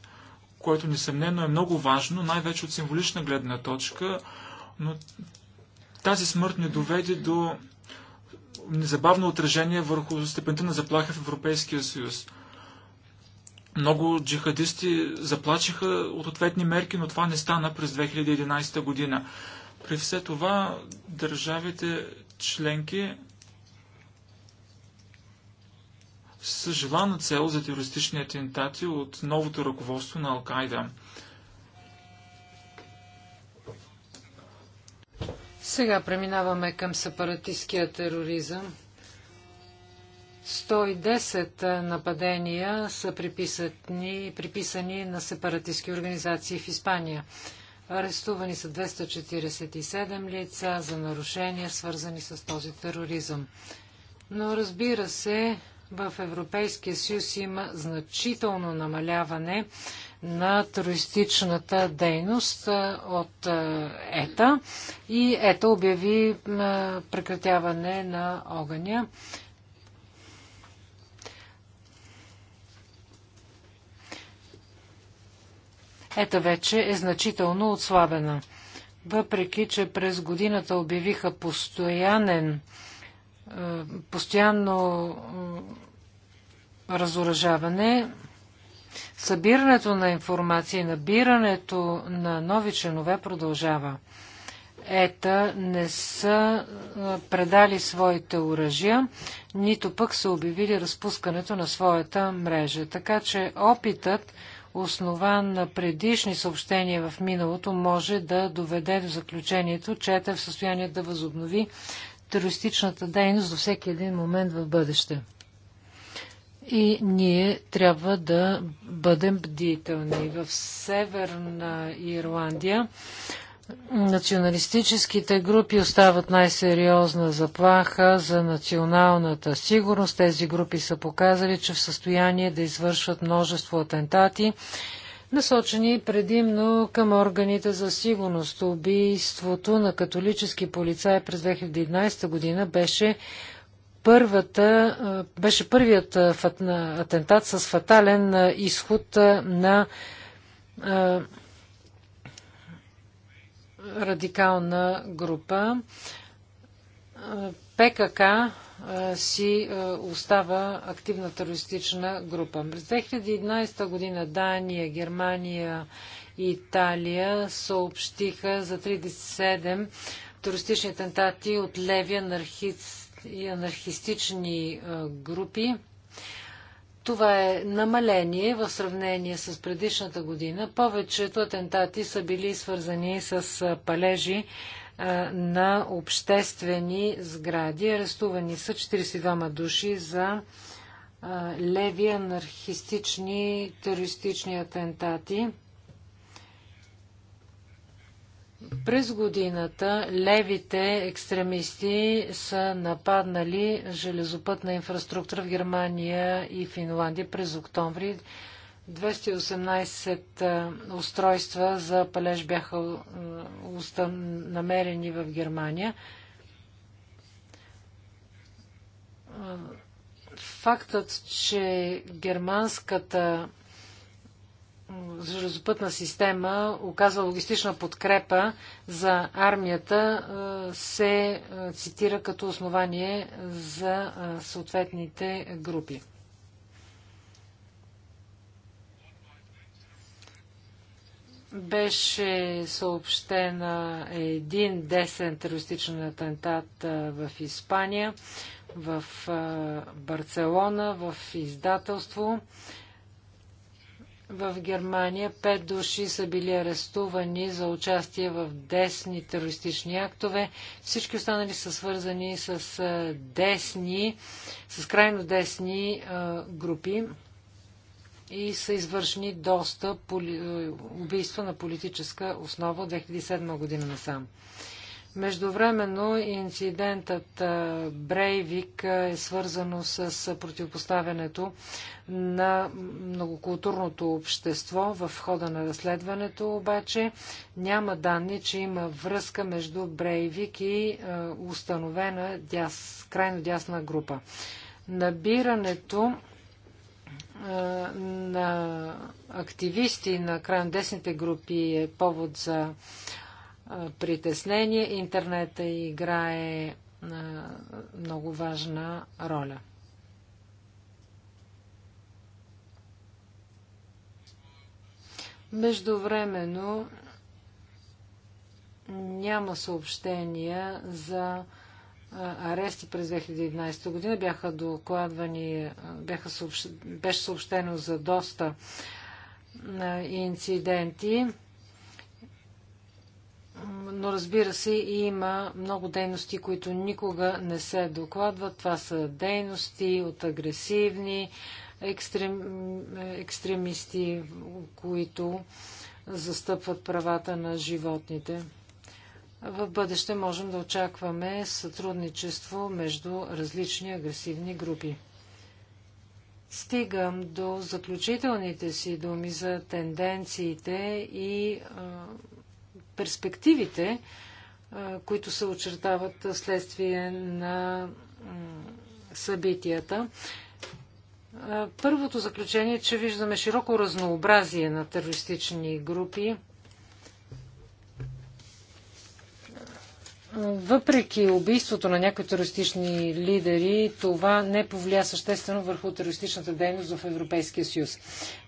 Speaker 4: което несъмнено е много важно, най-вече от символична гледна точка, но тази смърт не доведе до незабавно отражение върху степента на заплаха в Европейския съюз. Много джихадисти заплачиха от ответни мерки, но това не стана през 2011 година. При все това държавите членки с желана цел за терористични атентати от новото ръководство на Алкайда.
Speaker 3: Сега преминаваме към сепаратистския тероризъм. 110 нападения са приписани, приписани на сепаратистски организации в Испания. Арестувани са 247 лица за нарушения, свързани с този тероризъм. Но разбира се, в Европейския съюз има значително намаляване на терористичната дейност от ЕТА и ЕТА обяви прекратяване на огъня. ета вече е значително отслабена. Въпреки, че през годината обявиха постоянен, е, постоянно е, разоръжаване, събирането на информация и набирането на нови членове продължава. ЕТА не са е, предали своите оръжия, нито пък са обявили разпускането на своята мрежа. Така че опитът основан на предишни съобщения в миналото, може да доведе до заключението, че е в състояние да възобнови терористичната дейност до всеки един момент в бъдеще. И ние трябва да бъдем бдителни. В Северна Ирландия Националистическите групи остават най-сериозна заплаха за националната сигурност. Тези групи са показали, че в състояние да извършват множество атентати, насочени предимно към органите за сигурност. Убийството на католически полицаи през 2011 година беше първата, беше първият атентат с фатален изход на радикална група. ПКК си остава активна терористична група. През 2011 година Дания, Германия и Италия съобщиха за 37 терористични атентати от леви анархист, анархистични групи. Това е намаление в сравнение с предишната година. Повечето атентати са били свързани с палежи на обществени сгради. Арестувани са 42 души за леви анархистични терористични атентати. През годината левите екстремисти са нападнали железопътна инфраструктура в Германия и Финландия през октомври. 218 устройства за палеж бяха намерени в Германия. Фактът, че германската железопътна система оказва логистична подкрепа за армията, се цитира като основание за съответните групи. Беше съобщен един десен терористичен атентат в Испания, в Барселона, в издателство. В Германия пет души са били арестувани за участие в десни терористични актове. Всички останали са свързани с десни, с крайно десни групи и са извършени доста убийства на политическа основа от 2007 година насам. Междувременно инцидентът Брейвик е свързано с противопоставянето на многокултурното общество в хода на разследването, обаче няма данни, че има връзка между Брейвик и установена дяс, крайно дясна група. Набирането на активисти на крайно десните групи е повод за притеснения. Интернета играе много важна роля. Междувременно няма съобщения за арести през 2011 година. Бяха докладвани, бяха съобщ... беше съобщено за доста инциденти но разбира се, има много дейности, които никога не се докладват. Това са дейности от агресивни екстрем, екстремисти, които застъпват правата на животните. В бъдеще можем да очакваме сътрудничество между различни агресивни групи. Стигам до заключителните си думи за тенденциите и перспективите, които се очертават следствие на събитията. Първото заключение е, че виждаме широко разнообразие на терористични групи, Въпреки убийството на някои терористични лидери, това не повлия съществено върху терористичната дейност в Европейския съюз.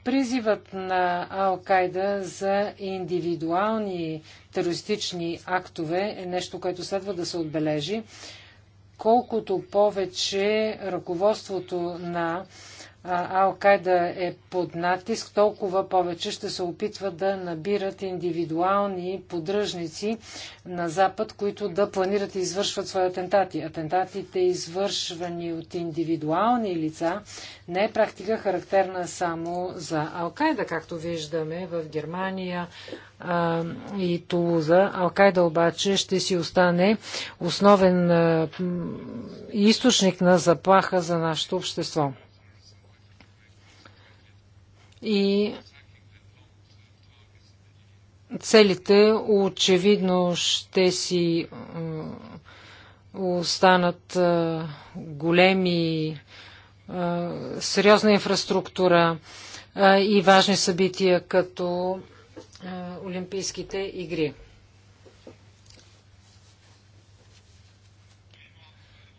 Speaker 3: Призивът на Ал-Кайда за индивидуални терористични актове е нещо, което следва да се отбележи. Колкото повече ръководството на Ал-Кайда е под натиск, толкова повече ще се опитват да набират индивидуални поддръжници на Запад, които да планират и извършват свои атентати. Атентатите, извършвани от индивидуални лица, не е практика характерна само за Ал-Кайда, както виждаме в Германия а, и Тулуза. Ал-Кайда обаче ще си остане основен а, източник на заплаха за нашето общество и целите очевидно ще си останат големи, сериозна инфраструктура и важни събития като Олимпийските игри.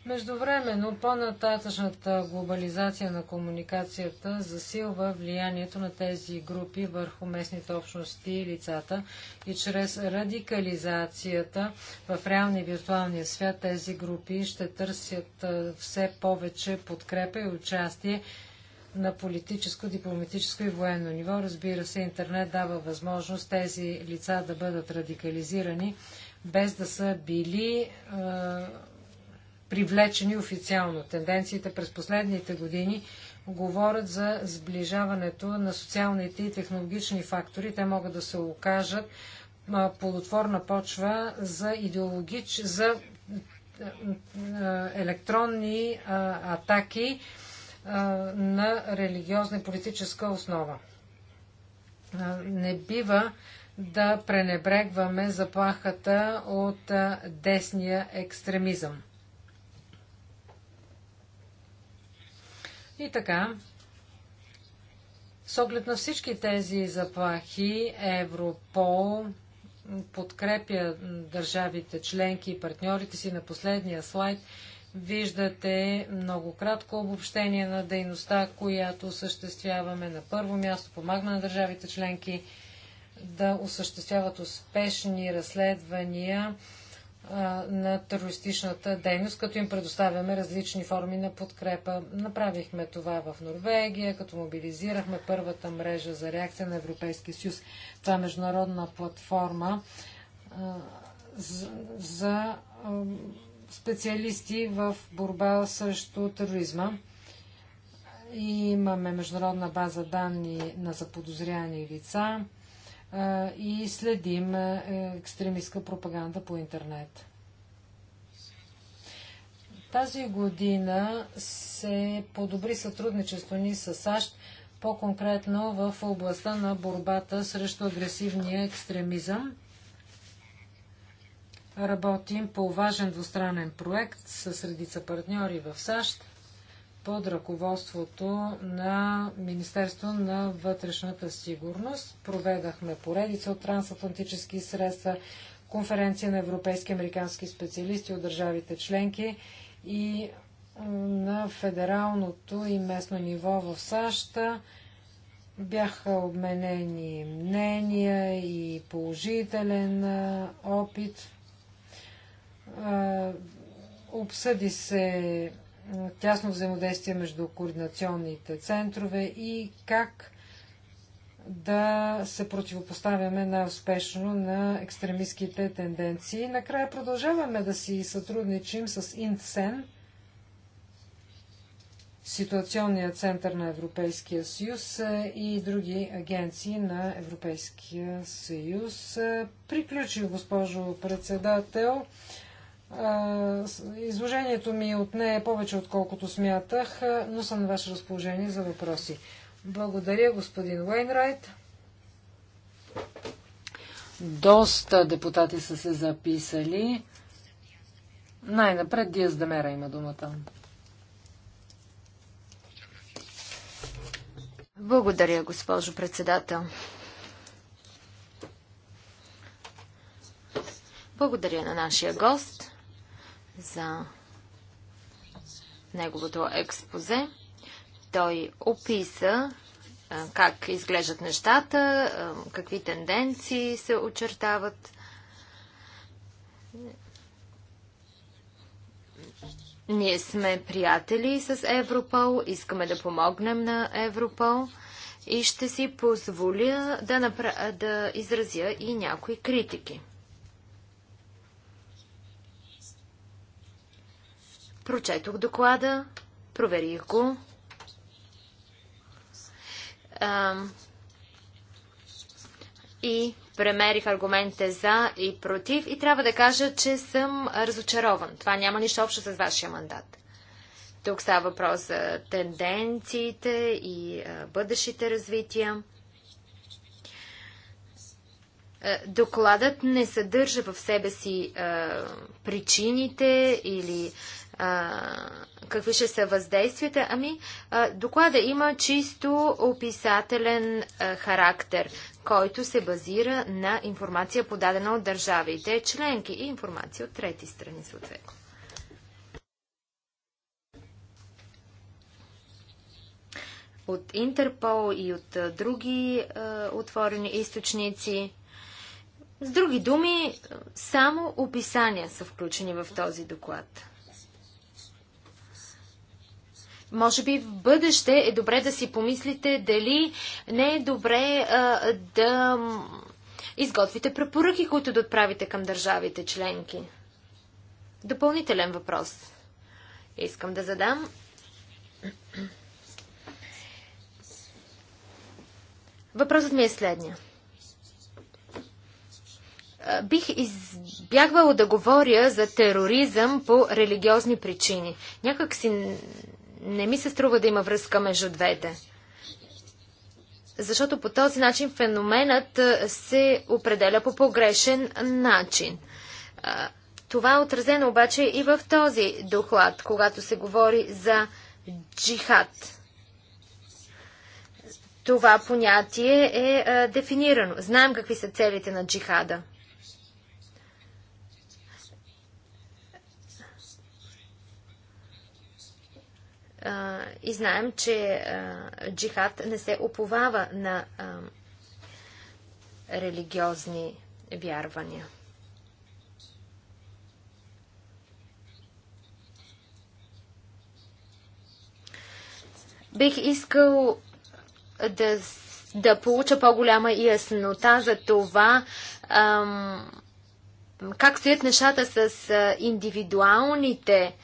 Speaker 3: Междувременно, по-нататъчната глобализация на комуникацията засилва влиянието на тези групи върху местните общности и лицата и чрез радикализацията в реалния и виртуалния свят тези групи ще търсят все повече подкрепа и участие на политическо, дипломатическо и военно ниво. Разбира се, интернет дава възможност тези лица да бъдат радикализирани без да са били е, привлечени официално. Тенденциите през последните години говорят за сближаването на социалните и технологични фактори. Те могат да се окажат плодотворна почва за идеологич, за електронни атаки на религиозна и политическа основа. Не бива да пренебрегваме заплахата от десния екстремизъм. И така, с оглед на всички тези заплахи, Европол подкрепя държавите членки и партньорите си на последния слайд. Виждате много кратко обобщение на дейността, която осъществяваме. На първо място помагаме на държавите членки да осъществяват успешни разследвания на терористичната дейност, като им предоставяме различни форми на подкрепа. Направихме това в Норвегия, като мобилизирахме първата мрежа за реакция на Европейския съюз. Това е международна платформа за, специалисти в борба срещу тероризма. И имаме международна база данни на заподозряни лица и следим е, екстремистска пропаганда по интернет. Тази година се подобри сътрудничество ни с САЩ, по-конкретно в областта на борбата срещу агресивния екстремизъм. Работим по важен двустранен проект с редица партньори в САЩ под ръководството на Министерство на вътрешната сигурност. Проведахме поредица от трансатлантически средства, конференция на европейски и американски специалисти от държавите членки и на федералното и местно ниво в САЩ бяха обменени мнения и положителен опит. Обсъди се е, тясно взаимодействие между координационните центрове и как да се противопоставяме най-успешно на екстремистските тенденции. Накрая продължаваме да си сътрудничим с ИНСЕН, Ситуационния център на Европейския съюз е, и други агенции на Европейския съюз. Е, Приключих, госпожо председател. Изложението ми отне е повече, отколкото смятах, но съм на ваше разположение за въпроси. Благодаря, господин Уейнрайт. Доста депутати са се записали. Най-напред Диас Дамера има думата. Благодаря, госпожо председател.
Speaker 1: Благодаря на нашия гост за неговото експозе. Той описа как изглеждат нещата, какви тенденции се очертават. Ние сме приятели с Европол, искаме да помогнем на Европол и ще си позволя да, направя, да изразя и някои критики. Прочетох доклада, проверих го. А, и премерих аргументите за и против и трябва да кажа, че съм разочарован. Това няма нищо общо с вашия мандат. Тук става въпрос за тенденциите и а, бъдещите развития. Е, докладът не съдържа в себе си а, причините или а, какви ще са въздействията? Ами, а, доклада има чисто описателен а, характер, който се базира на информация подадена от държавите членки и информация от трети страни съответно. От Интерпол и от а, други а, отворени източници. С други думи, само описания са включени в този доклад може би в бъдеще е добре да си помислите дали не е добре а, да изготвите препоръки, които да отправите към държавите членки. Допълнителен въпрос искам да задам. Въпросът ми е следния. Бих избягвала да говоря за тероризъм по религиозни причини. Някак си не ми се струва да има връзка между двете. Защото по този начин феноменът се определя по погрешен начин. Това е отразено обаче и в този доклад, когато се говори за джихад. Това понятие е дефинирано. Знаем какви са целите на джихада – и знаем, че а, джихад не се оповава на а, религиозни вярвания. Бих искал да, да получа по-голяма яснота за това ам, как стоят нещата с индивидуалните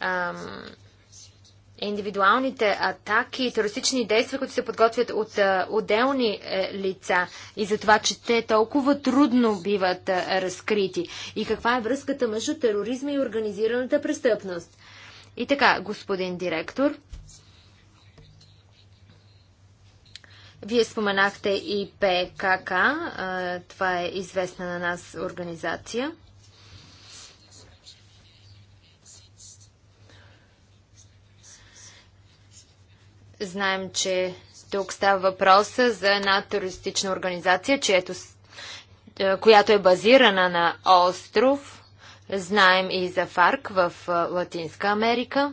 Speaker 1: ам, индивидуалните атаки и терористични действия, които се подготвят от отделни е, лица и за това, че те толкова трудно биват разкрити. И каква е връзката между тероризма и организираната престъпност? И така, господин директор, вие споменахте и ПКК, това е известна на нас организация. Знаем, че тук става въпроса за една туристична организация, чието, е, която е базирана на остров. Знаем и за ФАРК в е, Латинска Америка.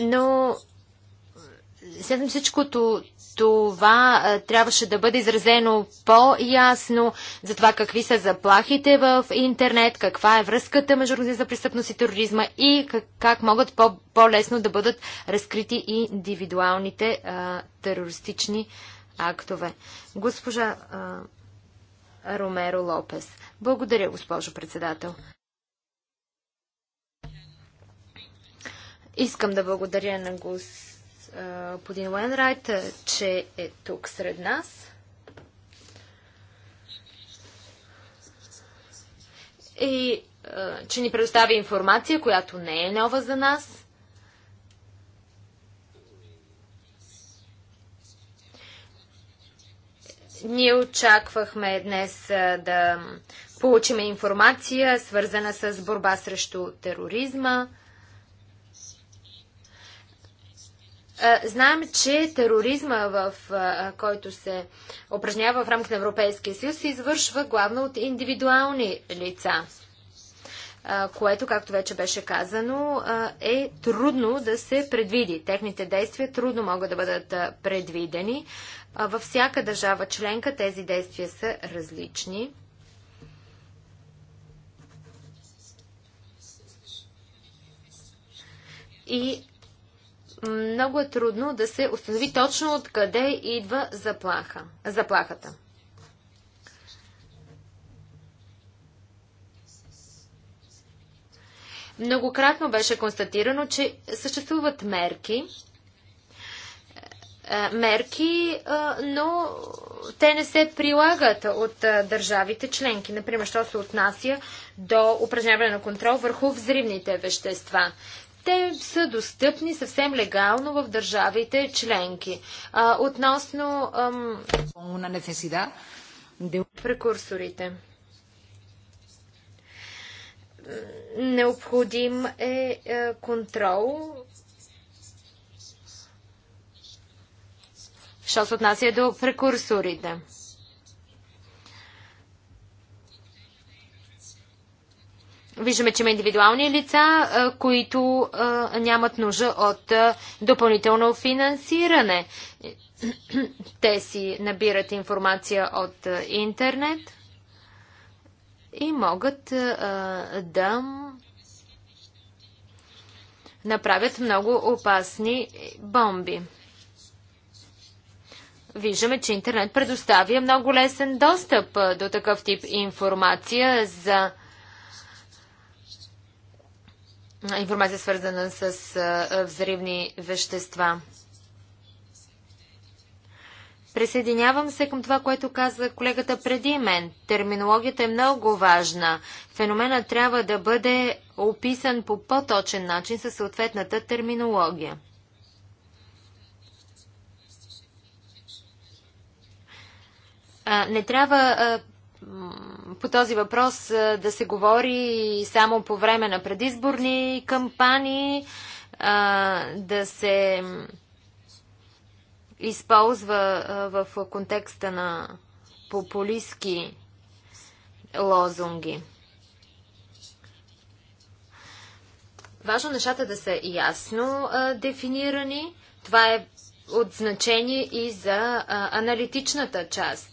Speaker 1: Но след всичкото това трябваше да бъде изразено по-ясно за това какви са заплахите в интернет, каква е връзката между за престъпност и тероризма и как, как могат по-лесно да бъдат разкрити индивидуалните а, терористични актове. Госпожа а, Ромеро Лопес. Благодаря, госпожо председател. Искам да благодаря на госпожа господин Уенрайт, че е тук сред нас. И че ни предостави информация, която не е нова за нас. Ние очаквахме днес да получим информация, свързана с борба срещу тероризма. Знаем, че тероризма, в който се упражнява в рамките на Европейския съюз, се извършва главно от индивидуални лица, което, както вече беше казано, е трудно да се предвиди. Техните действия трудно могат да бъдат предвидени. Във всяка държава членка тези действия са различни. И много е трудно да се установи точно откъде идва заплаха, заплахата. Многократно беше констатирано, че съществуват мерки, е, мерки, е, но те не се прилагат от е, държавите членки. Например, що се отнася до упражняване на контрол върху взривните вещества те са достъпни съвсем легално в държавите членки. А, относно ам, прекурсорите. Необходим е, е контрол, що се отнася до прекурсорите. Виждаме, че има индивидуални лица, които нямат нужда от допълнително финансиране. Те си набират информация от интернет и могат да направят много опасни бомби. Виждаме, че интернет предоставя много лесен достъп до такъв тип информация за информация свързана с взривни вещества. Присъединявам се към това, което каза колегата преди мен. Терминологията е много важна. Феномена трябва да бъде описан по по-точен начин със съответната терминология. Не трябва по този въпрос да се говори само по време на предизборни кампании, да се използва в контекста на популистски лозунги. Важно нещата да са ясно дефинирани. Това е от значение и за аналитичната част.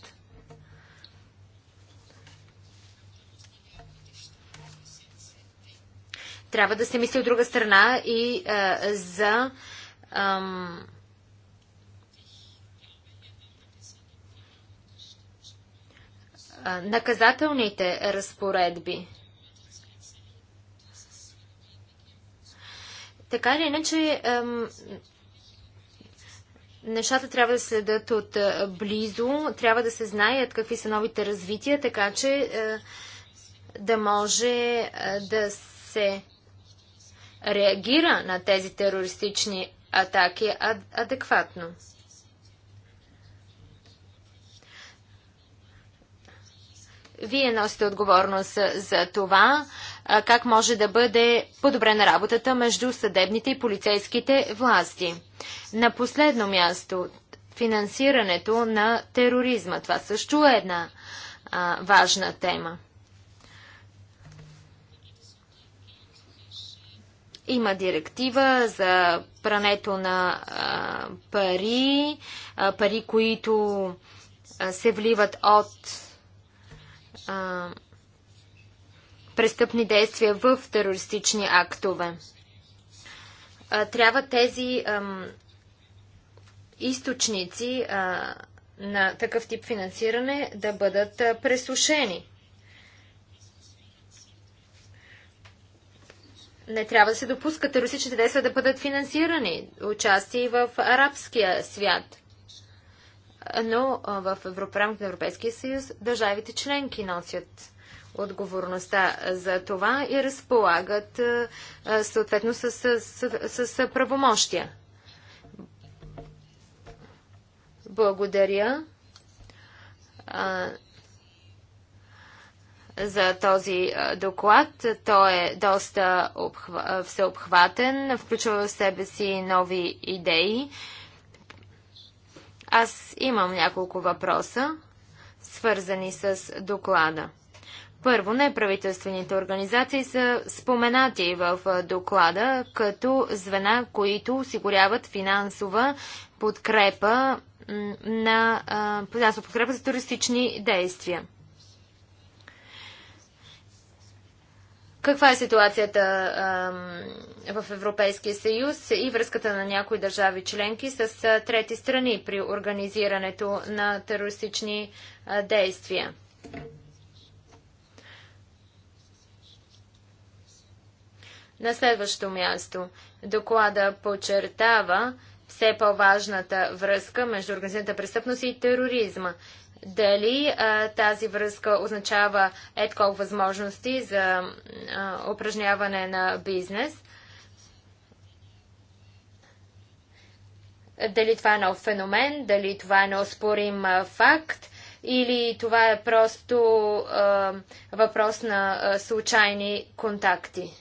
Speaker 1: Трябва да се мисли от друга страна и а, за ам, наказателните разпоредби. Така или иначе, нещата трябва да следят от а, близо, трябва да се знаят какви са новите развития, така че а, да може а, да се реагира на тези терористични атаки адекватно. Вие носите отговорност за това, как може да бъде подобрена работата между съдебните и полицейските власти. На последно място, финансирането на тероризма. Това също е една а, важна тема. Има директива за прането на а, пари, а, пари, които а, се вливат от престъпни действия в терористични актове. Трябва тези източници на такъв тип финансиране да бъдат пресушени. не трябва да се допуска терористичните действия да бъдат финансирани. Участие в арабския свят. Но в рамките на Европейския съюз държавите членки носят отговорността за това и разполагат съответно с, с, с, с правомощия. Благодаря за този доклад. Той е доста всеобхватен, включва в себе си нови идеи. Аз имам няколко въпроса, свързани с доклада. Първо, неправителствените организации са споменати в доклада като звена, които осигуряват финансова подкрепа на подкрепа за туристични действия. Каква е ситуацията в Европейския съюз и връзката на някои държави членки с трети страни при организирането на терористични действия? На следващо място доклада подчертава все по-важната връзка между организираната престъпност и тероризма дали а, тази връзка означава едко възможности за а, упражняване на бизнес. Дали това е нов феномен, дали това е неоспорим факт или това е просто а, въпрос на а, случайни контакти.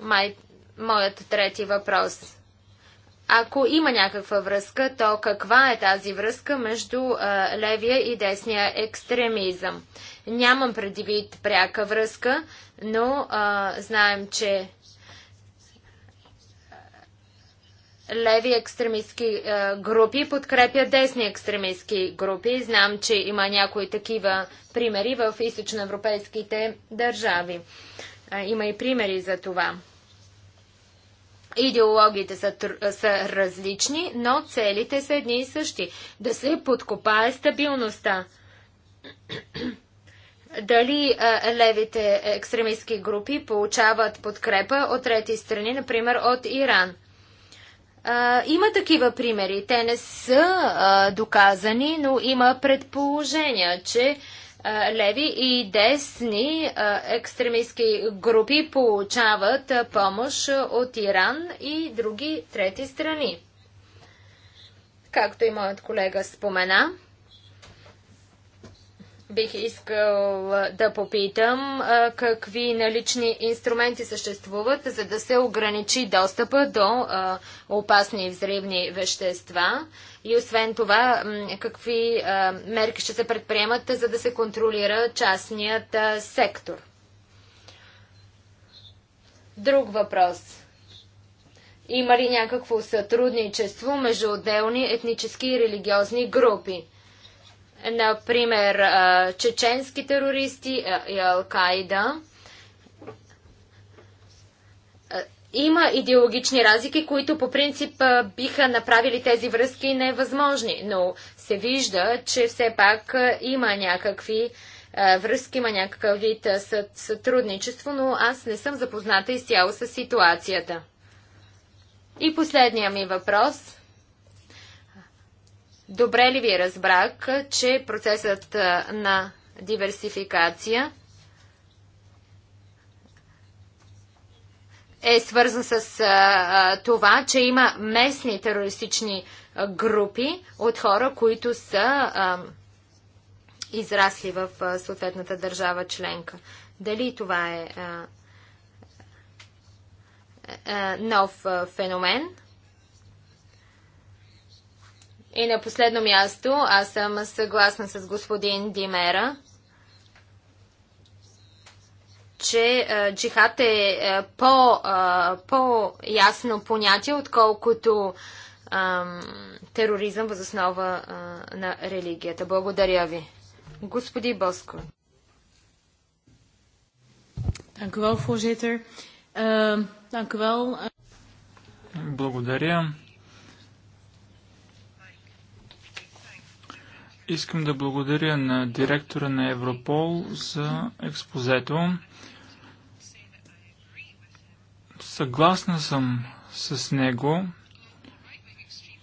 Speaker 1: Май, моят трети въпрос – ако има някаква връзка, то каква е тази връзка между а, левия и десния екстремизъм? Нямам предвид пряка връзка, но а, знаем, че леви екстремистски а, групи подкрепят десни екстремистски групи. Знам, че има някои такива примери в източноевропейските държави. А, има и примери за това. Идеологиите са, са различни, но целите са едни и същи. Да се подкопае стабилността. Дали а, левите екстремистски групи получават подкрепа от трети страни, например от Иран? А, има такива примери. Те не са а, доказани, но има предположения, че а, леви и десни екстремистски групи получават помощ от Иран и други трети страни. Както и моят колега спомена, Бих искал да попитам какви налични инструменти съществуват, за да се ограничи достъпа до опасни взривни вещества и освен това какви мерки ще се предприемат, за да се контролира частният сектор. Друг въпрос. Има ли някакво сътрудничество между отделни етнически и религиозни групи? например, чеченски терористи и ал каида Има идеологични разлики, които по принцип биха направили тези връзки невъзможни, но се вижда, че все пак има някакви връзки, има някакъв вид сътрудничество, но аз не съм запозната изцяло с ситуацията. И последния ми въпрос – Добре ли ви е разбрах, че процесът на диверсификация е свързан с а, това, че има местни терористични групи от хора, които са а, израсли в а, съответната държава членка. Дали това е а, а, е, е, нов а, феномен? И на последно място, аз съм съгласна с господин Димера, че джихад е по, по-ясно понятие, отколкото тероризъм възоснова на религията. Благодаря ви. Господи Боско. Ehm,
Speaker 4: Благодаря. Искам да благодаря на директора на Европол за експозето. Съгласна съм с него,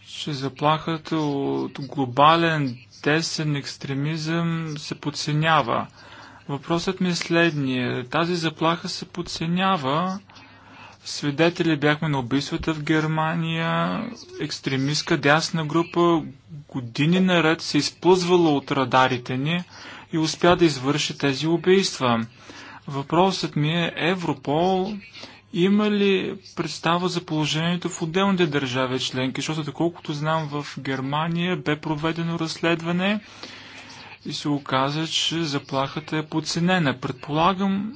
Speaker 4: че заплахата от глобален тесен екстремизъм се подценява. Въпросът ми е следния. Тази заплаха се подценява Свидетели бяхме на убийствата в Германия. Екстремистка дясна група години наред се изплъзвала от радарите ни и успя да извърши тези убийства. Въпросът ми е Европол има ли представа за положението в отделните държави членки? Защото, доколкото знам, в Германия бе проведено разследване и се оказа, че заплахата е подценена. Предполагам,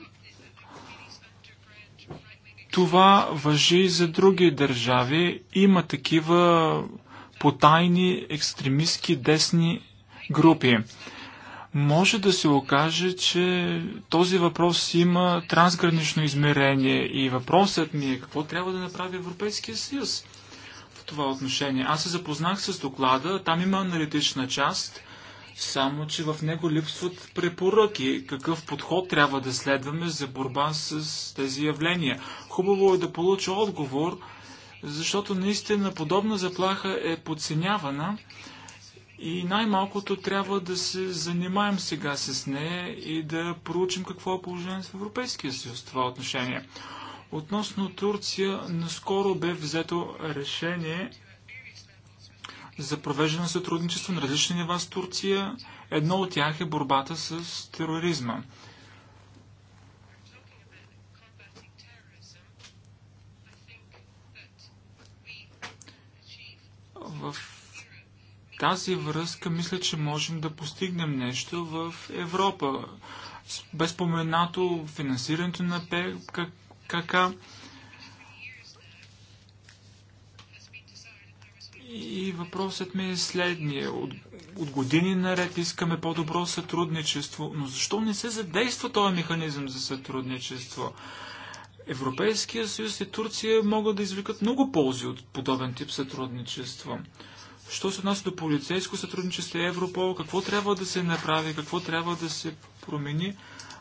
Speaker 4: това въжи и за други държави. Има такива потайни екстремистски десни групи. Може да се окаже, че този въпрос има трансгранично измерение и въпросът ми е какво трябва да направи Европейския съюз в това отношение. Аз се запознах с доклада, там има аналитична част – само, че в него липсват препоръки, какъв подход трябва да следваме за борба с тези явления. Хубаво е да получа отговор, защото наистина подобна заплаха е подценявана и най-малкото трябва да се занимаем сега с нея и да проучим какво е положението в Европейския съюз в това отношение. Относно Турция, наскоро бе взето решение за провеждане на сътрудничество на различни нива с Турция. Едно от тях е борбата с тероризма. В тази връзка мисля, че можем да постигнем нещо в Европа. Без споменато финансирането на ПКК, И въпросът ми е следния. От, от години наред искаме по-добро сътрудничество, но защо не се задейства този механизъм за сътрудничество? Европейския съюз и Турция могат да извлекат много ползи от подобен тип сътрудничество. Що се отнася до полицейско сътрудничество и Европол, какво трябва да се направи, какво трябва да се промени,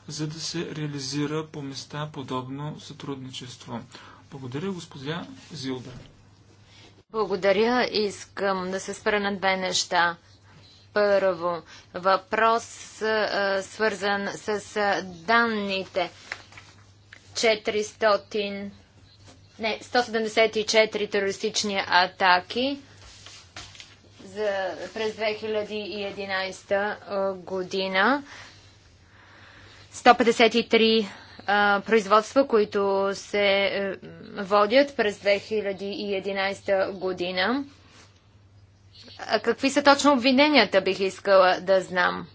Speaker 4: за да се реализира по места подобно сътрудничество? Благодаря, господин Зилбер.
Speaker 1: Благодаря. Искам да се спра на две неща. Първо, въпрос свързан с данните. 400, не, 174 терористични атаки за, през 2011 година. 153 производства, които се е, водят през 2011 година. какви са точно обвиненията, бих искала да знам.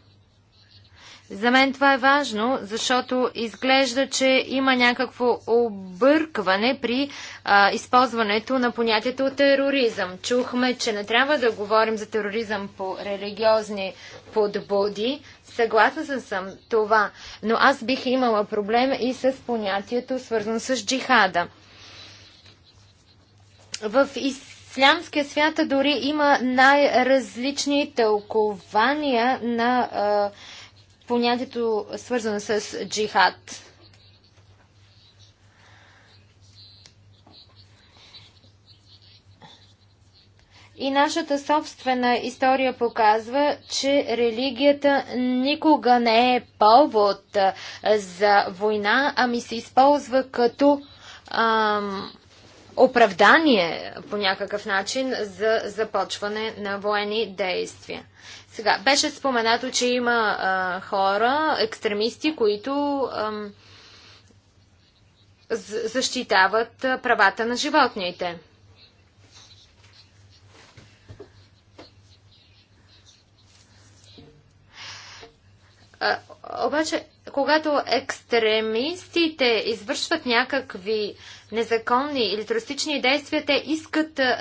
Speaker 1: За мен това е важно, защото изглежда, че има някакво объркване при а, използването на понятието тероризъм. Чухме, че не трябва да говорим за тероризъм по религиозни подбуди, Съгласна съм това, но аз бих имала проблем и с понятието свързано с джихада. В ислямския свят дори има най-различни тълкования на понятието свързано с джихад. И нашата собствена история показва, че религията никога не е повод за война, ами се използва като ам, оправдание по някакъв начин за започване на военни действия. Сега, беше споменато, че има а, хора, екстремисти, които ам, защитават правата на животните. Обаче, когато екстремистите извършват някакви незаконни или терористични действия, те искат а,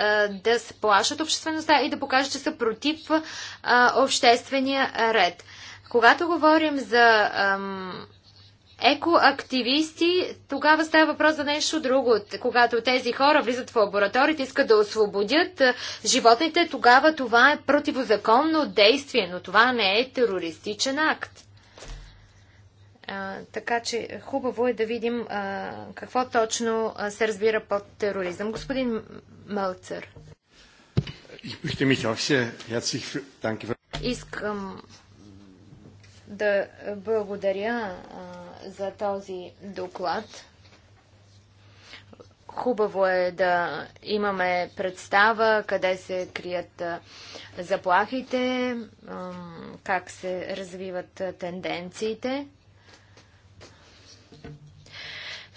Speaker 1: да сплашат обществеността и да покажат, че са против а, обществения ред. Когато говорим за ам, екоактивисти, тогава става въпрос за нещо друго. Когато тези хора влизат в лабораториите, искат да освободят животните, тогава това е противозаконно действие, но това не е терористичен акт така че хубаво е да видим а, какво точно а, се разбира под тероризъм. Господин Мълцър. Искам да благодаря за този доклад. Хубаво е да имаме представа къде се крият заплахите, как се развиват тенденциите.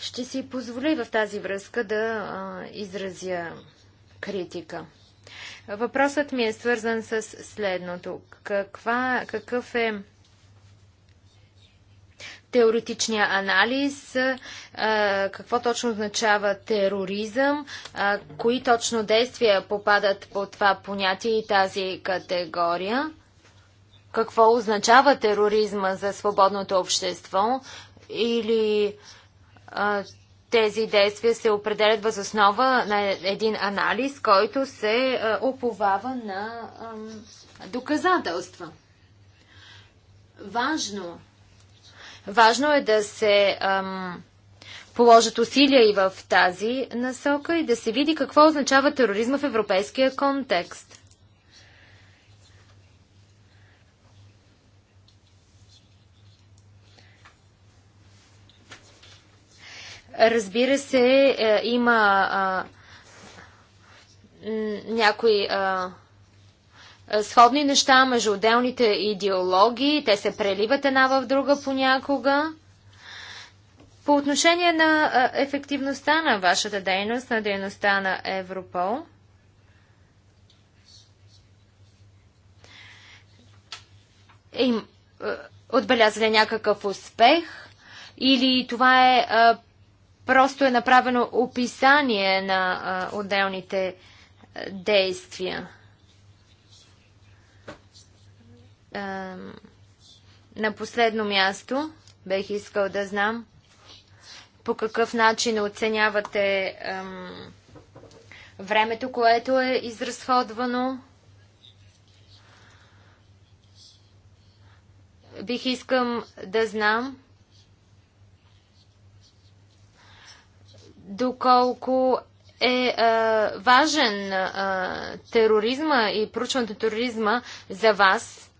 Speaker 1: Ще си позволя в тази връзка да а, изразя критика. Въпросът ми е свързан с следното. Каква, какъв е теоретичния анализ, какво точно означава тероризъм, кои точно действия попадат по това понятие и тази категория, какво означава тероризма за свободното общество или а, тези действия се определят въз основа на един анализ, който се оповава на доказателства. Важно. Важно е да се ам, положат усилия и в тази насока и да се види какво означава тероризма в европейския контекст. Разбира се, е, има а, някои а, сходни неща между отделните идеологии. Те се преливат една в друга понякога. По отношение на ефективността на вашата дейност, на дейността на Европол, им, отбелязали някакъв успех или това е Просто е направено описание на а, отделните а, действия. А, на последно място бех искал да знам по какъв начин оценявате ам, времето, което е изразходвано. Бих искам да знам доколко е а, е, важен а, е, тероризма и проучването тероризма за вас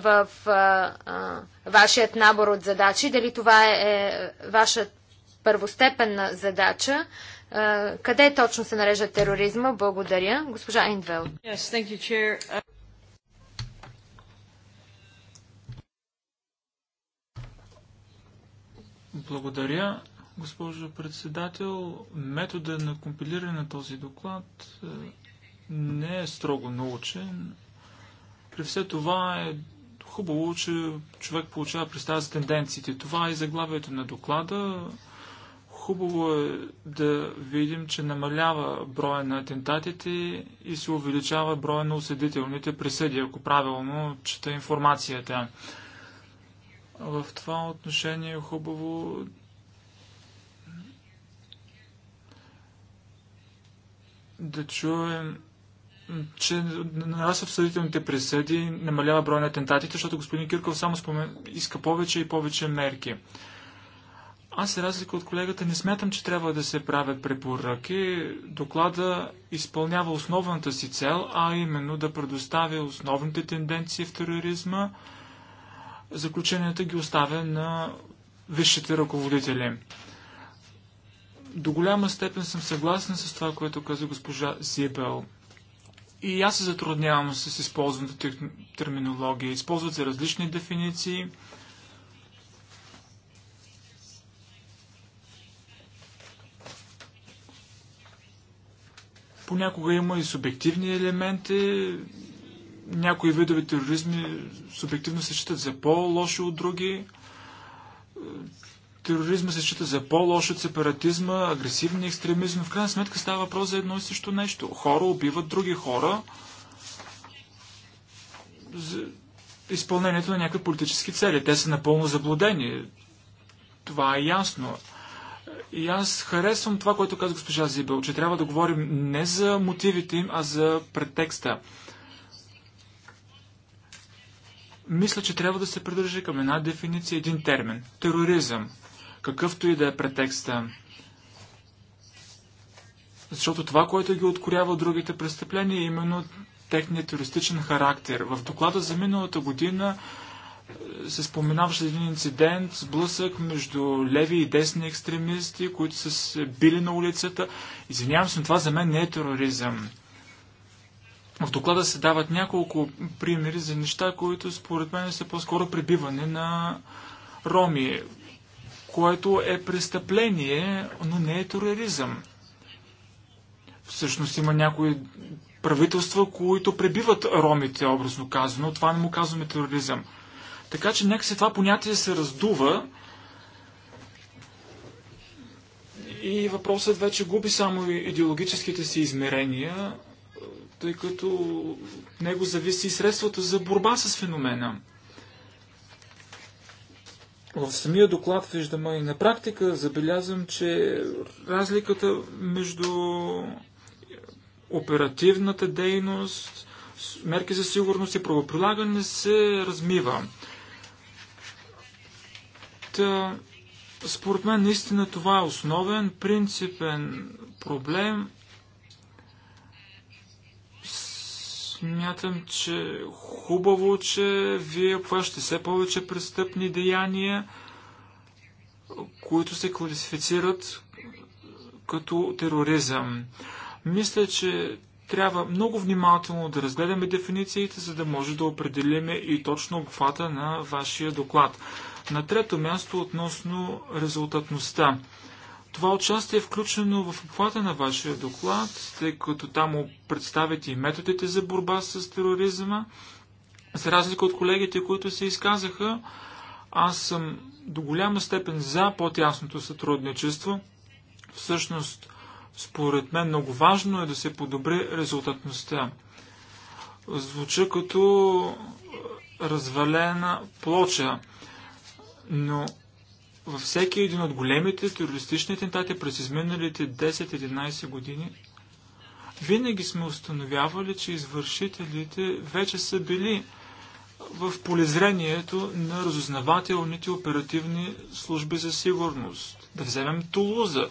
Speaker 1: в а, е, а, вашият набор от задачи, дали това е, е ваша първостепенна задача. А, къде точно се нарежда тероризма? Благодаря. Госпожа Индвел.
Speaker 2: Yes, thank you, chair. Uh,
Speaker 4: Благодаря. Госпожо председател, метода на компилиране на този доклад е, не е строго научен. При все това е хубаво, че човек получава представа за тенденциите. Това е заглавието на доклада. Хубаво е да видим, че намалява броя на атентатите и се увеличава броя на осъдителните присъди, ако правилно чета информацията. В това отношение е хубаво да чуем, че нарастват съдителните присъди, намалява брой на атентатите, защото господин Кирков само спомен... иска повече и повече мерки. Аз, за разлика от колегата, не смятам, че трябва да се правят препоръки. Доклада изпълнява основната си цел, а именно да предоставя основните тенденции в тероризма. Заключенията ги оставя на висшите ръководители. До голяма степен съм съгласен с това, което каза госпожа Зибел. И аз се затруднявам с използваната терминология. Използват се различни дефиниции. Понякога има и субективни елементи. Някои видове тероризми субективно се считат за по-лоши от други тероризма се счита за по-лош от сепаратизма, агресивни екстремизъм. В крайна сметка става въпрос за едно и също нещо. Хора убиват други хора за изпълнението на някакви политически цели. Те са напълно заблудени. Това е ясно. И аз харесвам това, което каза госпожа Зибел, че трябва да говорим не за мотивите им, а за претекста. Мисля, че трябва да се придържа към една дефиниция, един термин – тероризъм – какъвто и да е претекста. Защото това, което ги откорява от другите престъпления, е именно техният туристичен характер. В доклада за миналата година е, се споменаваше един инцидент, сблъсък между леви и десни екстремисти, които са се били на улицата. Извинявам се, но това за мен не е тероризъм. В доклада се дават няколко примери за неща, които според мен са по-скоро прибиване на роми което е престъпление, но не е тероризъм. Всъщност има някои правителства, които пребиват ромите, образно казано. Това не му казваме тероризъм. Така че някакси това понятие се раздува и въпросът вече губи само идеологическите си измерения, тъй като него зависи и средствата за борба с феномена. В самия доклад виждаме и на практика забелязвам, че разликата между оперативната дейност, мерки за сигурност и правоприлагане се размива. Та, според мен наистина това е основен, принципен проблем Смятам, че хубаво, че вие плащате все повече престъпни деяния, които се квалифицират като тероризъм. Мисля, че трябва много внимателно да разгледаме дефинициите, за да може да определиме и точно обхвата на вашия доклад. На трето място относно резултатността. Това участие е включено в обхвата на вашия доклад, тъй като там представите и методите за борба с тероризма. За разлика от колегите, които се изказаха, аз съм до голяма степен за по-тясното сътрудничество. Всъщност, според мен много важно е да се подобри резултатността. Звуча като развалена плоча, но във всеки един от големите терористични атентати през изминалите 10-11 години, винаги сме установявали, че извършителите вече са били в полезрението на разузнавателните оперативни служби за сигурност. Да вземем Тулуза.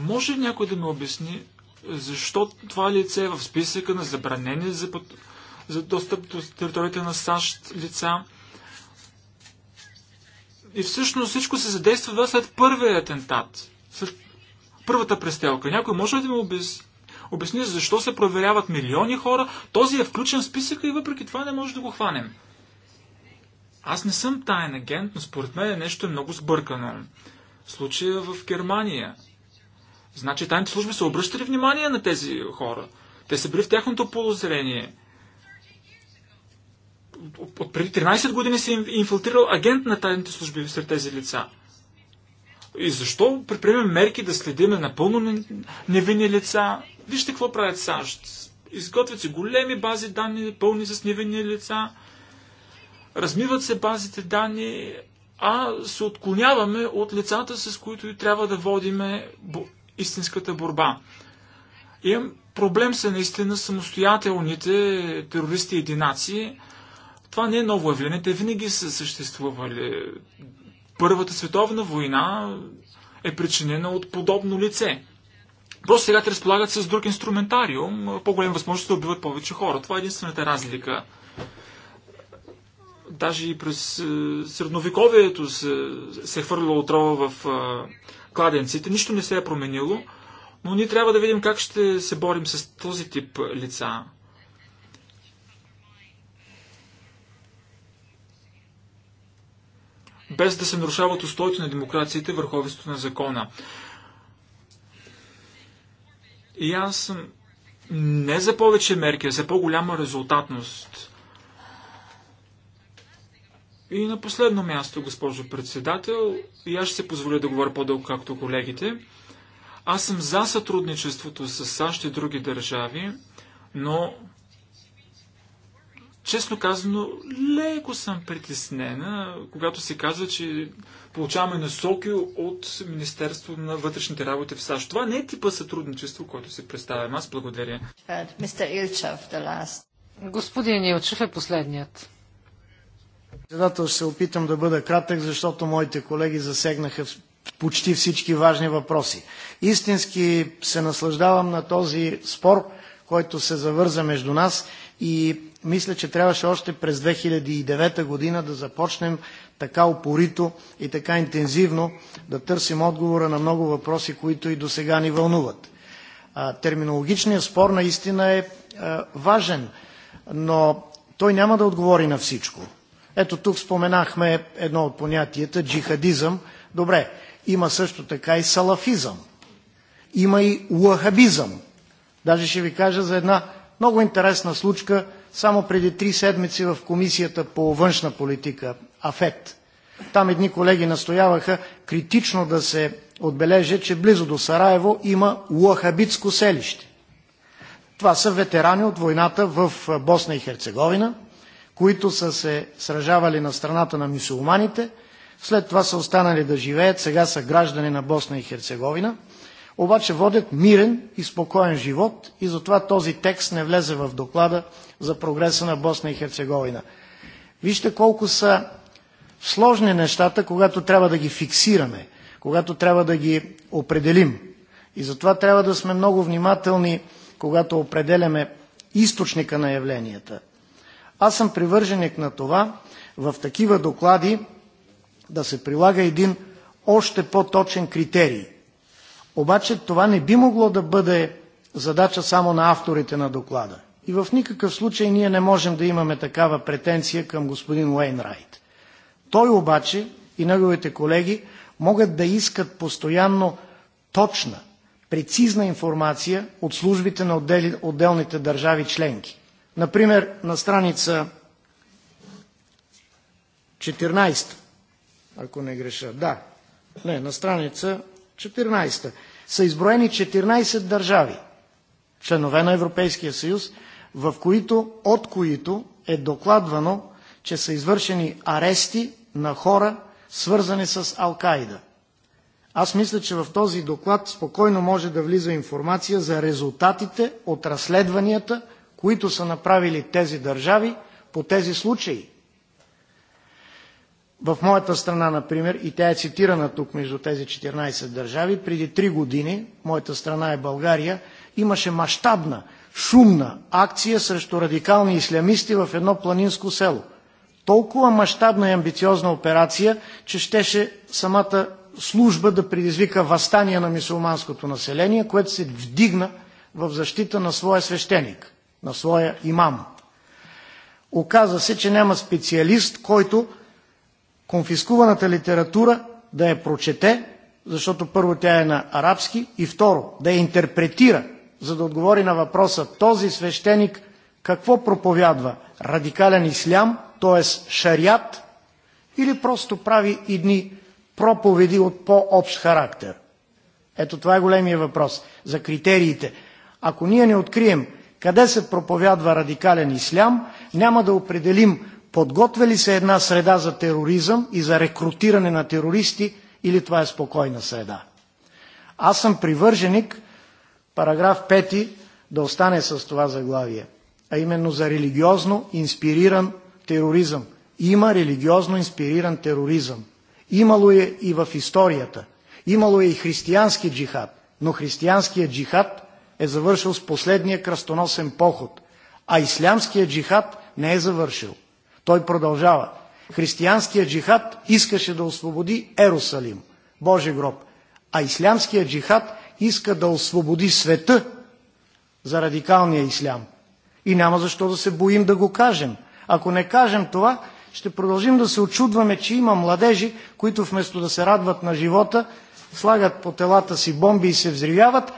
Speaker 4: Може някой да ми обясни защо това лице е в списъка на забранени за, за достъп до територията на САЩ лица? И всъщност всичко се задейства да след първия атентат, след първата престелка. Някой може ли да ми обясни? обясни защо се проверяват милиони хора, този е включен в списъка и въпреки това не може да го хванем. Аз не съм тайен агент, но според мен нещо е много сбъркано. Случая в Германия. Значи тайните служби са обръщали внимание на тези хора. Те са били в тяхното подозрение от преди 13 години се е инфилтрирал агент на тайните служби сред тези лица. И защо предприемем мерки да следиме напълно невинни лица? Вижте какво правят САЩ. Изготвят се големи бази данни, пълни с невинни лица. Размиват се базите данни, а се отклоняваме от лицата, с които трябва да водиме истинската борба. Имам проблем са наистина самостоятелните терористи единаци, това не е ново явление, те винаги са съществували. Първата световна война е причинена от подобно лице. Просто сега те разполагат с друг инструментариум, по-големи възможности да убиват повече хора. Това е единствената разлика. Даже и през е, средновековието се, се е хвърлила отрова в е, кладенците. Нищо не се е променило, но ние трябва да видим как ще се борим с този тип лица. без да се нарушават устоите на демокрациите, върховенството на закона. И аз съм не за повече мерки, а за по-голяма резултатност. И на последно място, госпожо председател, и аз ще се позволя да говоря по-дълго, както колегите. Аз съм за сътрудничеството с САЩ и други държави, но честно казано, леко съм притеснена, когато се казва, че получаваме насоки от Министерство на вътрешните работи в САЩ. Това не е типа сътрудничество, което се представям. Аз благодаря.
Speaker 3: Господин Илчев е последният.
Speaker 2: Председател, ще се опитам да бъда кратък, защото моите колеги засегнаха почти всички важни въпроси. Истински се наслаждавам на този спор, който се завърза между нас и мисля, че трябваше още през 2009 година да започнем така опорито и така интензивно да търсим отговора на много въпроси, които и до сега ни вълнуват. Терминологичният спор наистина е важен, но той няма да отговори на всичко. Ето тук споменахме едно от понятията – джихадизъм. Добре, има също така и салафизъм. Има и уахабизъм. Даже ще ви кажа за една много интересна случка – само преди три седмици в Комисията по външна политика, АФЕТ, там едни колеги настояваха критично да се отбележи, че близо до Сараево има лохабитско селище. Това са ветерани от войната в Босна и Херцеговина, които са се сражавали на страната на мюсулманите, след това са останали да живеят, сега са граждани на Босна и Херцеговина, обаче водят мирен и спокоен живот и затова този текст не влезе в доклада за прогреса на Босна и Херцеговина. Вижте колко са сложни нещата, когато трябва да ги фиксираме, когато трябва да ги определим. И затова трябва да сме много внимателни, когато определяме източника на явленията. Аз съм привърженик на това в такива доклади да се прилага един още по-точен критерий. Обаче това не би могло да бъде задача само на авторите на доклада. И в никакъв случай ние не можем да имаме такава претенция към господин Уейнрайт. Той обаче и неговите колеги могат да искат постоянно точна, прецизна информация от службите на отделните държави членки. Например, на страница 14, ако не греша, да, не, на страница 14, са изброени 14 държави, членове на Европейския съюз, в които, от които е докладвано, че са извършени арести на хора, свързани с ал Аз мисля, че в този доклад спокойно може да влиза информация за резултатите от разследванията, които са направили тези държави по тези случаи. В моята страна, например, и тя е цитирана тук между тези 14 държави, преди 3 години, моята страна е България, имаше мащабна шумна акция срещу радикални ислямисти в едно планинско село. Толкова мащабна и амбициозна операция, че щеше самата служба да предизвика възстание на мисулманското население, което се вдигна в защита на своя свещеник, на своя имам. Оказа се, че няма специалист, който конфискуваната литература да я прочете, защото първо тя е на арабски и второ да я интерпретира за да отговори на въпроса този свещеник какво проповядва – радикален ислям, т.е. шариат, или просто прави едни проповеди от по-общ характер? Ето това е големият въпрос за критериите. Ако ние не открием къде се проповядва радикален ислям, няма да определим подготвя ли се една среда за тероризъм и за рекрутиране на терористи или това е спокойна среда. Аз съм привърженик Параграф 5 да остане с това заглавие, а именно за религиозно инспириран тероризъм. Има религиозно инспириран тероризъм. Имало е и в историята. Имало е и християнски джихад, но християнският джихад е завършил с последния кръстоносен поход, а ислямският джихад не е завършил. Той продължава. Християнският джихад искаше да освободи Ерусалим, Божи гроб, а ислямският джихад иска да освободи света за радикалния ислям. И няма защо да се боим да го кажем. Ако не кажем това, ще продължим да се очудваме, че има младежи, които вместо да се радват на живота, слагат по телата си бомби и се взривяват.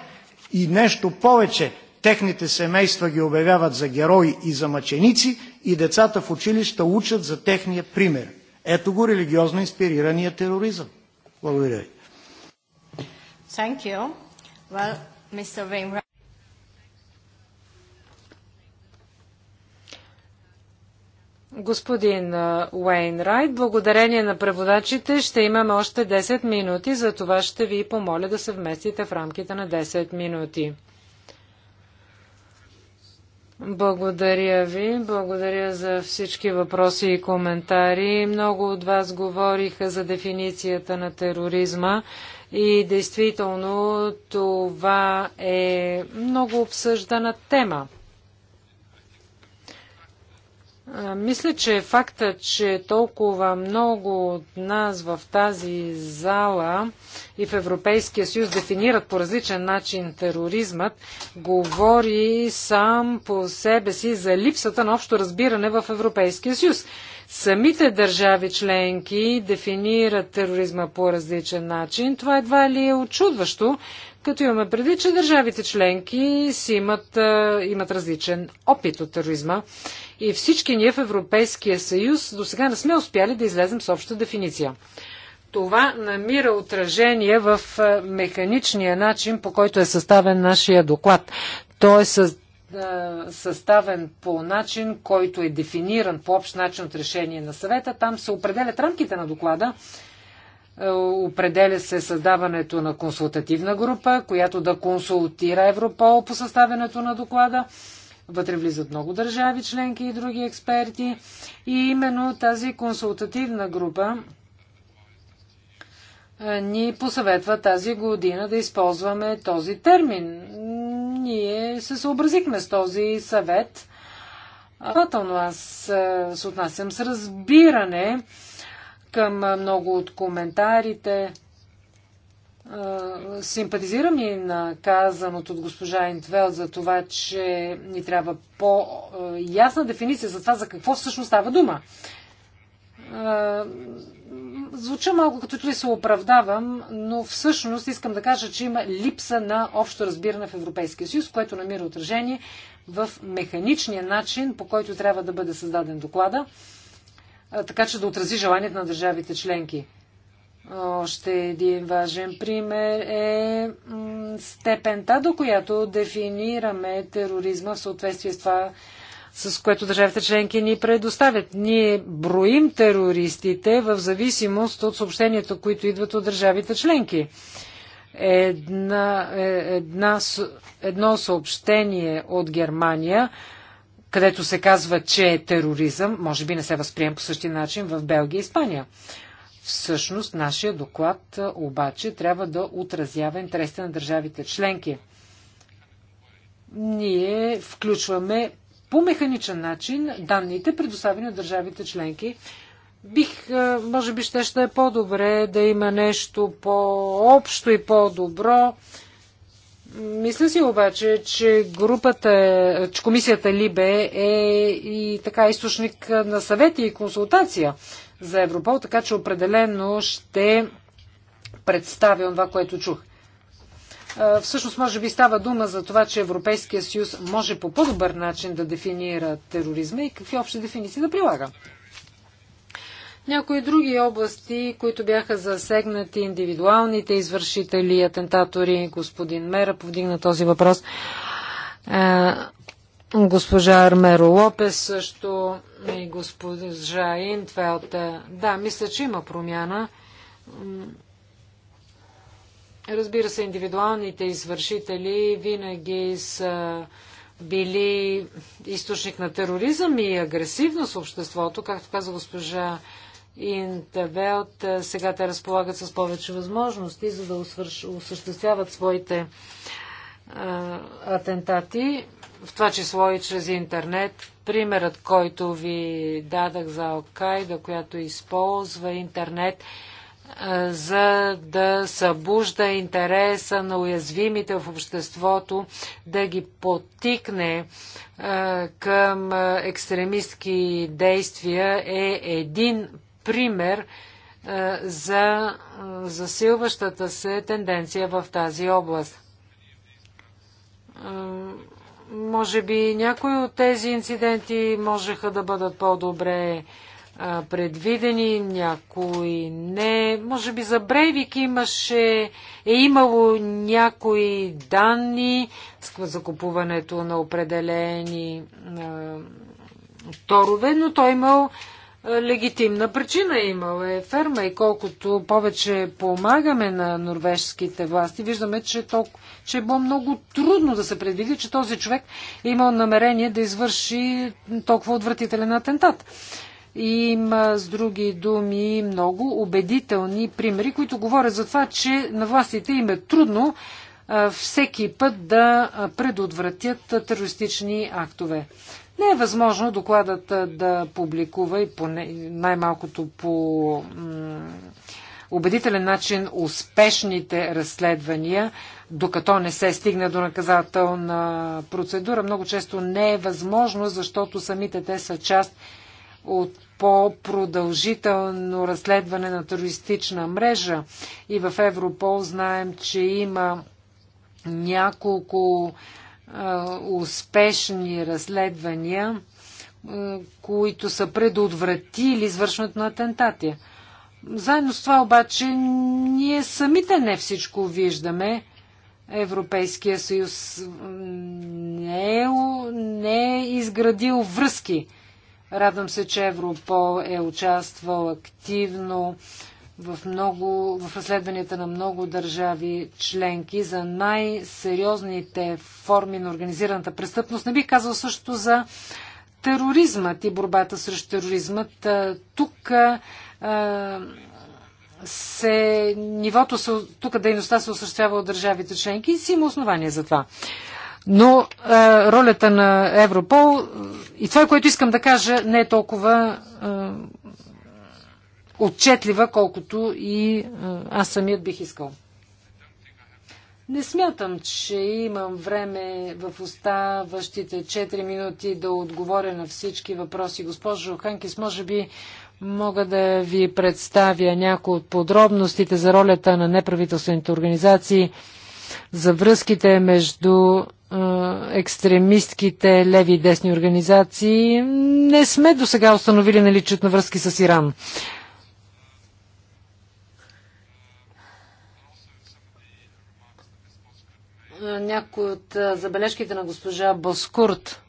Speaker 2: И нещо повече, техните семейства ги обявяват за герои и за мъченици и децата в училища учат за техния пример. Ето го религиозно инспирирания тероризъм. Благодаря ви.
Speaker 1: Thank you. Well, Mr. Wainwright.
Speaker 3: Господин Уейнрайт, благодарение на преводачите ще имаме още 10 минути, за това ще ви помоля да се вместите в рамките на 10 минути. Благодаря ви, благодаря за всички въпроси и коментари. Много от вас говориха за дефиницията на тероризма и действително това е много обсъждана тема. Мисля, че факта, че толкова много от нас в тази зала и в Европейския съюз дефинират по различен начин тероризмът, говори сам по себе си за липсата на общо разбиране в Европейския съюз самите държави членки дефинират тероризма по различен начин, това едва ли е очудващо, като имаме преди, че държавите членки си имат, имат различен опит от тероризма и всички ние в Европейския съюз до сега не сме успяли да излезем с обща дефиниция. Това намира отражение в механичния начин, по който е съставен нашия доклад. Той е е, съставен по начин, който е дефиниран по общ начин от решение на съвета. Там се определят рамките на доклада. Е, определя се създаването на консултативна група, която да консултира Европол по съставянето на доклада. Вътре влизат много държави, членки и други експерти. И именно тази консултативна група е, ни посъветва тази година да използваме този термин ние се съобразихме с този съвет. Следователно аз е, се отнасям с разбиране към много от коментарите. Е, симпатизирам и на казаното от госпожа Интвел за това, че ни трябва по-ясна е, дефиниция за това за какво всъщност става дума звуча малко като че ли се оправдавам, но всъщност искам да кажа, че има липса на общо разбиране в Европейския съюз, което намира отражение в механичния начин, по който трябва да бъде създаден доклада, така че да отрази желанието на държавите членки. Още един важен пример е степента, до която дефинираме тероризма в съответствие с това, с което държавите членки ни предоставят. Ние броим терористите в зависимост от съобщенията, които идват от държавите членки. Една, е, една, едно съобщение от Германия, където се казва, че е тероризъм, може би не се възприем по същия начин в Белгия и Испания. Всъщност, нашия доклад е, обаче трябва да отразява интересите на държавите членки. Ние включваме по механичен начин данните, предоставени от държавите членки. Бих, е, може би, ще, ще е по-добре да има нещо по-общо и по-добро. Мисля си обаче, че групата, че комисията Либе е и така източник на съвети и консултация за Европол, така че определено ще представя това, което чух. Всъщност, може би става дума за това, че Европейския съюз може по по-добър начин да дефинира тероризма и какви общи дефиниции да прилага. Някои други области, които бяха засегнати индивидуалните извършители, атентатори, господин Мера повдигна този въпрос. Госпожа Армеро Лопес също и госпожа Интфелта. Да, мисля, че има промяна. Разбира се, индивидуалните извършители винаги са били източник на тероризъм и агресивност в обществото, както каза госпожа Интавелт, Сега те разполагат с повече възможности, за да осъществяват своите а, атентати, в това число и чрез интернет. Примерът, който ви дадах за Окайда, която използва интернет, за да събужда интереса на уязвимите в обществото, да ги потикне към екстремистски действия е един пример за засилващата се тенденция в тази област. Може би някои от тези инциденти можеха да бъдат по-добре а, предвидени, някои не. Може би за Брейвик имаше, е имало някои данни за купуването на определени а, торове, но той е имал легитимна причина имал е ферма и колкото повече помагаме на норвежските власти, виждаме, че, толкова, че е било много трудно да се предвиди, че този човек е имал намерение да извърши толкова отвратителен атентат. Има, с други думи, много убедителни примери, които говорят за това, че на властите им е трудно всеки път да предотвратят терористични актове. Не е възможно докладът да публикува и най-малкото по убедителен начин успешните разследвания, докато не се стигне до наказателна процедура. Много често не е възможно, защото самите те са част от по-продължително разследване на терористична мрежа. И в Европол знаем, че има няколко а, успешни разследвания, а, които са предотвратили извършването на атентати. Заедно с това обаче ние самите не всичко виждаме. Европейския съюз не е, не е изградил връзки Радвам се, че Европол е участвал активно в, много, в разследванията на много държави членки за най-сериозните форми на организираната престъпност. Не бих казал също за тероризмът и борбата срещу тероризмът. Тук а, се, нивото се, тук дейността се осъществява от държавите членки и си има основания за това. Но е, ролята на Европол и това, което искам да кажа, не е толкова е, отчетлива, колкото и е, аз самият бих искал. Не смятам, че имам време в оставащите 4 минути да отговоря на всички въпроси. Госпожо Ханкис, може би мога да ви представя някои от подробностите за ролята на неправителствените организации, за връзките между екстремистките леви и десни организации. Не сме до сега установили наличието на връзки с Иран. Някои от забележките на госпожа Баскурт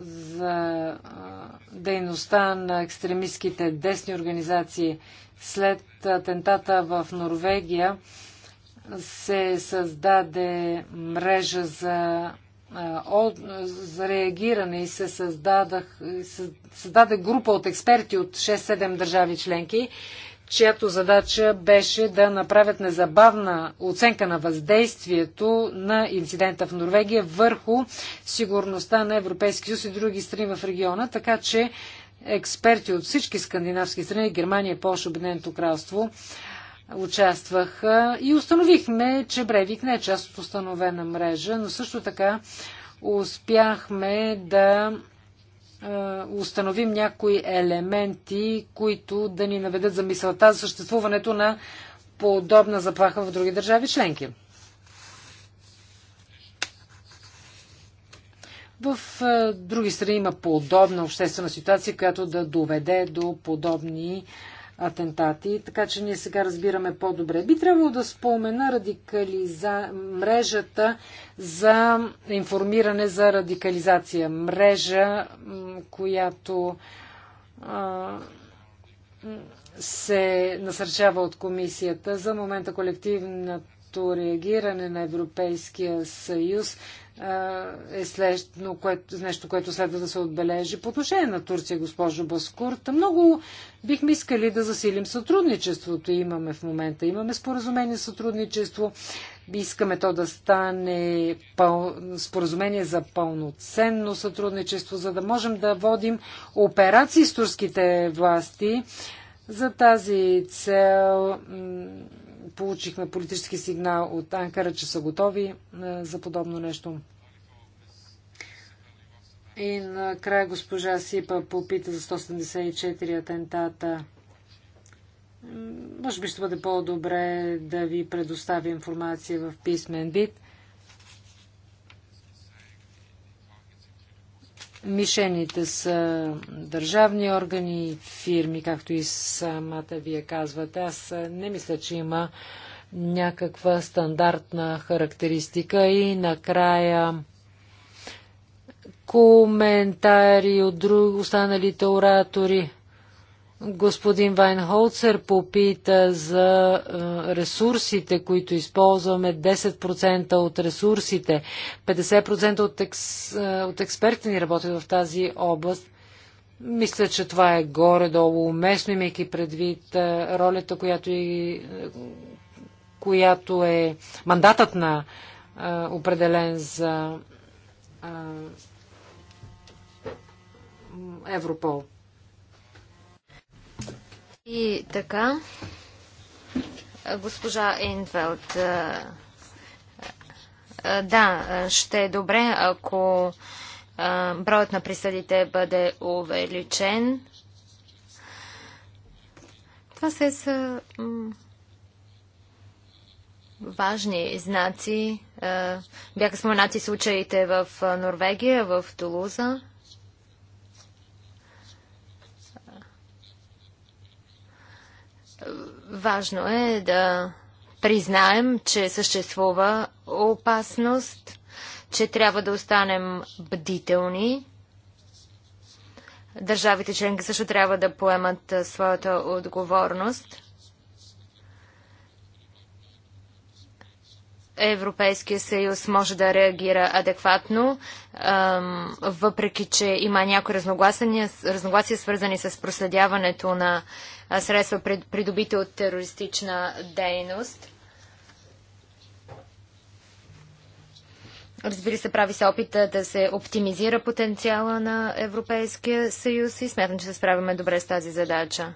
Speaker 3: за дейността на екстремистските десни организации след атентата в Норвегия се създаде мрежа за, за реагиране и се създадах, създаде група от експерти от 6-7 държави членки, чиято задача беше да направят незабавна оценка на въздействието на инцидента в Норвегия върху сигурността на Европейския съюз и други страни в региона, така че експерти от всички скандинавски страни, Германия, Польша, Обединеното кралство, участваха и установихме, че Бревик не е част от установена мрежа, но също така успяхме да установим някои елементи, които да ни наведат за мисълта за съществуването на подобна заплаха в други държави членки. В други страни има подобна обществена ситуация, която да доведе до подобни атентати, така че ние сега разбираме по-добре. Би трябвало да спомена радикализа... мрежата за информиране за радикализация. Мрежа, която а, се насърчава от комисията. За момента колективната реагиране на Европейския съюз е след, но което, нещо, което следва да се отбележи. По отношение на Турция, госпожо Баскурта, много бихме искали да засилим сътрудничеството. Имаме в момента, имаме споразумение сътрудничество. Искаме то да стане пъл... споразумение за пълноценно сътрудничество, за да можем да водим операции с турските власти. За тази цел получихме политически сигнал от Анкара, че са готови е, за подобно нещо. И накрая госпожа Сипа попита за 174 атентата. Може би ще бъде по-добре да ви предоставя информация в писмен вид. Мишените са държавни органи, фирми, както и самата вие казвате. Аз не мисля, че има някаква стандартна характеристика и накрая коментари от друг, останалите оратори. Господин Вайнхолцер попита за е, ресурсите, които използваме. 10% от ресурсите, 50% от, екс, е, от експертите ни работят в тази област. Мисля, че това е горе-долу уместно, имайки предвид е, ролята, която, и, която е мандатът на определен за а, Европол.
Speaker 1: И така, госпожа Ейнфелд, да, ще е добре, ако броят на присъдите бъде увеличен. Това се са важни знаци. Бяха споменати случаите в Норвегия, в Тулуза. Важно е да признаем, че съществува опасност, че трябва да останем бдителни. Държавите членки също трябва да поемат своята отговорност. Европейския съюз може да реагира адекватно, въпреки че има някои разногласия, разногласия свързани с проследяването на средства, придобити от терористична дейност. Разбира се, прави се опита да се оптимизира потенциала на Европейския съюз и смятам, че се справяме добре с тази задача.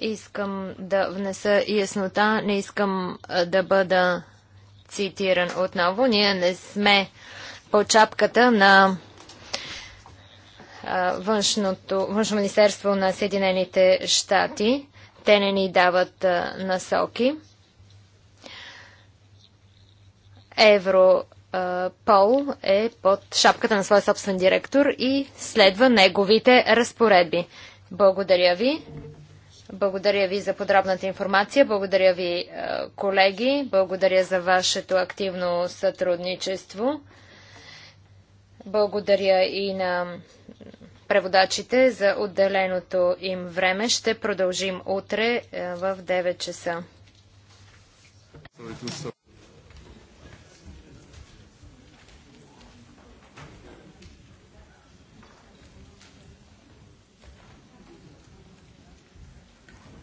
Speaker 1: Искам да внеса яснота, не искам да бъда цитиран отново. Ние не сме по чапката на външното, външно министерство на Съединените щати. Те не ни дават насоки. Европол е под шапката на своя собствен директор и следва неговите разпоредби. Благодаря ви. Благодаря ви за подробната информация. Благодаря ви, е, колеги. Благодаря за вашето активно сътрудничество. Благодаря и на преводачите за отделеното им време. Ще продължим утре е, в 9 часа.